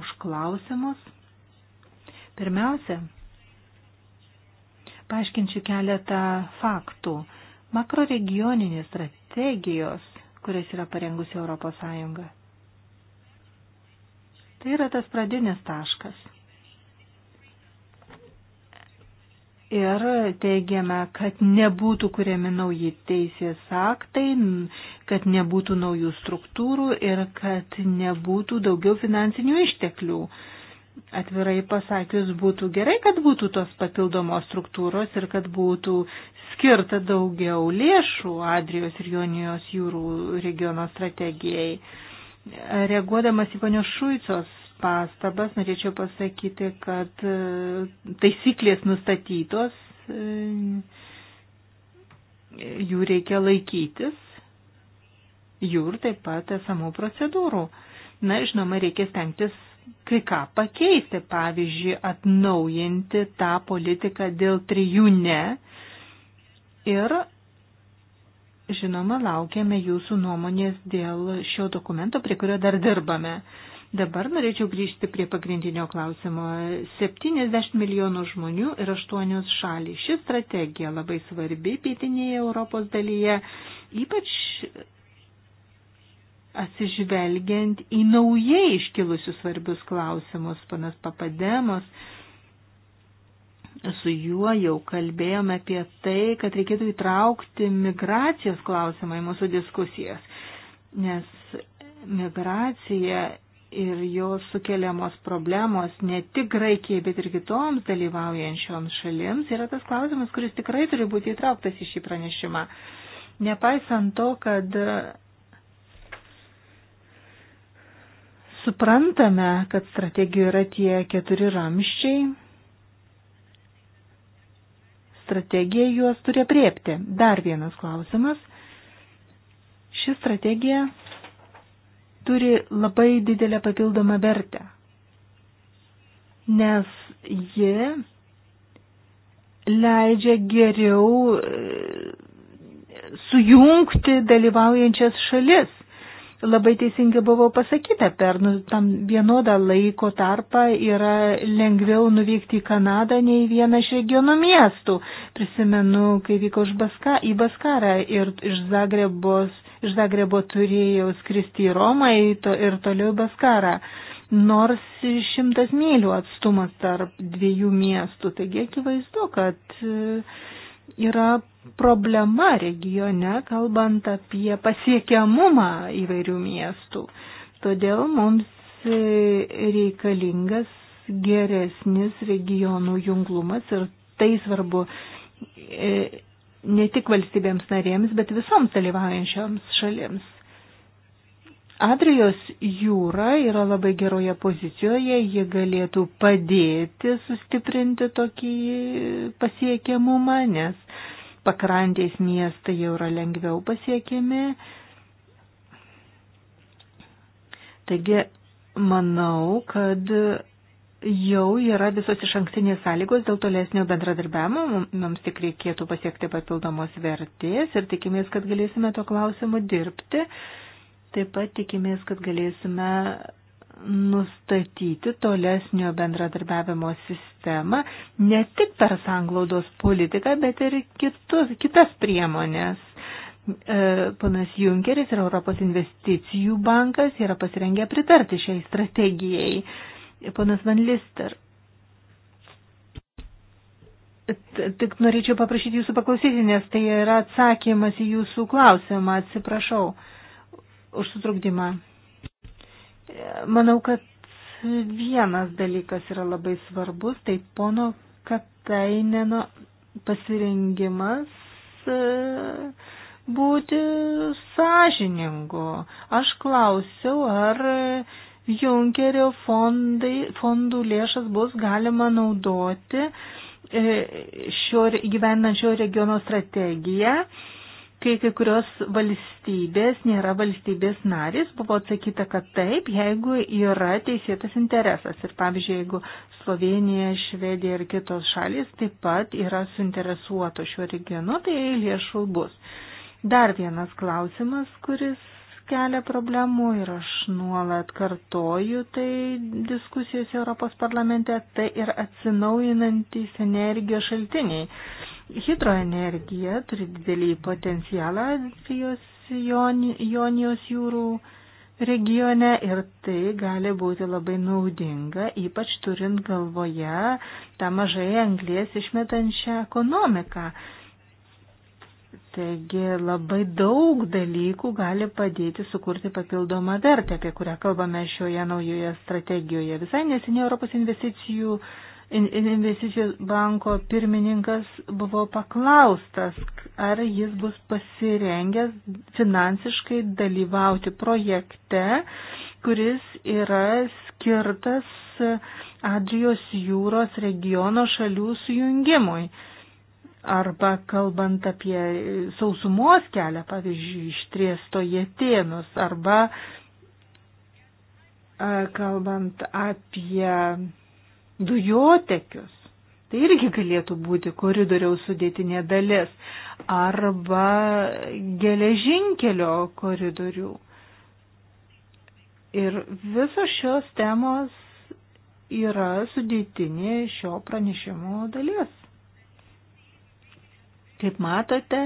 už klausimus. Pirmiausia, paaiškinsiu keletą faktų. Makroregioninės strategijos, kurias yra parengusi Europos Sąjunga. Tai yra tas pradinis taškas. ir teigiame, kad nebūtų kuriami nauji teisės aktai, kad nebūtų naujų struktūrų ir kad nebūtų daugiau finansinių išteklių. Atvirai pasakius, būtų gerai, kad būtų tos papildomos struktūros ir kad būtų skirta daugiau lėšų Adrijos ir Jonijos jūrų regiono strategijai. Reaguodamas į ponios Šuicos pastabas, norėčiau pasakyti, kad e, taisyklės nustatytos, e, jų reikia laikytis, jų ir taip pat esamų procedūrų. Na, žinoma, reikia stengtis kai ką pakeisti, pavyzdžiui, atnaujinti tą politiką dėl trijų ne. Ir, žinoma, laukiame jūsų nuomonės dėl šio dokumento, prie kurio dar dirbame. Dabar norėčiau grįžti prie pagrindinio klausimo. 70 milijonų žmonių ir 8 šalys. Ši strategija labai svarbi pietinėje Europos dalyje, ypač atsižvelgiant į naujai iškilusius svarbius klausimus, panas Papademos. Su juo jau kalbėjome apie tai, kad reikėtų įtraukti migracijos klausimą į mūsų diskusijas, nes migracija ir jos sukeliamos problemos ne tik Graikijai, bet ir kitoms dalyvaujančioms šalims yra tas klausimas, kuris tikrai turi būti įtrauktas į šį pranešimą. Nepaisant to, kad suprantame, kad strategijoje yra tie keturi ramščiai, strategija juos turi apriepti. Dar vienas klausimas. Ši strategija turi labai didelę papildomą vertę, nes ji leidžia geriau e, sujungti dalyvaujančias šalis. Labai teisingai buvo pasakyta, per nu, tam vienodą laiko tarpą yra lengviau nuvykti į Kanadą nei į vieną iš regionų miestų. Prisimenu, kai vyko Baska, į Baskarą ir iš Zagrebos iš Zagrebo turėjau skristi į Romą ir toliau į Baskarą. Nors šimtas mylių atstumas tarp dviejų miestų, taigi akivaizdu, kad e, yra problema regione, kalbant apie pasiekiamumą įvairių miestų. Todėl mums e, reikalingas geresnis regionų junglumas ir tai svarbu e, ne tik valstybėms narėms, bet visoms dalyvaujančioms šalims. Adrijos jūra yra labai geroje pozicijoje, ji galėtų padėti sustiprinti tokį pasiekiamumą, nes pakrantės miestai jau yra lengviau pasiekiami. Taigi, manau, kad jau yra visos iš ankstinės sąlygos dėl tolesnio bendradarbiavimo. Mums tik reikėtų pasiekti papildomos vertės ir tikimės, kad galėsime to klausimu dirbti. Taip pat tikimės, kad galėsime nustatyti tolesnio bendradarbiavimo sistemą ne tik per sanglaudos politiką, bet ir kitus, kitas priemonės. E, Panas Junkeris ir Europos investicijų bankas yra pasirengę pritarti šiai strategijai. Ponas Van Lister. Tik norėčiau paprašyti jūsų paklausyti, nes tai yra atsakymas į jūsų klausimą. Atsiprašau už sutrukdymą. Manau, kad vienas dalykas yra labai svarbus, tai pono Kataineno pasirengimas e, būti sąžiningu. Aš klausiau, ar Junkerio fondai, fondų lėšas bus galima naudoti e, šio, gyvenančio regiono strategiją, kai kai kurios valstybės nėra valstybės narys, buvo atsakyta, kad taip, jeigu yra teisėtas interesas. Ir pavyzdžiui, jeigu Slovenija, Švedija ir kitos šalis taip pat yra suinteresuoto šiuo regionu, tai lėšų bus. Dar vienas klausimas, kuris kelia problemų ir aš nuolat kartoju tai diskusijose Europos parlamente, tai ir atsinaujinantys energijos šaltiniai. Hidroenergija turi didelį potencialą Adrijos Jonijos jūrų regione ir tai gali būti labai naudinga, ypač turint galvoje tą mažai anglės išmetančią ekonomiką. Taigi labai daug dalykų gali padėti sukurti papildomą vertę, apie kurią kalbame šioje naujoje strategijoje. Visai nesiniai Europos investicijų, investicijų banko pirmininkas buvo paklaustas, ar jis bus pasirengęs finansiškai dalyvauti projekte, kuris yra skirtas Adrijos jūros regiono šalių sujungimui. Arba kalbant apie sausumos kelią, pavyzdžiui, iš Triesto Jėtėnus, arba e, kalbant apie dujotekius, tai irgi galėtų būti koridoriaus sudėtinė dalis arba geležinkelio koridorių. Ir visos šios temos yra sudėtinė šio pranešimo dalis. Kaip matote,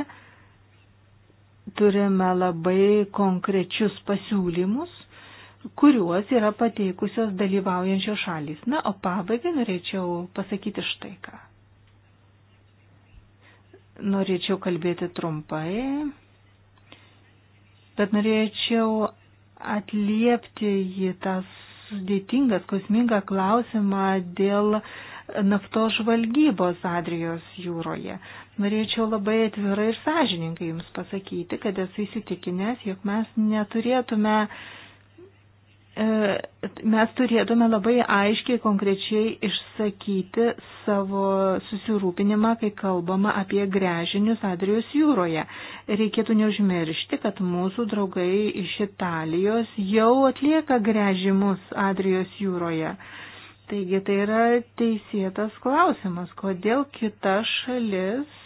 turime labai konkrečius pasiūlymus, kuriuos yra pateikusios dalyvaujančios šalys. Na, o pabaigai norėčiau pasakyti štai ką. Norėčiau kalbėti trumpai, bet norėčiau atliepti į tą sudėtingą, skausmingą klausimą dėl naftos žvalgybos Adrijos jūroje. Norėčiau labai atvirai ir sąžininkai Jums pasakyti, kad esu įsitikinęs, jog mes neturėtume, e, mes turėtume labai aiškiai, konkrečiai išsakyti savo susirūpinimą, kai kalbama apie grežinius Adrijos jūroje. Reikėtų neužmiršti, kad mūsų draugai iš Italijos jau atlieka grežimus Adrijos jūroje. Taigi tai yra teisėtas klausimas, kodėl kita šalis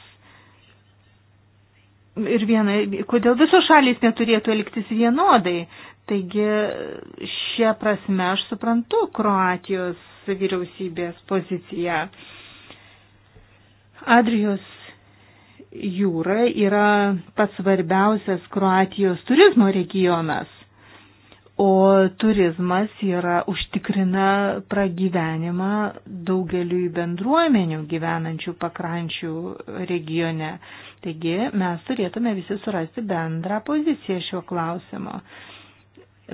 ir viena, kodėl visos šalys neturėtų elgtis vienodai. Taigi šią prasme aš suprantu Kroatijos vyriausybės poziciją. Adrijos jūra yra pats svarbiausias Kroatijos turizmo regionas o turizmas yra užtikrina pragyvenimą daugeliui bendruomenių gyvenančių pakrančių regione. Taigi mes turėtume visi surasti bendrą poziciją šiuo klausimu.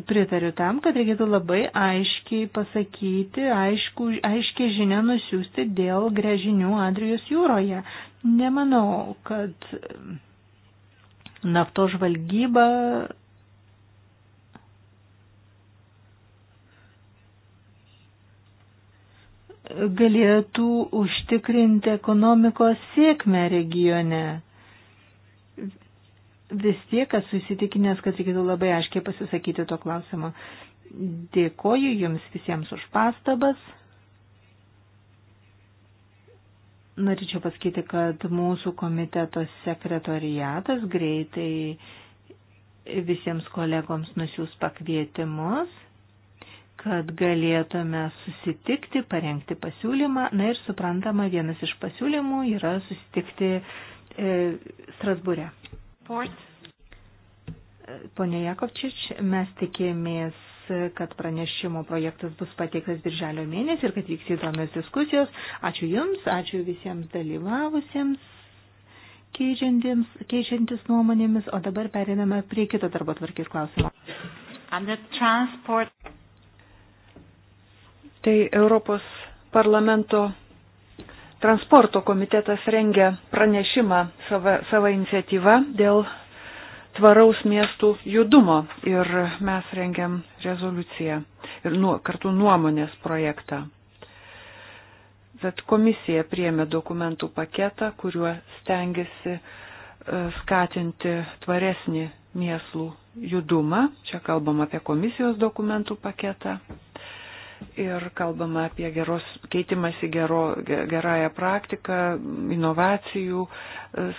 Pritariu tam, kad reikėtų labai aiškiai pasakyti, aišku, aiškiai žinia nusiųsti dėl grežinių Adrijos jūroje. Nemanau, kad nafto žvalgyba galėtų užtikrinti ekonomikos sėkmę regione. Vis tiek esu įsitikinęs, kad reikėtų labai aiškiai pasisakyti to klausimo. Dėkoju Jums visiems už pastabas. Norėčiau pasakyti, kad mūsų komiteto sekretoriatas greitai visiems kolegoms nusiūs pakvietimus kad galėtume susitikti, parengti pasiūlymą. Na ir suprantama, vienas iš pasiūlymų yra susitikti e, Strasbūre. Port. E, pone Jakovčič, mes tikėjomės, kad pranešimo projektas bus pateiktas birželio mėnesį ir kad vyks įdomios diskusijos. Ačiū Jums, ačiū visiems dalyvavusiems, keičiantis nuomonėmis, o dabar periname prie kito darbo tvarkės klausimo tai Europos parlamento transporto komitetas rengia pranešimą savo, savo iniciatyvą dėl tvaraus miestų judumo ir mes rengiam rezoliuciją ir nu, kartu nuomonės projektą. Bet komisija priemė dokumentų paketą, kuriuo stengiasi e, skatinti tvaresnį miestų judumą. Čia kalbam apie komisijos dokumentų paketą ir kalbama apie geros, keitimąsi gero, gerąją praktiką, inovacijų e,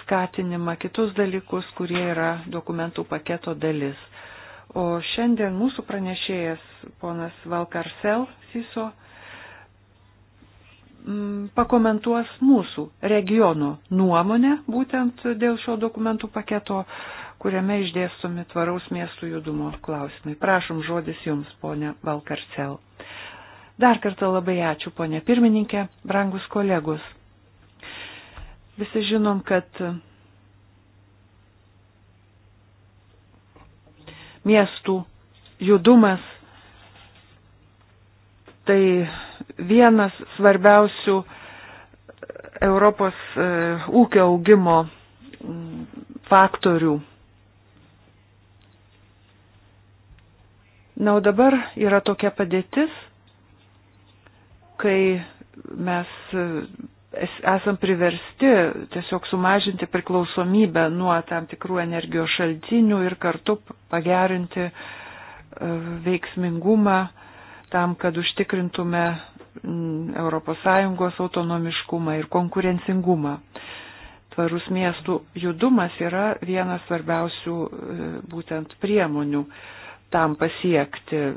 skatinimą, kitus dalykus, kurie yra dokumentų paketo dalis. O šiandien mūsų pranešėjas ponas Valkarsel Siso mm, pakomentuos mūsų regiono nuomonę būtent dėl šio dokumentų paketo, kuriame išdėstomi tvaraus miestų judumo klausimai. Prašom žodis Jums, ponė Valkarcel. Dar kartą labai ačiū, ponė pirmininkė, brangus kolegus. Visi žinom, kad miestų judumas tai vienas svarbiausių Europos e, ūkio augimo mm, faktorių. Na, o dabar yra tokia padėtis, kai mes e, esam priversti tiesiog sumažinti priklausomybę nuo tam tikrų energijos šaltinių ir kartu pagerinti e, veiksmingumą tam, kad užtikrintume mm, ES autonomiškumą ir konkurencingumą. Tvarus miestų judumas yra vienas svarbiausių e, būtent priemonių tam pasiekti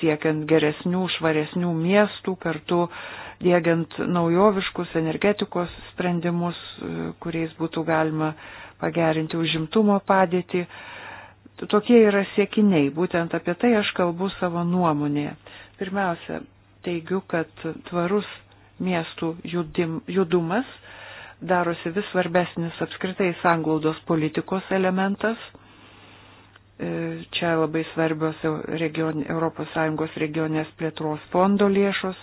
siekiant geresnių, švaresnių miestų, kartu dėgiant naujoviškus energetikos sprendimus, e, kuriais būtų galima pagerinti užimtumo padėtį. Tokie yra siekiniai, būtent apie tai aš kalbu savo nuomonėje. Pirmiausia, teigiu, kad tvarus miestų judim, judumas darosi vis svarbesnis apskritai sanglaudos politikos elementas E, čia labai svarbios region, ES regionės plėtros fondo lėšos.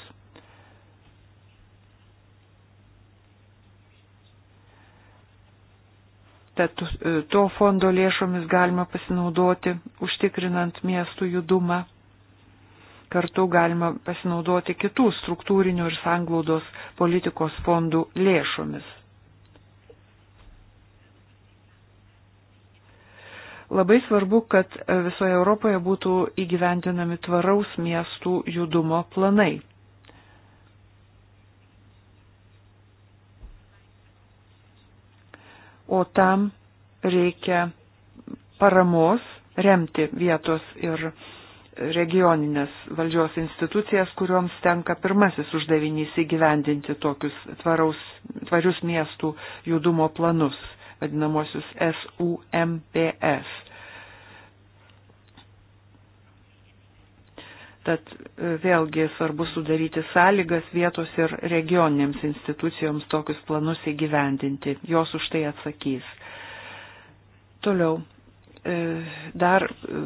Tad e, to fondo lėšomis galima pasinaudoti, užtikrinant miestų judumą. Kartu galima pasinaudoti kitų struktūrinių ir sanglaudos politikos fondų lėšomis. Labai svarbu, kad visoje Europoje būtų įgyvendinami tvaraus miestų judumo planai. O tam reikia paramos remti vietos ir regioninės valdžios institucijas, kuriuoms tenka pirmasis uždavinys įgyvendinti tokius tvaraus, tvarius miestų judumo planus vadinamosius SUMPS. Tad e, vėlgi svarbu sudaryti sąlygas vietos ir regioninėms institucijoms tokius planus įgyvendinti. Jos už tai atsakys. Toliau E, dar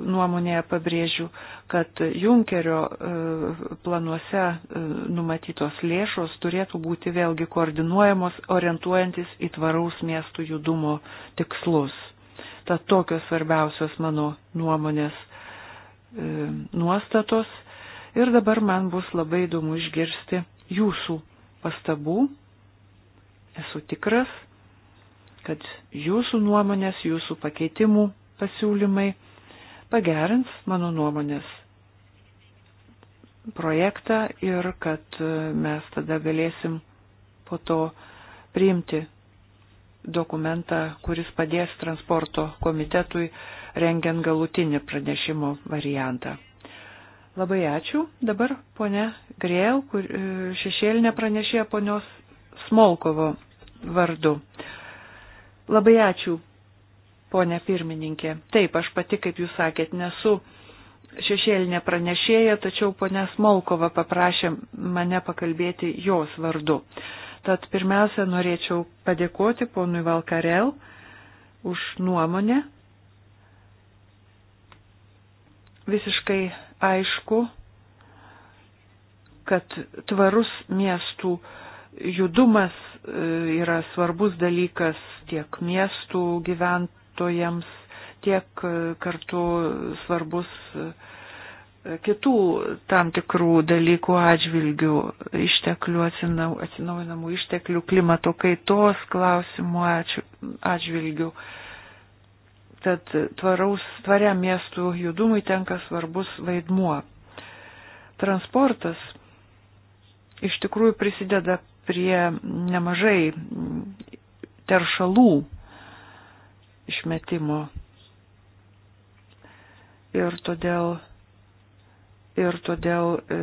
nuomonėje pabrėžiu, kad Junkerio e, planuose e, numatytos lėšos turėtų būti vėlgi koordinuojamos, orientuojantis į tvaraus miestų judumo tikslus. Tad tokios svarbiausios mano nuomonės nuostatos. Ir dabar man bus labai įdomu išgirsti jūsų pastabų. Esu tikras, kad jūsų nuomonės, jūsų pakeitimų pasiūlymai pagerins mano nuomonės projektą ir kad mes tada galėsim po to priimti dokumentą, kuris padės transporto komitetui rengiant galutinį pranešimo variantą. Labai ačiū. Dabar ponė Grėl, kur, e, šešėlinė pranešėja ponios Smolkovo vardu. Labai ačiū, ponė pirmininkė. Taip, aš pati, kaip jūs sakėt, nesu šešėlinė pranešėja, tačiau ponė Smolkova paprašė mane pakalbėti jos vardu. Tad pirmiausia, norėčiau padėkoti ponui Valkarel už nuomonę. Visiškai aišku, kad tvarus miestų judumas e, yra svarbus dalykas tiek miestų gyventojų vartotojams, tiek e, kartu svarbus e, kitų tam tikrų dalykų atžvilgių išteklių atsinaujinamų išteklių klimato kaitos klausimų atžvilgių. Tad tvaraus, tvariam miestų judumui tenka svarbus vaidmuo. Transportas iš tikrųjų prisideda prie nemažai teršalų išmetimo. Ir todėl, ir todėl e,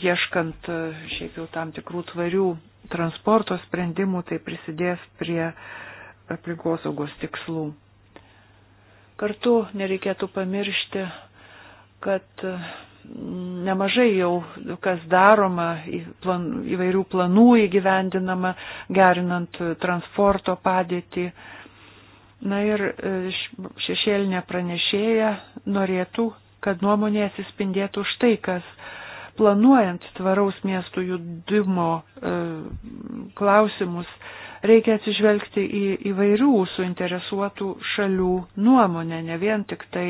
ieškant e, šiaip jau tam tikrų tvarių transporto sprendimų, tai prisidės prie aplinkosaugos tikslų. Kartu nereikėtų pamiršti, kad e, nemažai jau kas daroma, plan, įvairių planų įgyvendinama, gerinant transporto padėtį, Na ir e, šešėlinė pranešėja norėtų, kad nuomonė atsispindėtų štai kas. Planuojant tvaraus miestų judimo e, klausimus, reikia atsižvelgti į įvairių suinteresuotų šalių nuomonę, ne vien tik tai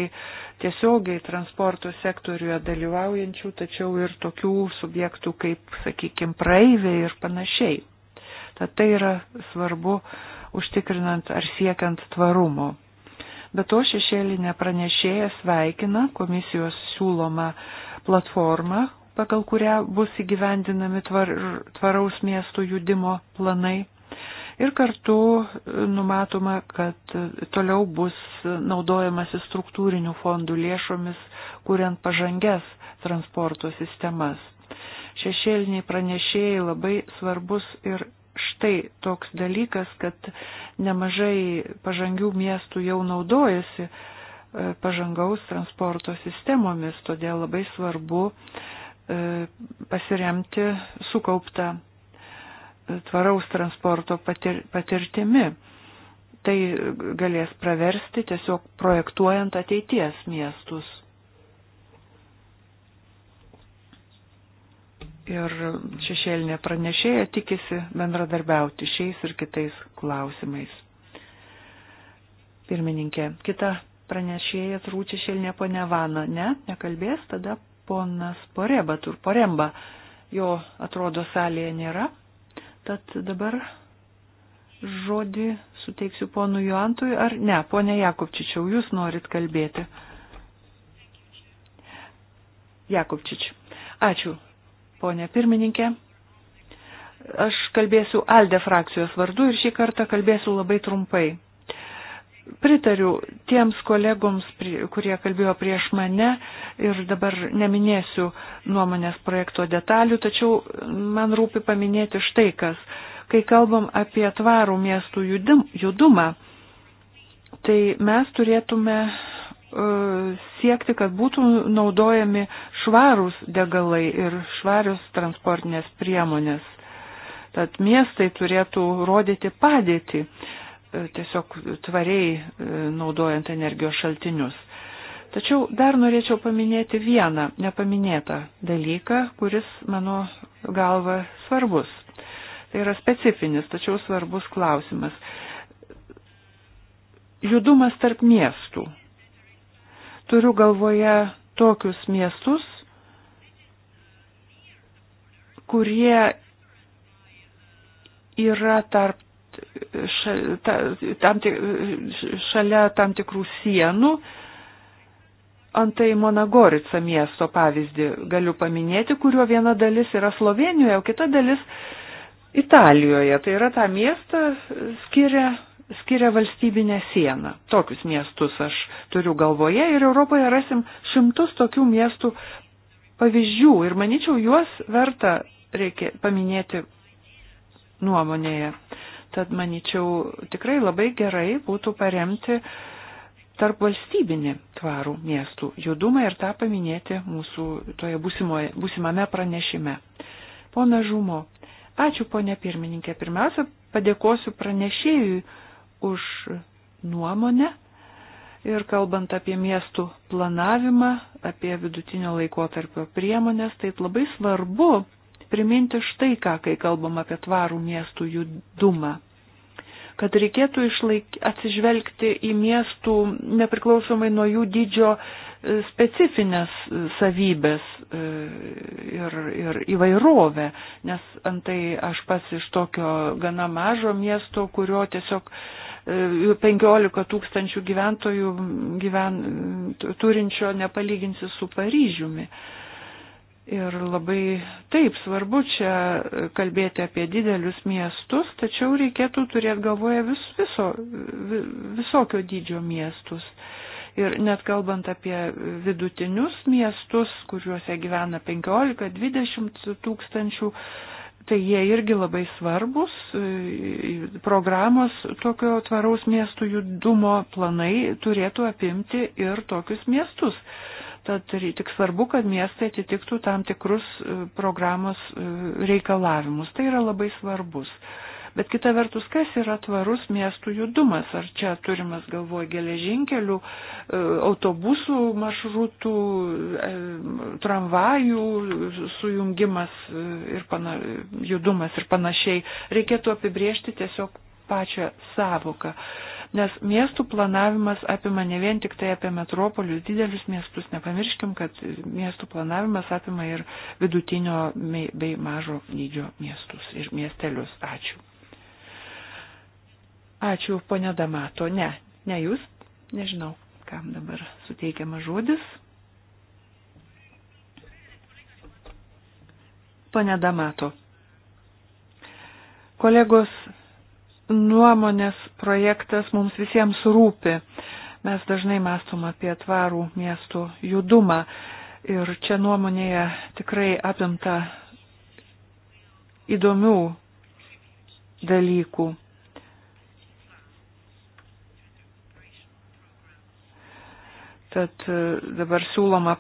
tiesiogiai transporto sektoriuje dalyvaujančių, tačiau ir tokių subjektų kaip, sakykime, praeiviai ir panašiai. Tad tai yra svarbu uh, užtikrinant ar siekiant tvarumo. Be to šešėlinė pranešėja sveikina komisijos siūlomą platformą, pagal kurią bus įgyvendinami tvar, tvaraus miestų judimo planai. Ir kartu e, numatoma, kad e, toliau bus naudojamasi struktūrinių fondų lėšomis, kuriant pažangias transporto sistemas. Šešėliniai pranešėjai labai svarbus ir štai toks dalykas, kad nemažai pažangių miestų jau naudojasi e, pažangaus transporto sistemomis, todėl labai svarbu e, pasiremti sukauptą e, tvaraus transporto patir, patirtimi. Tai galės praversti tiesiog projektuojant ateities miestus. ir šešėlinė pranešėja tikisi bendradarbiauti šiais ir kitais klausimais. Pirmininkė, kita pranešėja turbūt šešėlinė ponė Vana, ne, nekalbės, tada ponas Poreba, tur Poremba, jo atrodo salėje nėra, tad dabar žodį suteiksiu ponui Joantui, ar ne, ponė Jakubčičiau, jūs norit kalbėti. Jakubčič. Ačiū, ponė pirmininkė. Aš kalbėsiu Alde frakcijos vardu ir šį kartą kalbėsiu labai trumpai. Pritariu tiems kolegoms, kurie kalbėjo prieš mane ir dabar neminėsiu nuomonės projekto detalių, tačiau man rūpi paminėti štai kas. Kai kalbam apie tvarų miestų judumą, tai mes turėtume E, siekti, kad būtų naudojami švarūs degalai ir švarios transportinės priemonės. Tad miestai turėtų rodyti padėtį e, tiesiog tvariai e, naudojant energijos šaltinius. Tačiau dar norėčiau paminėti vieną nepaminėtą dalyką, kuris mano galva svarbus. Tai yra specifinis, tačiau svarbus klausimas. Judumas tarp miestų Turiu galvoje tokius miestus, kurie yra tarp tam, šalia tam tikrų sienų. Antai Monagorica miesto pavyzdį galiu paminėti, kurio viena dalis yra Slovenijoje, o kita dalis Italijoje. Tai yra tą miestą skiria skiria valstybinę sieną. Tokius miestus aš turiu galvoje ir Europoje rasim šimtus tokių miestų pavyzdžių ir manyčiau juos verta reikia paminėti nuomonėje. Tad manyčiau tikrai labai gerai būtų paremti tarp valstybinį tvarų miestų judumą ir tą paminėti mūsų toje būsimoje, būsimame pranešime. Pona Žumo, ačiū ponė pirmininkė. Pirmiausia, padėkosiu pranešėjui už nuomonę. Ir kalbant apie miestų planavimą, apie vidutinio laikotarpio priemonės, tai labai svarbu priminti štai ką, kai kalbam apie tvarų miestų judumą. Kad reikėtų išlaik... atsižvelgti į miestų nepriklausomai nuo jų dydžio e, specifines e, savybės e, ir, ir įvairovę, nes antai aš pats iš tokio gana mažo miesto, kurio tiesiog 15 tūkstančių gyventojų gyven, turinčio nepalyginsi su Paryžiumi. Ir labai taip svarbu čia kalbėti apie didelius miestus, tačiau reikėtų turėti galvoje vis, viso, vis, visokio dydžio miestus. Ir net kalbant apie vidutinius miestus, kuriuose gyvena 15-20 tūkstančių tai jie irgi labai svarbus. E, programos tokio tvaraus miestų judumo planai turėtų apimti ir tokius miestus. Tad tai tik svarbu, kad miestai atitiktų tam tikrus e, programos e, reikalavimus. Tai yra labai svarbus Bet kita vertus, kas yra tvarus miestų judumas? Ar čia turimas galvoje geležinkelių, e, autobusų maršrutų, e, tramvajų sujungimas e, ir pana, judumas ir panašiai? Reikėtų apibriežti tiesiog pačią savoką. Nes miestų planavimas apima ne vien tik tai apie metropolius, didelius miestus. Nepamirškim, kad miestų planavimas apima ir vidutinio bei mažo dydžio miestus ir miestelius. Ačiū. Ačiū, ponė Damato. Ne, ne jūs. Nežinau, kam dabar suteikiamas žodis. Pane Damato. Kolegos nuomonės projektas mums visiems rūpi. Mes dažnai mastom apie tvarų miestų judumą ir čia nuomonėje tikrai apimta įdomių dalykų. Tad e, dabar siūloma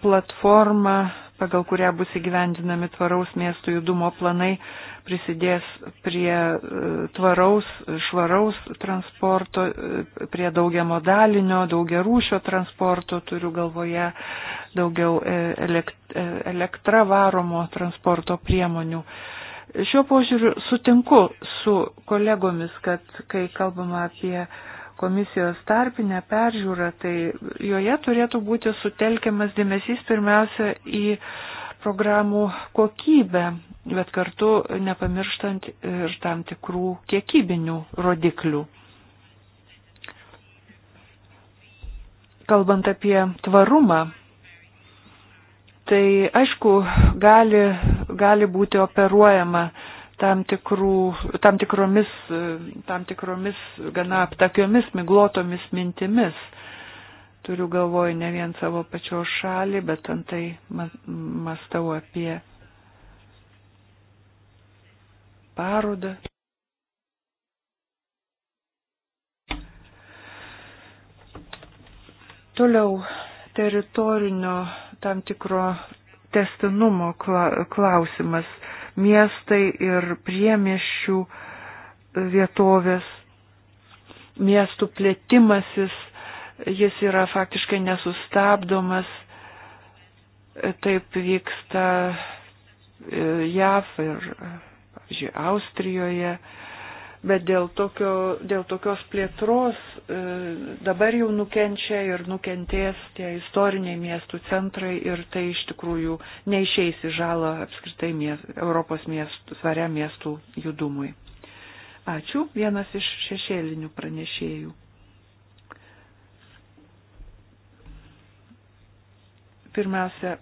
platforma, pagal kurią bus įgyvendinami tvaraus miestų judumo planai, prisidės prie e, tvaraus, švaraus transporto, e, prie daugiamo dalinio, daugia rūšio transporto, turiu galvoje daugiau elektra varomo transporto priemonių. Šiuo požiūriu sutinku su kolegomis, kad kai kalbama apie komisijos tarpinę peržiūrą, tai joje turėtų būti sutelkiamas dėmesys pirmiausia į programų kokybę, bet kartu nepamirštant ir tam tikrų kiekybinių rodiklių. Kalbant apie tvarumą, tai aišku, gali, gali būti operuojama tam, tikrų, tam, tikromis, tam tikromis gana aptakiomis, miglotomis mintimis. Turiu galvoj ne vien savo pačios šalį, bet antai mastau apie parodą. Toliau teritorinio tam tikro testinumo klausimas miestai ir priemieščių vietovės, miestų plėtimasis, jis yra faktiškai nesustabdomas, taip vyksta e, JAV ir, pavyzdžiui, Austrijoje, bet dėl, tokio, dėl tokios plėtros e, dabar jau nukenčia ir nukentės tie istoriniai miestų centrai ir tai iš tikrųjų neišeis į žalą apskritai miest, Europos miestų, svariam miestų judumui. Ačiū, vienas iš šešėlinių pranešėjų. Pirmiausia,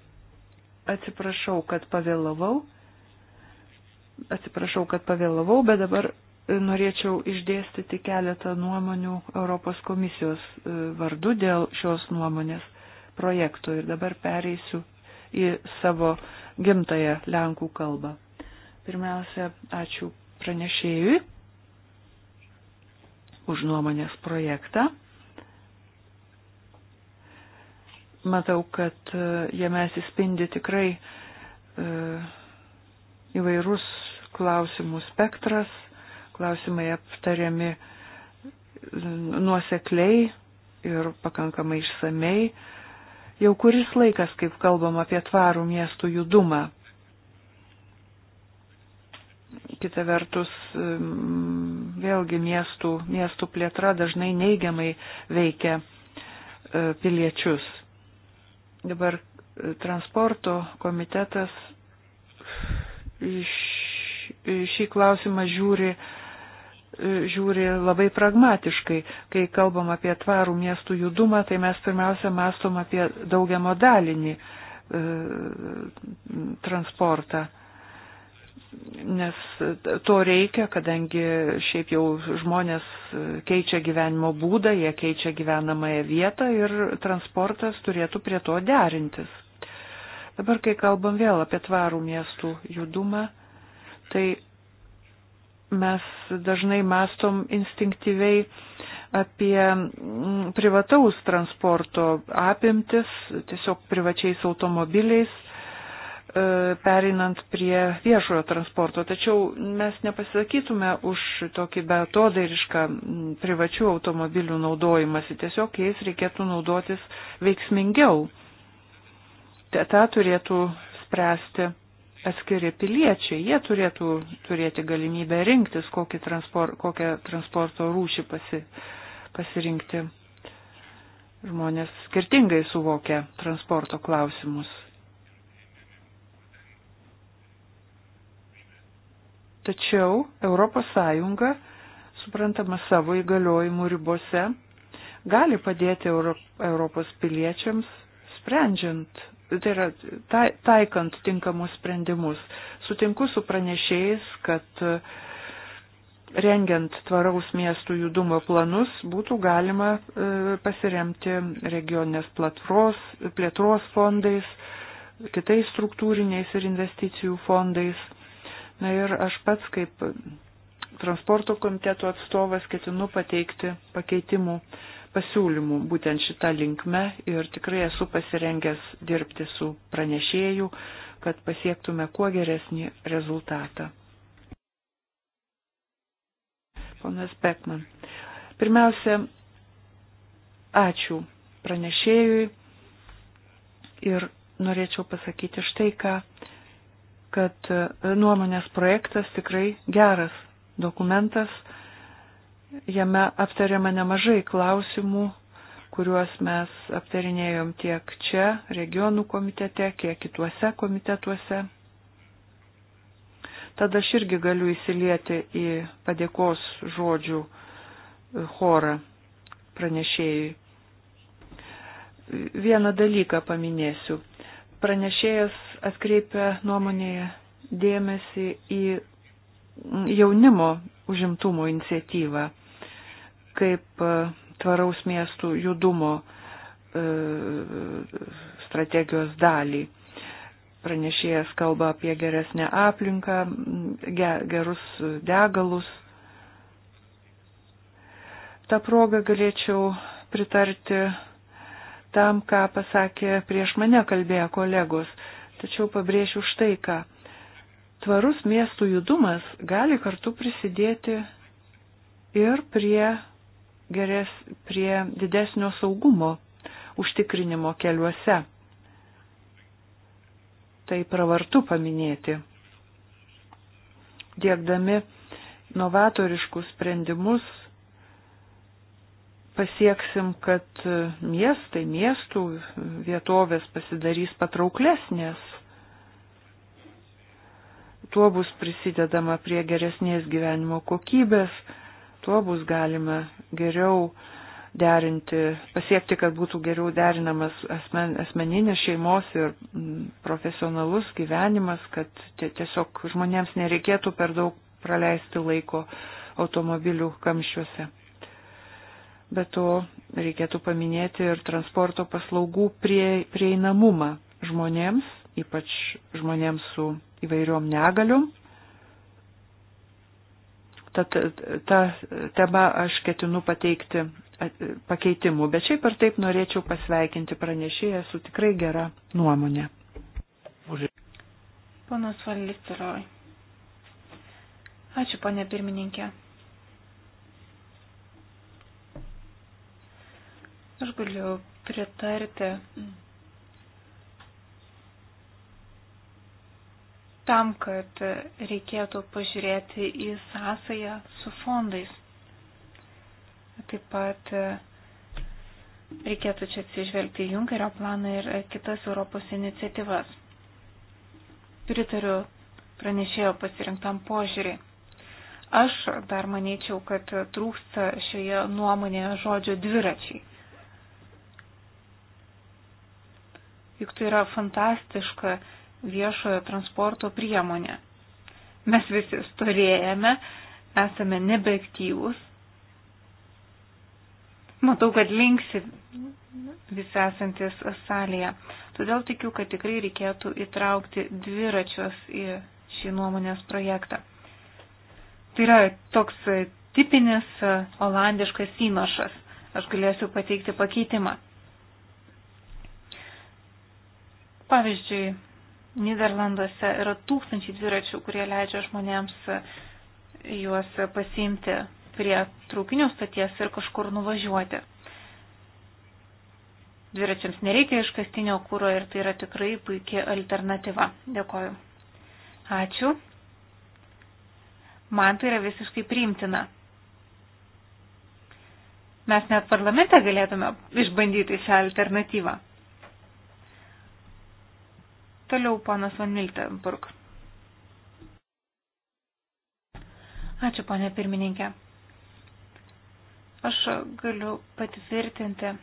atsiprašau, kad pavėlavau. Atsiprašau, kad pavėlavau, bet dabar norėčiau išdėstyti keletą nuomonių Europos komisijos e, vardu dėl šios nuomonės projekto ir dabar pereisiu į savo gimtają lenkų kalbą. Pirmiausia, ačiū pranešėjui už nuomonės projektą. Matau, kad e, jame atsispindi tikrai e, įvairus klausimų spektras klausimai aptariami nuosekliai ir pakankamai išsamei. Jau kuris laikas, kaip kalbam apie tvarų miestų judumą. Kita vertus, vėlgi miestų, miestų plėtra dažnai neigiamai veikia e, piliečius. Dabar e, transporto komitetas iš, šį klausimą žiūri uh, E, žiūri labai pragmatiškai. Kai kalbam apie tvarų miestų judumą, tai mes pirmiausia mastom apie daugiamodalinį e, transportą nes to reikia, kadangi šiaip jau žmonės keičia gyvenimo būdą, jie keičia gyvenamąją vietą ir transportas turėtų prie to derintis. Dabar, kai kalbam vėl apie tvarų miestų judumą, tai mes dažnai mastom instinktyviai apie mm, privataus transporto apimtis, tiesiog privačiais automobiliais, e, pereinant prie viešojo transporto. Tačiau mes nepasakytume už tokį beatodairišką mm, privačių automobilių naudojimąsi, tiesiog jais reikėtų naudotis veiksmingiau. Ta turėtų spręsti atskiri piliečiai, jie turėtų turėti galimybę rinktis, transpor, kokią transporto rūšį pasi, pasirinkti. Žmonės skirtingai suvokia transporto klausimus. Tačiau ES, suprantama savo įgaliojimų ribose, gali padėti Europos piliečiams, sprendžiant tai yra taikant tinkamus sprendimus. Sutinku su pranešėjais, kad e, rengiant tvaraus miestų judumo planus būtų galima e, pasiremti regioninės platros, plėtros fondais, kitais struktūriniais ir investicijų fondais. Na ir aš pats kaip transporto komiteto atstovas ketinu pateikti pakeitimų pasiūlymų būtent šitą linkmę ir tikrai esu pasirengęs dirbti su pranešėju, kad pasiektume kuo geresnį rezultatą. Ponas Bekman. Pirmiausia, ačiū pranešėjui ir norėčiau pasakyti štai ką, kad nuomonės projektas tikrai geras dokumentas, Jame aptariama nemažai klausimų, kuriuos mes aptarinėjom tiek čia, regionų komitete, tiek kituose komitetuose. Tada aš irgi galiu įsilieti į padėkos žodžių chorą pranešėjui. Vieną dalyką paminėsiu. Pranešėjas atkreipia nuomonėje dėmesį į jaunimo užimtumo iniciatyvą kaip e, tvaraus miestų judumo e, strategijos dalį. Pranešėjas kalba apie geresnę aplinką, gerus degalus. Ta proga galėčiau pritarti tam, ką pasakė prieš mane kalbėję kolegos, tačiau pabrėšiu štai ką. Tvarus miestų judumas gali kartu prisidėti ir prie gerės prie didesnio saugumo užtikrinimo keliuose. Tai pravartu paminėti. Dėkdami novatoriškus sprendimus pasieksim, kad miestai, miestų vietovės pasidarys patrauklesnės. Tuo bus prisidedama prie geresnės gyvenimo kokybės, Tuo bus galima geriau derinti, pasiekti, kad būtų geriau derinamas asmen, asmeninis šeimos ir mm, profesionalus gyvenimas, kad tiesiog žmonėms nereikėtų per daug praleisti laiko automobilių kamščiuose. Be to reikėtų paminėti ir transporto paslaugų prie, prieinamumą žmonėms, ypač žmonėms su įvairiom negaliom. Tad tą temą aš ketinu pateikti pakeitimų, bet šiaip ar taip norėčiau pasveikinti pranešėją su tikrai gera nuomonė. Ponas Valisteroj. Ačiū, ponė pirmininkė. Aš galiu pritarti tam, kad reikėtų pažiūrėti į sąsają su fondais. Taip pat e, reikėtų čia atsižvelgti į Junkerio planą ir e, kitas Europos iniciatyvas. Pritariu pranešėjo pasirinktam požiūriui. Aš dar manyčiau, kad trūksta šioje nuomonėje žodžio dviračiai. Juk tai yra fantastiška viešojo transporto priemonė. Mes visi storėjame, esame nebeaktyvūs. Matau, kad linksi visi esantis salėje. Todėl tikiu, kad tikrai reikėtų įtraukti dviračius į šį nuomonės projektą. Tai yra toks tipinis olandiškas įnašas. Aš galėsiu pateikti pakeitimą. Pavyzdžiui, Niderlanduose yra tūkstančiai dviračių, kurie leidžia žmonėms juos pasiimti prie traukinio stoties ir kažkur nuvažiuoti. Dviračiams nereikia iškastinio kūro ir tai yra tikrai puikia alternatyva. Dėkoju. Ačiū. Man tai yra visiškai priimtina. Mes net parlamente galėtume išbandyti šią alternatyvą. Toliau panas Van Miltenburg. Ačiū, ponė pirmininkė. Aš galiu patvirtinti,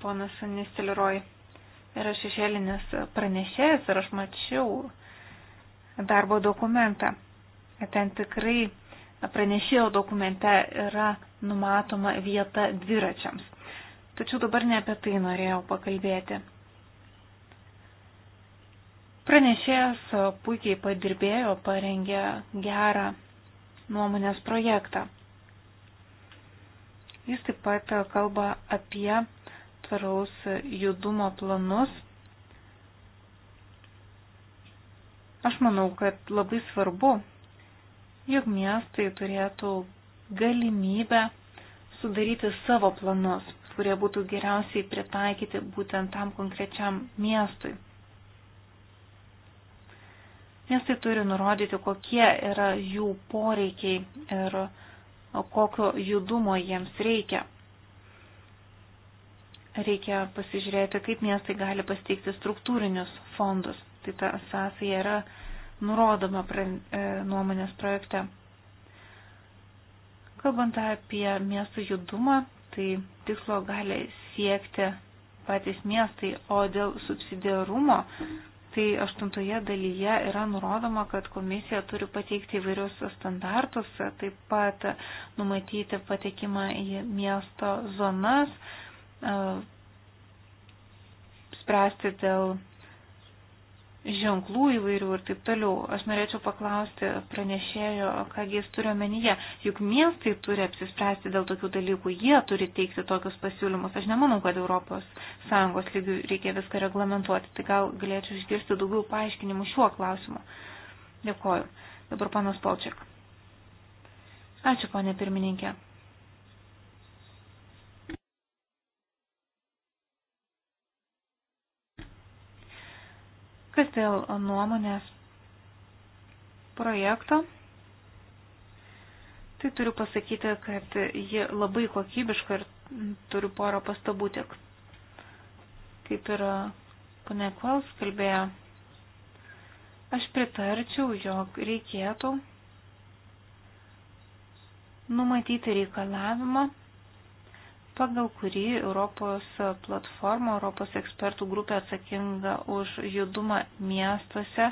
ponas Nisteliroj, yra šešėlinis pranešėjas ir aš mačiau darbo dokumentą. Ten tikrai pranešėjo dokumente yra numatoma vieta dviračiams. Tačiau dabar ne apie tai norėjau pakalbėti. Pranešėjas puikiai padirbėjo, parengė gerą nuomonės projektą. Jis taip pat kalba apie tvaraus judumo planus. Aš manau, kad labai svarbu, jog miestai turėtų galimybę sudaryti savo planus, kurie būtų geriausiai pritaikyti būtent tam konkrečiam miestui. Miestai turi nurodyti, kokie yra jų poreikiai ir kokio judumo jiems reikia. Reikia pasižiūrėti, kaip miestai gali pasteikti struktūrinius fondus. Tai ta sąsaja yra nurodoma e, nuomonės projekte. Kalbant apie miestų judumą, tai tikslo gali siekti patys miestai, o dėl subsidiarumo tai aštuntoje dalyje yra nurodoma, kad komisija turi pateikti įvairius standartus, taip pat numatyti patekimą į miesto zonas, spręsti dėl ženklų įvairių ir taip toliau. Aš norėčiau paklausti pranešėjo, kągi jis turi omenyje. Juk miestai turi apsispręsti dėl tokių dalykų, jie turi teikti tokius pasiūlymus. Aš nemanau, kad ES lygių reikia viską reglamentuoti. Tai gal galėčiau išgirsti daugiau paaiškinimų šiuo klausimu. Dėkoju. Dabar panas Polčiak. Ačiū, ponė pirmininkė. Kas dėl nuomonės projekto? Tai turiu pasakyti, kad ji labai kokybiška ir turiu porą pastabų tik. Kaip ir ponė Klaus kalbėjo, aš pritarčiau, jog reikėtų numatyti reikalavimą pagal kurį Europos platforma, Europos ekspertų grupė atsakinga už judumą miestuose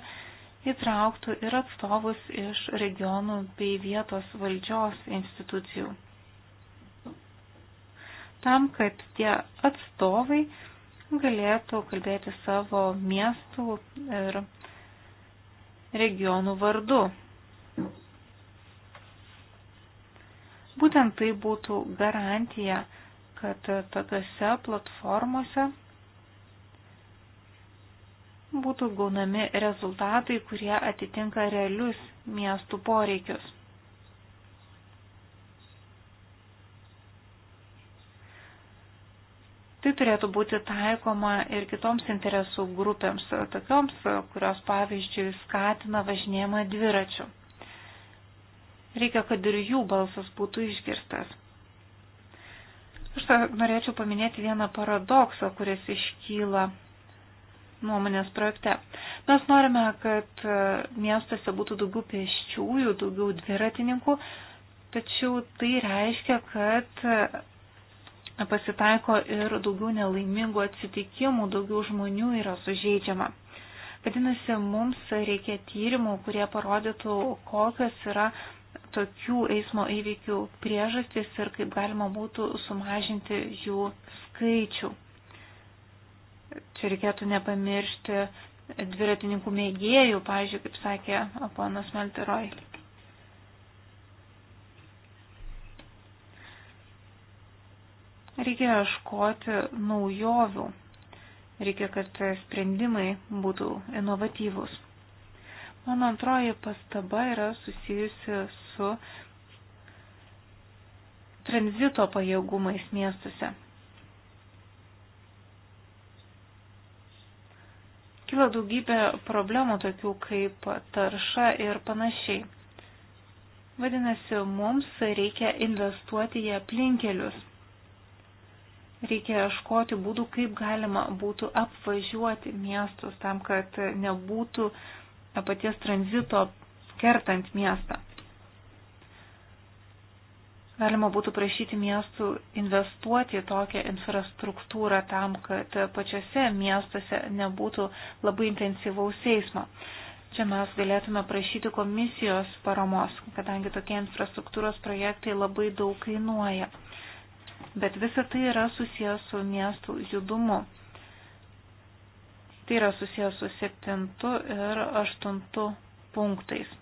įtrauktų ir atstovus iš regionų bei vietos valdžios institucijų. Tam, kad tie atstovai galėtų kalbėti savo miestų ir regionų vardu. Būtent tai būtų garantija, kad tokiuose platformose būtų gaunami rezultatai, kurie atitinka realius miestų poreikius. Tai turėtų būti taikoma ir kitoms interesų grupėms, tokioms, kurios pavyzdžiui skatina važinėjimą dviračiu. Reikia, kad ir jų balsas būtų išgirstas. Aš norėčiau paminėti vieną paradoksą, kuris iškyla nuomonės projekte. Mes norime, kad e, miestuose būtų daugiau pėsčiųjų, daugiau dviratininkų, tačiau tai reiškia, kad e, pasitaiko ir daugiau nelaimingų atsitikimų, daugiau žmonių yra sužeidžiama. Vadinasi, mums reikia tyrimų, kurie parodytų, kokios yra tokių eismo įvykių priežastis ir kaip galima būtų sumažinti jų skaičių. Čia reikėtų nepamiršti dviratininkų mėgėjų, pavyzdžiui, kaip sakė ponas Malteroj. Reikia ieškoti naujovių. Reikia, kad sprendimai būtų inovatyvus. Mano antroji pastaba yra susijusi su tranzito pajėgumais miestuose. Kila daugybė problemų tokių kaip tarša ir panašiai. Vadinasi, mums reikia investuoti į aplinkelius. Reikia ieškoti būdų, kaip galima būtų apvažiuoti miestus tam, kad nebūtų paties tranzito kertant miestą galima būtų prašyti miestų investuoti į tokią infrastruktūrą tam, kad pačiose miestuose nebūtų labai intensyvaus eismo. Čia mes galėtume prašyti komisijos paramos, kadangi tokie infrastruktūros projektai labai daug kainuoja. Bet visa tai yra susijęs su miestų judumu. Tai yra susijęs su septintu ir aštuntu punktais.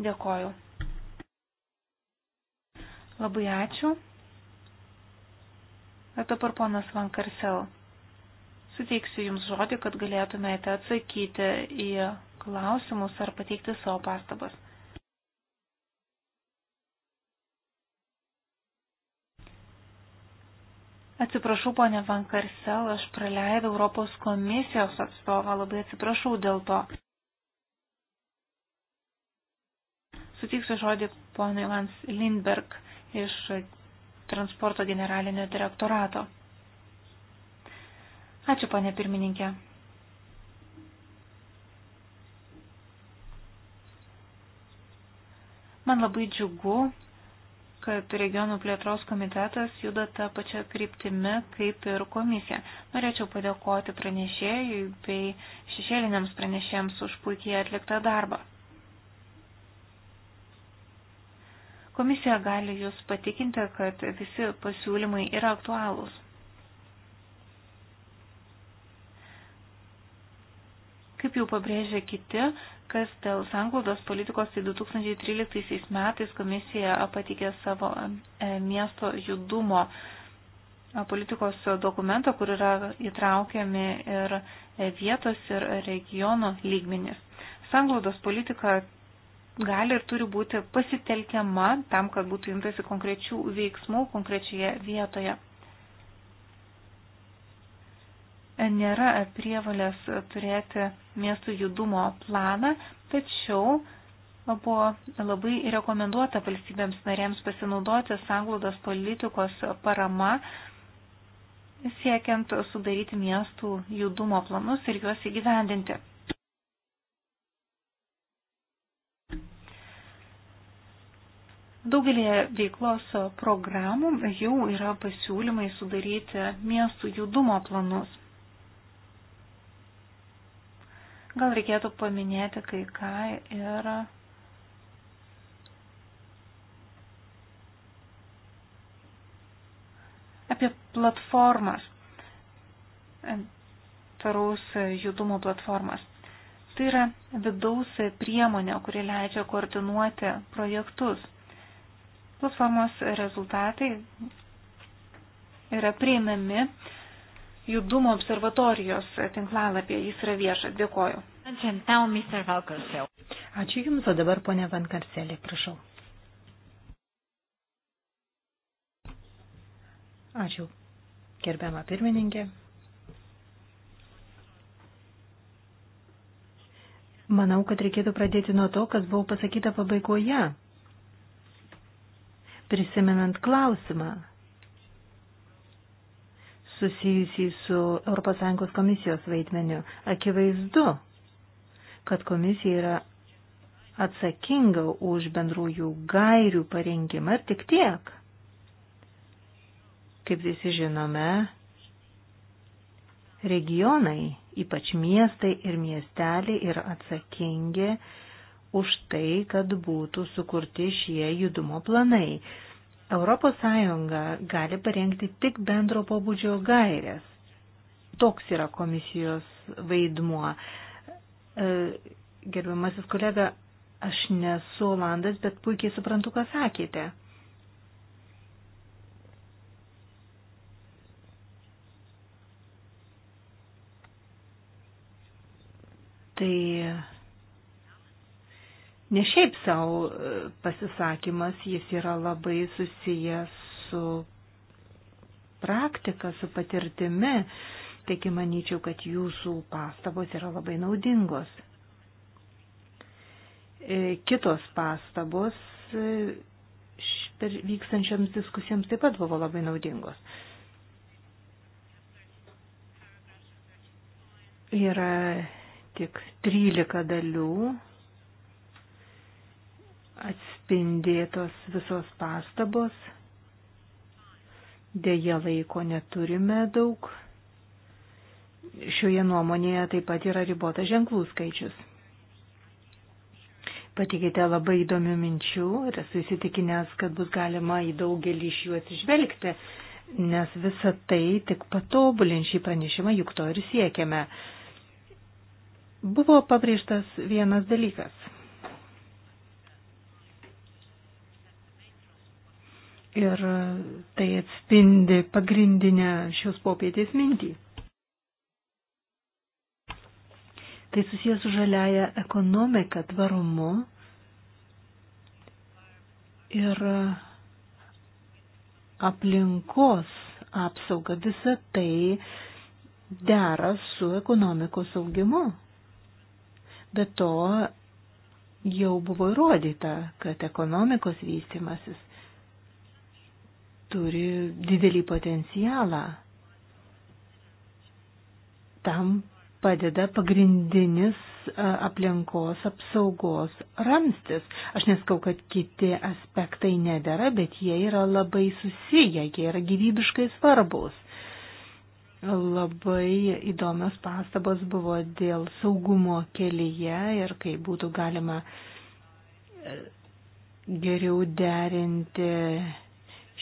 Dėkoju. Labai ačiū. O dabar ponas Vankarsel. Suteiksiu Jums žodį, kad galėtumėte atsakyti į klausimus ar pateikti savo pastabas. Atsiprašau, ponė Vankarsel, aš praleidau Europos komisijos atstovą, labai atsiprašau dėl to. Sutiksiu žodį ponui Vans Lindberg iš transporto generalinio direktorato. Ačiū, ponė pirmininkė. Man labai džiugu, kad regionų plėtros komitetas juda tą pačią kryptimį kaip ir komisija. Norėčiau padėkoti pranešėjui bei šešėliniams pranešėjams už puikiai atliktą darbą. Komisija gali jūs patikinti, kad visi pasiūlymai yra aktualūs. Kaip jau pabrėžė kiti, kas dėl sanglaudos politikos, tai 2013 metais komisija patikė savo e, miesto judumo e, politikos dokumentą, kur yra įtraukiami ir vietos ir regionų lygmenis. Sanglaudos politika gali ir turi būti pasitelkiama tam, kad būtų imtasi konkrečių veiksmų konkrečioje vietoje. Nėra prievalės turėti miestų judumo planą, tačiau buvo labai rekomenduota valstybėms narėms pasinaudoti sanglaudos politikos parama, siekiant sudaryti miestų judumo planus ir juos įgyvendinti. Daugelėje veiklos programų jau yra pasiūlymai sudaryti miestų judumo planus. Gal reikėtų paminėti kai ką ir apie platformas, tvaraus judumo platformas. Tai yra vidaus priemonė, kuri leidžia koordinuoti projektus Platformos rezultatai yra prieinami judumo observatorijos tinklalapyje. Jis yra viešas. Dėkoju. Ačiū Jums, o dabar ponia Van Karselė, prašau. Ačiū, gerbiama pirmininkė. Manau, kad reikėtų pradėti nuo to, kas buvo pasakyta pabaigoje prisimenant klausimą susijusį su ES komisijos vaidmeniu. Akivaizdu, kad komisija yra atsakinga už bendrųjų gairių parengimą ir tik tiek. Kaip visi žinome, regionai, ypač miestai ir miesteliai, yra atsakingi už tai, kad būtų sukurti šie judumo planai. ES gali parengti tik bendro pobūdžio gairės. Toks yra komisijos vaidmuo. E, gerbiamasis kolega, aš nesu Olandas, bet puikiai suprantu, ką sakėte. Tai ne šiaip savo e, pasisakymas, jis yra labai susijęs su praktika, su patirtimi. Taigi manyčiau, kad jūsų pastabos yra labai naudingos. E, kitos pastabos e, vykstančiams diskusijams taip pat buvo labai naudingos. Yra tik 13 dalių atspindėtos visos pastabos. Deja, laiko neturime daug. Šioje nuomonėje taip pat yra ribota ženklų skaičius. Patikite labai įdomių minčių ir esu įsitikinęs, kad bus galima į daugelį iš jų atsižvelgti, nes visa tai tik patobulin šį pranešimą, juk to ir siekiame. Buvo pabrėžtas vienas dalykas Ir tai atspindi pagrindinę šios popietės mintį. Tai susijęs su žaliaja ekonomika, tvarumu ir aplinkos apsauga. Visa tai dera su ekonomikos augimu. Be to jau buvo įrodyta, kad ekonomikos vystimasis turi didelį potencialą. Tam padeda pagrindinis aplinkos apsaugos ramstis. Aš neskau, kad kiti aspektai nedėra, bet jie yra labai susiję, jie yra gyvybiškai svarbus. Labai įdomios pastabos buvo dėl saugumo kelyje ir kaip būtų galima e, geriau derinti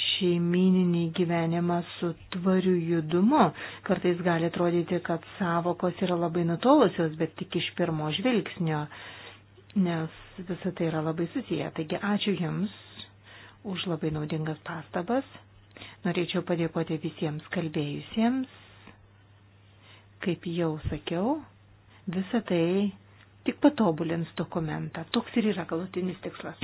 šeimininį gyvenimą su tvariu judumu. Kartais gali atrodyti, kad savokos yra labai nutolusios, bet tik iš pirmo žvilgsnio, nes visą tai yra labai susiję. Taigi ačiū Jums už labai naudingas pastabas. Norėčiau padėkoti visiems kalbėjusiems. Kaip jau sakiau, visa tai tik patobulins dokumentą. Toks ir yra galutinis tikslas.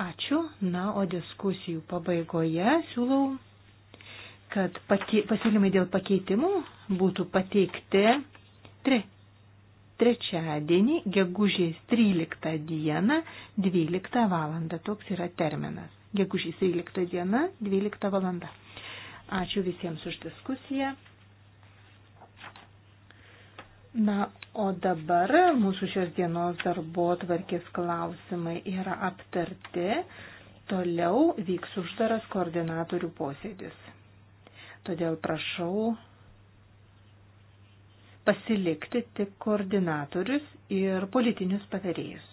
Ačiū. Na, o diskusijų pabaigoje siūlau, kad pake, pasiūlymai dėl pakeitimų būtų pateikti tre, trečiadienį, gegužės 13 dieną, 12 valandą. Toks yra terminas. Gegužės 13 diena, 12 valanda. Ačiū visiems už diskusiją. Na, o dabar mūsų šios dienos darbo tvarkės klausimai yra aptarti. Toliau vyks uždaras koordinatorių posėdis. Todėl prašau pasilikti tik koordinatorius ir politinius patarėjus.